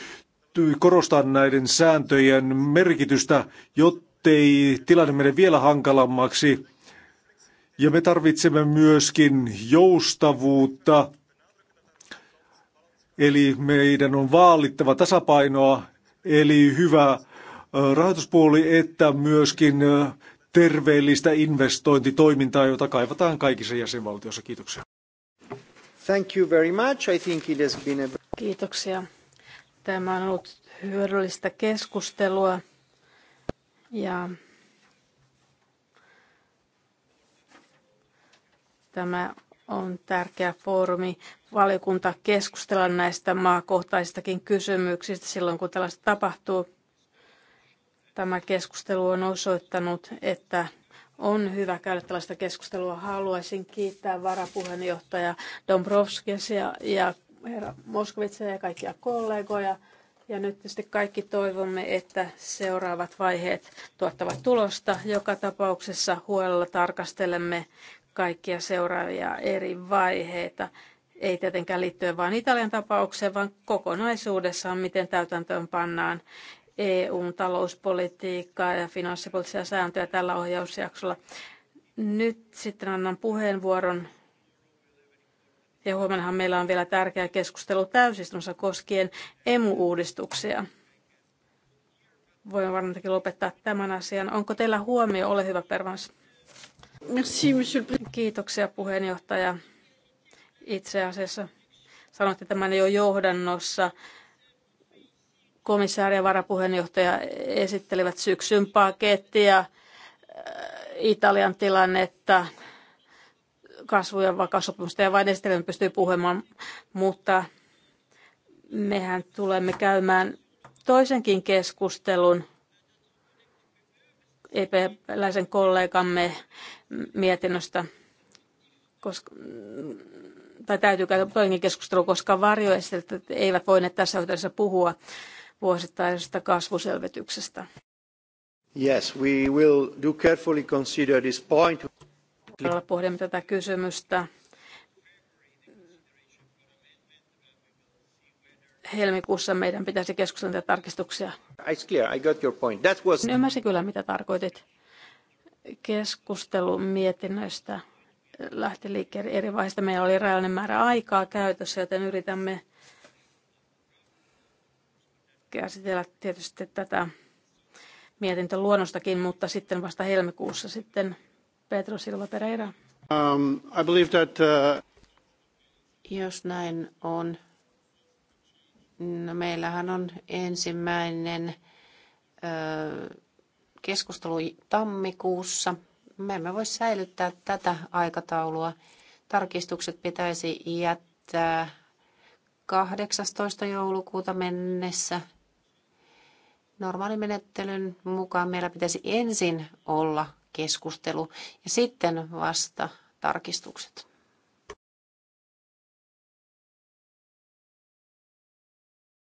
korostaa näiden sääntöjen merkitystä, jottei tilanne mene vielä hankalammaksi. Ja me tarvitsemme myöskin joustavuutta, eli meidän on vaalittava tasapainoa, eli hyvä rahoituspuoli, että myöskin terveellistä investointitoimintaa, jota kaivataan kaikissa jäsenvaltioissa. Kiitoksia. Thank you very much. I think it has been a... Kiitoksia. Tämä on ollut hyödyllistä keskustelua ja tämä on tärkeä foorumi valiokunta keskustella näistä maakohtaisistakin kysymyksistä silloin, kun tällaista tapahtuu. Tämä keskustelu on osoittanut, että on hyvä käydä tällaista keskustelua. Haluaisin kiittää varapuheenjohtaja Dombrovskis ja herra Moskovitsa ja kaikkia kollegoja. Ja nyt tietysti kaikki toivomme, että seuraavat vaiheet tuottavat tulosta. Joka tapauksessa huolella tarkastelemme kaikkia seuraavia eri vaiheita. Ei tietenkään liittyen vain Italian tapaukseen, vaan kokonaisuudessaan, miten täytäntöön pannaan EUn talouspolitiikkaa ja finanssipoliittisia sääntöjä tällä ohjausjaksolla. Nyt sitten annan puheenvuoron ja huomennahan meillä on vielä tärkeä keskustelu täysistunnossa koskien emu-uudistuksia. Voin varmaankin lopettaa tämän asian. Onko teillä huomio? Ole hyvä, Pervans. Merci, monsieur. Kiitoksia, puheenjohtaja. Itse asiassa sanoitte tämän jo johdannossa komissaari ja varapuheenjohtaja esittelivät syksyn pakettia, äh, Italian tilannetta, kasvu- ja vakaussopimusta ja vain esittelemme pystyy puhumaan, mutta mehän tulemme käymään toisenkin keskustelun EP-läisen kollegamme mietinnöstä, koska tai täytyy käydä toinen keskustelu, koska varjoesteet eivät voineet tässä yhteydessä puhua vuosittaisesta kasvuselvityksestä. Yes, we will do carefully consider this point. Pohdimme tätä kysymystä. Helmikuussa meidän pitäisi keskustella näitä tarkistuksia. It's clear, I got your point. That was... Niin ymmärsin kyllä, mitä tarkoitit. Keskustelu mietinnöistä lähti liikkeelle eri vaiheista. Meillä oli rajallinen määrä aikaa käytössä, joten yritämme käsitellä tietysti tätä mietintöluonnostakin, mutta sitten vasta helmikuussa sitten Pedro Silva Pereira. Um, I believe that, uh... Jos näin on, no meillähän on ensimmäinen ö, uh, keskustelu tammikuussa. Me emme voi säilyttää tätä aikataulua. Tarkistukset pitäisi jättää 18. joulukuuta mennessä normaalimenettelyn mukaan meillä pitäisi ensin olla keskustelu ja sitten vasta tarkistukset.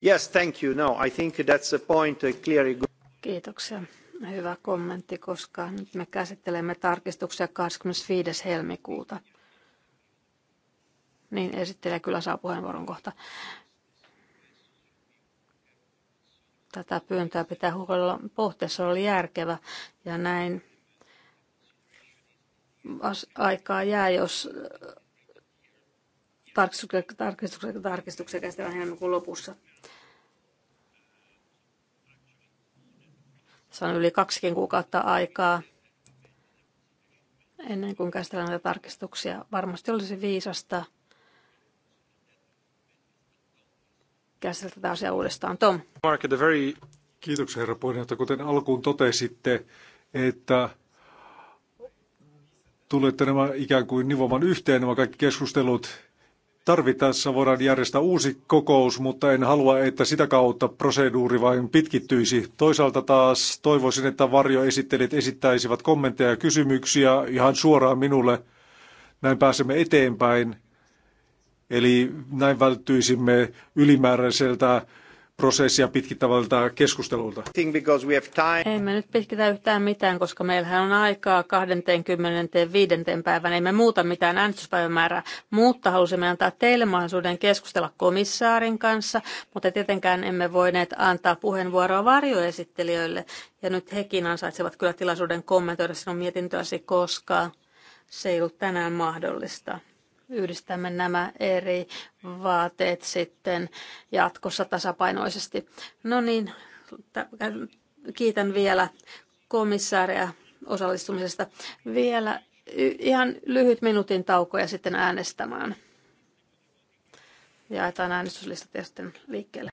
Yes, thank you. No, I think that's a point clearly good. Kiitoksia. Hyvä kommentti, koska nyt me käsittelemme tarkistuksia 25. helmikuuta. Niin, esittelee kyllä saa puheenvuoron kohta. tätä pyyntöä pitää huolella se oli järkevä ja näin aikaa jää, jos tarkistuksen, tarkistuksia, tarkistuksen käsitellään helmikuun lopussa. Se on yli kaksikin kuukautta aikaa ennen kuin käsitellään näitä tarkistuksia. Varmasti olisi viisasta käsitellä tätä asiaa uudestaan. Tom. Kiitoksia herra puheenjohtaja. Kuten alkuun totesitte, että tulette nämä ikään kuin nivoman yhteen nämä kaikki keskustelut. Tarvittaessa voidaan järjestää uusi kokous, mutta en halua, että sitä kautta proseduuri vain pitkittyisi. Toisaalta taas toivoisin, että varjoesittelijät esittäisivät kommentteja ja kysymyksiä ihan suoraan minulle. Näin pääsemme eteenpäin Eli näin välttyisimme ylimääräiseltä prosessia pitkittävältä keskustelulta. Emme nyt pitkitä yhtään mitään, koska meillähän on aikaa 25. päivän. Emme muuta mitään äänestyspäivämäärää, mutta halusimme antaa teille mahdollisuuden keskustella komissaarin kanssa, mutta tietenkään emme voineet antaa puheenvuoroa varjoesittelijöille. Ja nyt hekin ansaitsevat kyllä tilaisuuden kommentoida sinun mietintöäsi, koska se ei ollut tänään mahdollista yhdistämme nämä eri vaateet sitten jatkossa tasapainoisesti. No niin, kiitän vielä komissaaria osallistumisesta. Vielä ihan lyhyt minuutin tauko ja sitten äänestämään. Jaetaan äänestyslistat ja sitten liikkeelle.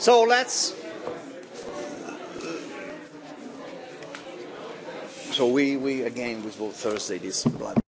So let's. So we, we again, we vote Thursday this blood.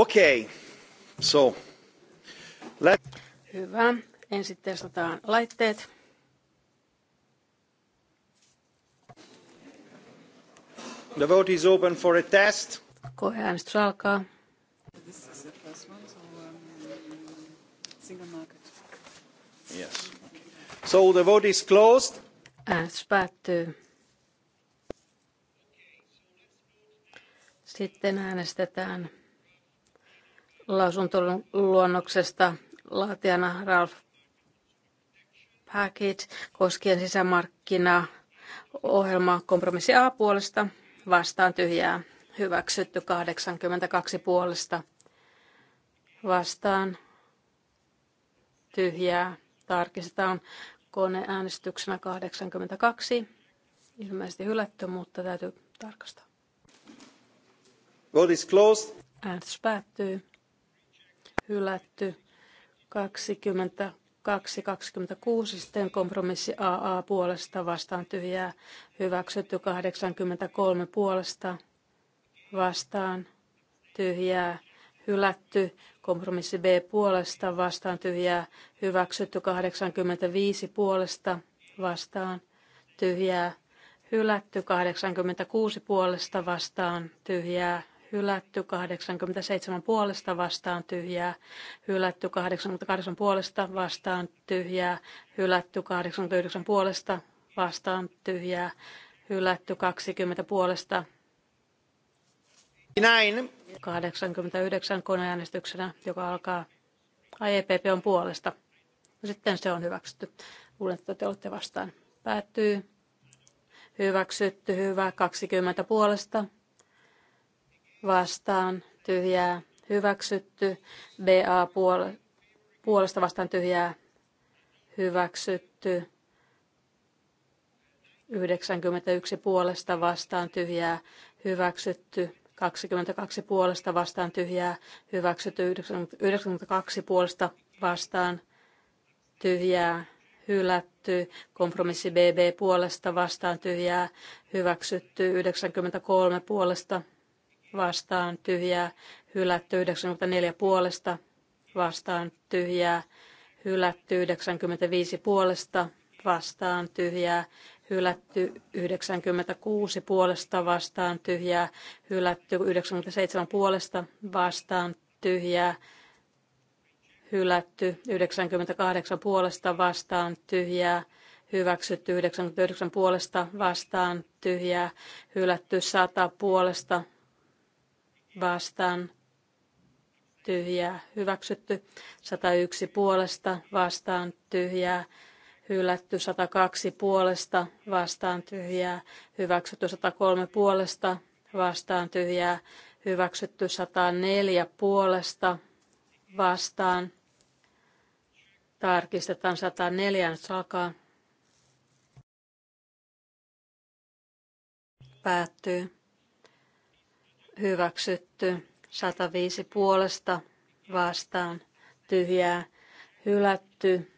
Okei, okay. so. Let... Hyvä. Ensin testataan laitteet. The vote is open for a test. Koeäänestys alkaa. This is the first one, so um, single market. Yes. Okay. So the vote is closed. Äänestys päättyy. Sitten äänestetään lausuntoluonnoksesta laatijana Ralph Packett koskien sisämarkkinaa ohjelma kompromissi A puolesta vastaan tyhjää hyväksytty 82 puolesta vastaan tyhjää tarkistetaan koneäänestyksenä 82 ilmeisesti hylätty, mutta täytyy tarkastaa. Vote is closed. Äänestys päättyy hylätty 20 2.26 sitten kompromissi AA puolesta vastaan tyhjää hyväksytty 83 puolesta vastaan tyhjää hylätty kompromissi B puolesta vastaan tyhjää hyväksytty 85 puolesta vastaan tyhjää hylätty 86 puolesta vastaan tyhjää hylätty 87 puolesta vastaan tyhjää, hylätty 88 puolesta vastaan tyhjää, hylätty 89 puolesta vastaan tyhjää, hylätty 20 puolesta. Näin. 89 koneäänestyksenä, joka alkaa IEPP on puolesta. No sitten se on hyväksytty. Luulen, että te olette vastaan. Päättyy. Hyväksytty, hyvä, 20 puolesta vastaan tyhjää hyväksytty. BA puol puolesta vastaan tyhjää hyväksytty. 91 puolesta vastaan tyhjää hyväksytty. 22 puolesta vastaan tyhjää hyväksytty. 92 puolesta vastaan tyhjää hylätty, kompromissi BB puolesta vastaan tyhjää, hyväksytty 93 puolesta vastaan tyhjää, hylätty 94 puolesta, vastaan tyhjää, hylätty 95 puolesta, vastaan tyhjää, hylätty 96 puolesta, vastaan tyhjää, hylätty 97 puolesta, vastaan tyhjää, hylätty 98 puolesta, vastaan tyhjää, hyväksytty 99 puolesta, vastaan tyhjää, hylätty 100 puolesta, vastaan tyhjää hyväksytty, 101 puolesta vastaan tyhjää hylätty, 102 puolesta vastaan tyhjää hyväksytty, 103 puolesta vastaan tyhjää hyväksytty, 104 puolesta vastaan tarkistetaan 104 sakaa. Päättyy hyväksytty, 105 puolesta vastaan tyhjää, hylätty,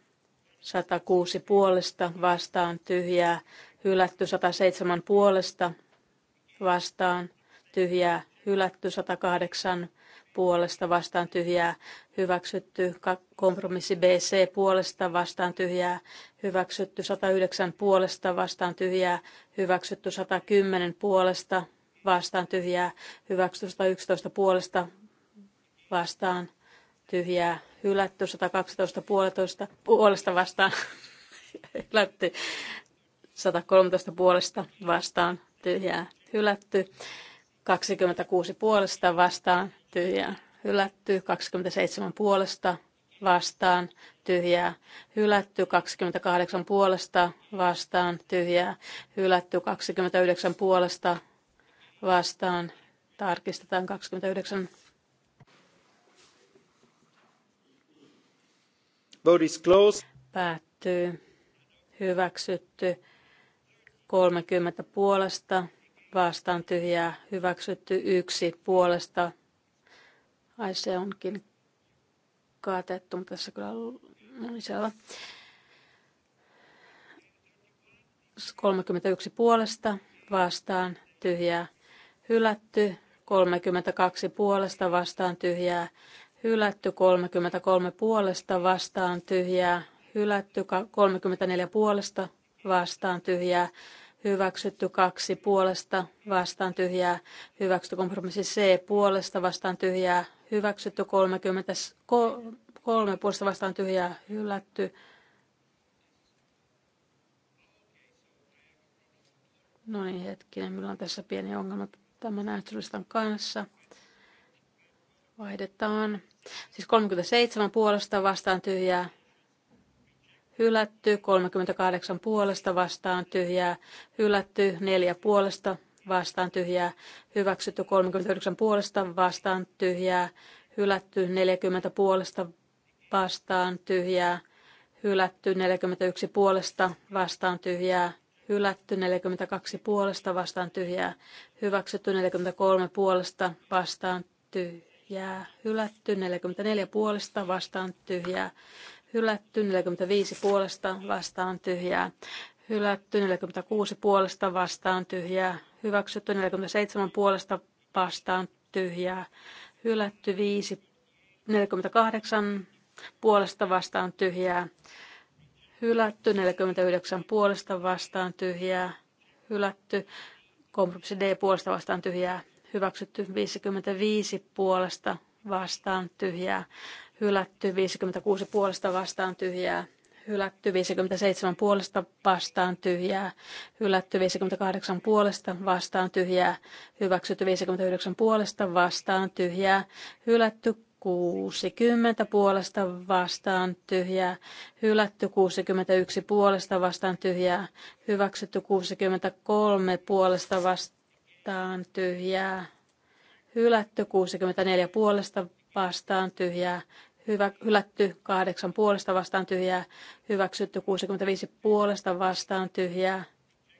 106 puolesta vastaan tyhjää, hylätty 107 puolesta vastaan tyhjää, hylätty 108 puolesta vastaan tyhjää, hyväksytty kompromissi BC puolesta vastaan tyhjää, hyväksytty 109 puolesta vastaan tyhjää, hyväksytty 110 puolesta vastaan tyhjää hyväksytty 111 puolesta vastaan tyhjää hylätty 112 puolesta, puolesta vastaan <laughs> hylätty 113 puolesta vastaan tyhjää hylätty 26 puolesta vastaan tyhjää hylätty 27 puolesta vastaan, tyhjää, hylätty 28 puolesta, vastaan, tyhjää, hylätty 29 puolesta, vastaan tarkistetaan 29. Vote is closed. Päättyy. Hyväksytty. 30 puolesta vastaan tyhjää. Hyväksytty yksi puolesta. Ai se onkin kaatettu, mutta tässä kyllä no niin selvä. 31 puolesta vastaan tyhjää hylätty, 32 puolesta vastaan tyhjää, hylätty 33 puolesta vastaan tyhjää, hylätty 34 puolesta vastaan tyhjää, hyväksytty kaksi puolesta vastaan tyhjää, hyväksytty kompromissi C puolesta vastaan tyhjää, hyväksytty 33 puolesta vastaan tyhjää, hylätty. No niin, hetkinen, minulla on tässä pieni ongelma tämän äänestyslistan kanssa. Vaihdetaan. Siis 37 puolesta vastaan tyhjää hylätty, 38 puolesta vastaan tyhjää hylätty, 4 puolesta vastaan tyhjää hyväksytty, 39 puolesta vastaan tyhjää hylätty, 40 puolesta vastaan tyhjää hylätty, 41 puolesta vastaan tyhjää hylätty 42 puolesta vastaan tyhjää, hyväksytty 43 puolesta vastaan tyhjää, hylätty 44 puolesta vastaan tyhjää, hylätty 45 puolesta vastaan tyhjää, hylätty 46 puolesta vastaan tyhjää, hyväksytty 47 puolesta vastaan tyhjää, hylätty 5 48 puolesta vastaan tyhjää, hylätty, 49 puolesta vastaan tyhjää, hylätty, kompromissi D puolesta vastaan tyhjää, hyväksytty 55 puolesta vastaan tyhjää, hylätty 56 puolesta vastaan tyhjää, hylätty 57 puolesta vastaan tyhjää, hylätty 58 puolesta vastaan tyhjää, hyväksytty 59 puolesta vastaan tyhjää, hylätty 60 puolesta vastaan tyhjää, hylätty 61 puolesta vastaan tyhjää, hyväksytty 63 puolesta vastaan tyhjää, hylätty 64 puolesta vastaan tyhjää, hyvä, hylätty 8 puolesta vastaan tyhjää, hyväksytty 65 puolesta vastaan tyhjää,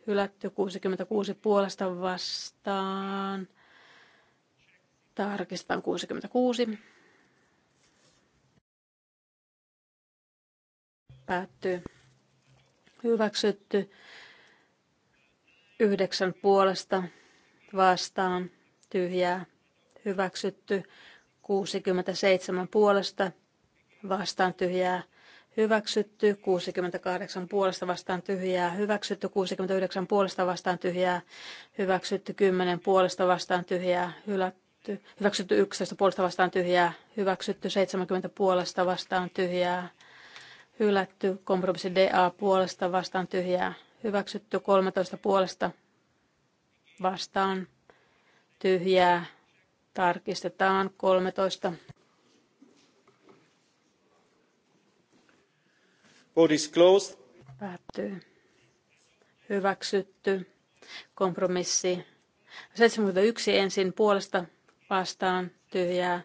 hylätty 66 puolesta vastaan. tarkistan 66. Päättyy. Hyväksytty. Yhdeksän puolesta vastaan. Tyhjää. Hyväksytty. 67 puolesta vastaan tyhjää hyväksytty, 68 puolesta vastaan tyhjää, hyväksytty 69 puolesta vastaan tyhjää, hyväksytty 10 puolesta vastaan tyhjää, hylätty, hyväksytty 11 puolesta vastaan tyhjää, hyväksytty 70 puolesta vastaan tyhjää, hylätty, kompromissi DA puolesta vastaan tyhjää, hyväksytty 13 puolesta vastaan tyhjää, tarkistetaan 13. Vote is closed. Päättyy. Hyväksytty. Kompromissi. 71 ensin puolesta vastaan tyhjää.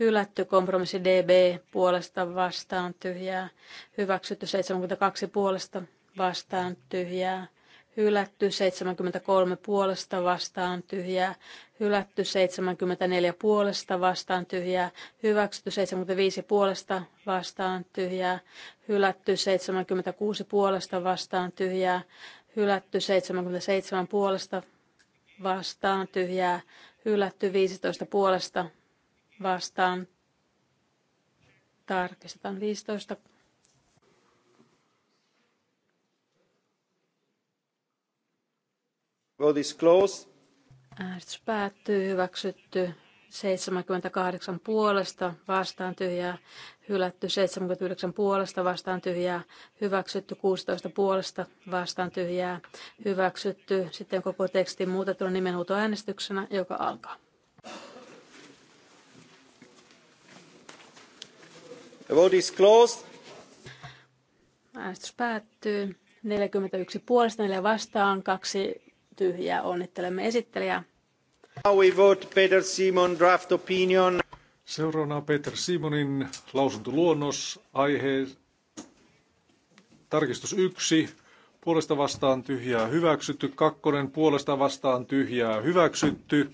Hylätty kompromissi DB puolesta vastaan tyhjää. Hyväksytty 72 puolesta vastaan tyhjää. Hylätty 73 puolesta vastaan tyhjää. Hylätty 74 puolesta vastaan tyhjää. Hyväksytty 75 puolesta vastaan tyhjää. Hylätty 76 puolesta vastaan tyhjää. Hylätty 77 puolesta vastaan tyhjää. Hylätty 15 puolesta vastaan. Tarkistetaan 15. Vote is closed. Äänestys päättyy, hyväksytty 78 puolesta, vastaan tyhjää, hylätty 79 puolesta, vastaan tyhjää, hyväksytty 16 puolesta, vastaan tyhjää, hyväksytty. Sitten koko teksti muutettuna nimenhuutoäänestyksenä, joka alkaa. The vote is closed. Äänestys päättyy. 41 puolesta, 4 vastaan, kaksi tyhjää. Onnittelemme esittelijää. Now we vote Peter Simon draft opinion. Seuraavana Peter Simonin lausuntoluonnos, aihe tarkistus 1, puolesta vastaan tyhjää hyväksytty, kakkonen puolesta vastaan tyhjää hyväksytty,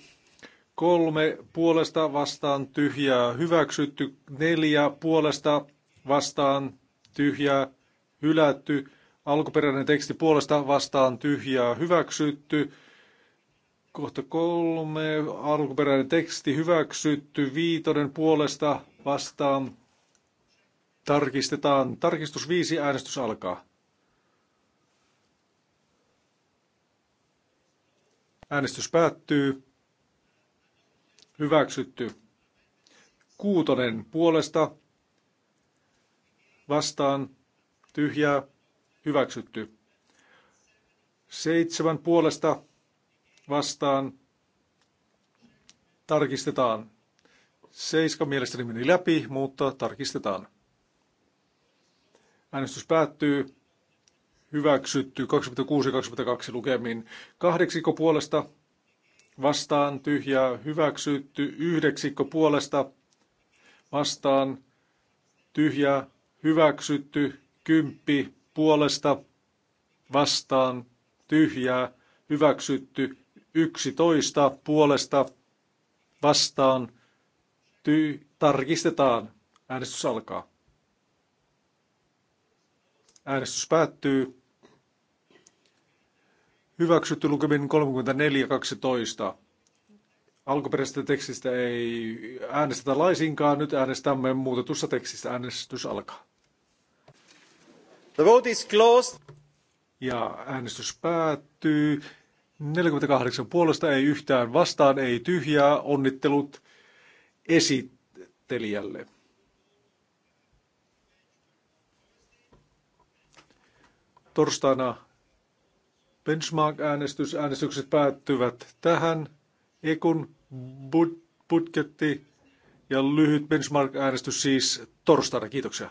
Kolme puolesta vastaan tyhjää hyväksytty. Neljä puolesta vastaan tyhjää hylätty. Alkuperäinen teksti puolesta vastaan tyhjää hyväksytty. Kohta kolme. Alkuperäinen teksti hyväksytty. Viitonen puolesta vastaan tarkistetaan. Tarkistus viisi. Äänestys alkaa. Äänestys päättyy. Hyväksytty. Kuutonen puolesta vastaan tyhjää hyväksytty. Seitsemän puolesta vastaan tarkistetaan. Seiska mielestäni meni läpi, mutta tarkistetaan. Äänestys päättyy. Hyväksytty 26-22 lukemin. Kahdeksikko puolesta vastaan tyhjää hyväksytty, yhdeksikko puolesta vastaan tyhjää hyväksytty, kymppi puolesta vastaan tyhjää hyväksytty, yksitoista puolesta vastaan ty- tarkistetaan. Äänestys alkaa. Äänestys päättyy. Hyväksytty lukemin 34.12. Alkuperäisestä tekstistä ei äänestetä laisinkaan. Nyt äänestämme muutetussa tekstistä. Äänestys alkaa. The vote is closed. Ja äänestys päättyy. 48 puolesta ei yhtään vastaan, ei tyhjää. Onnittelut esittelijälle. Torstaina Benchmark-äänestys, äänestykset päättyvät tähän. Ekun budjetti ja lyhyt benchmark-äänestys siis torstaina. Kiitoksia.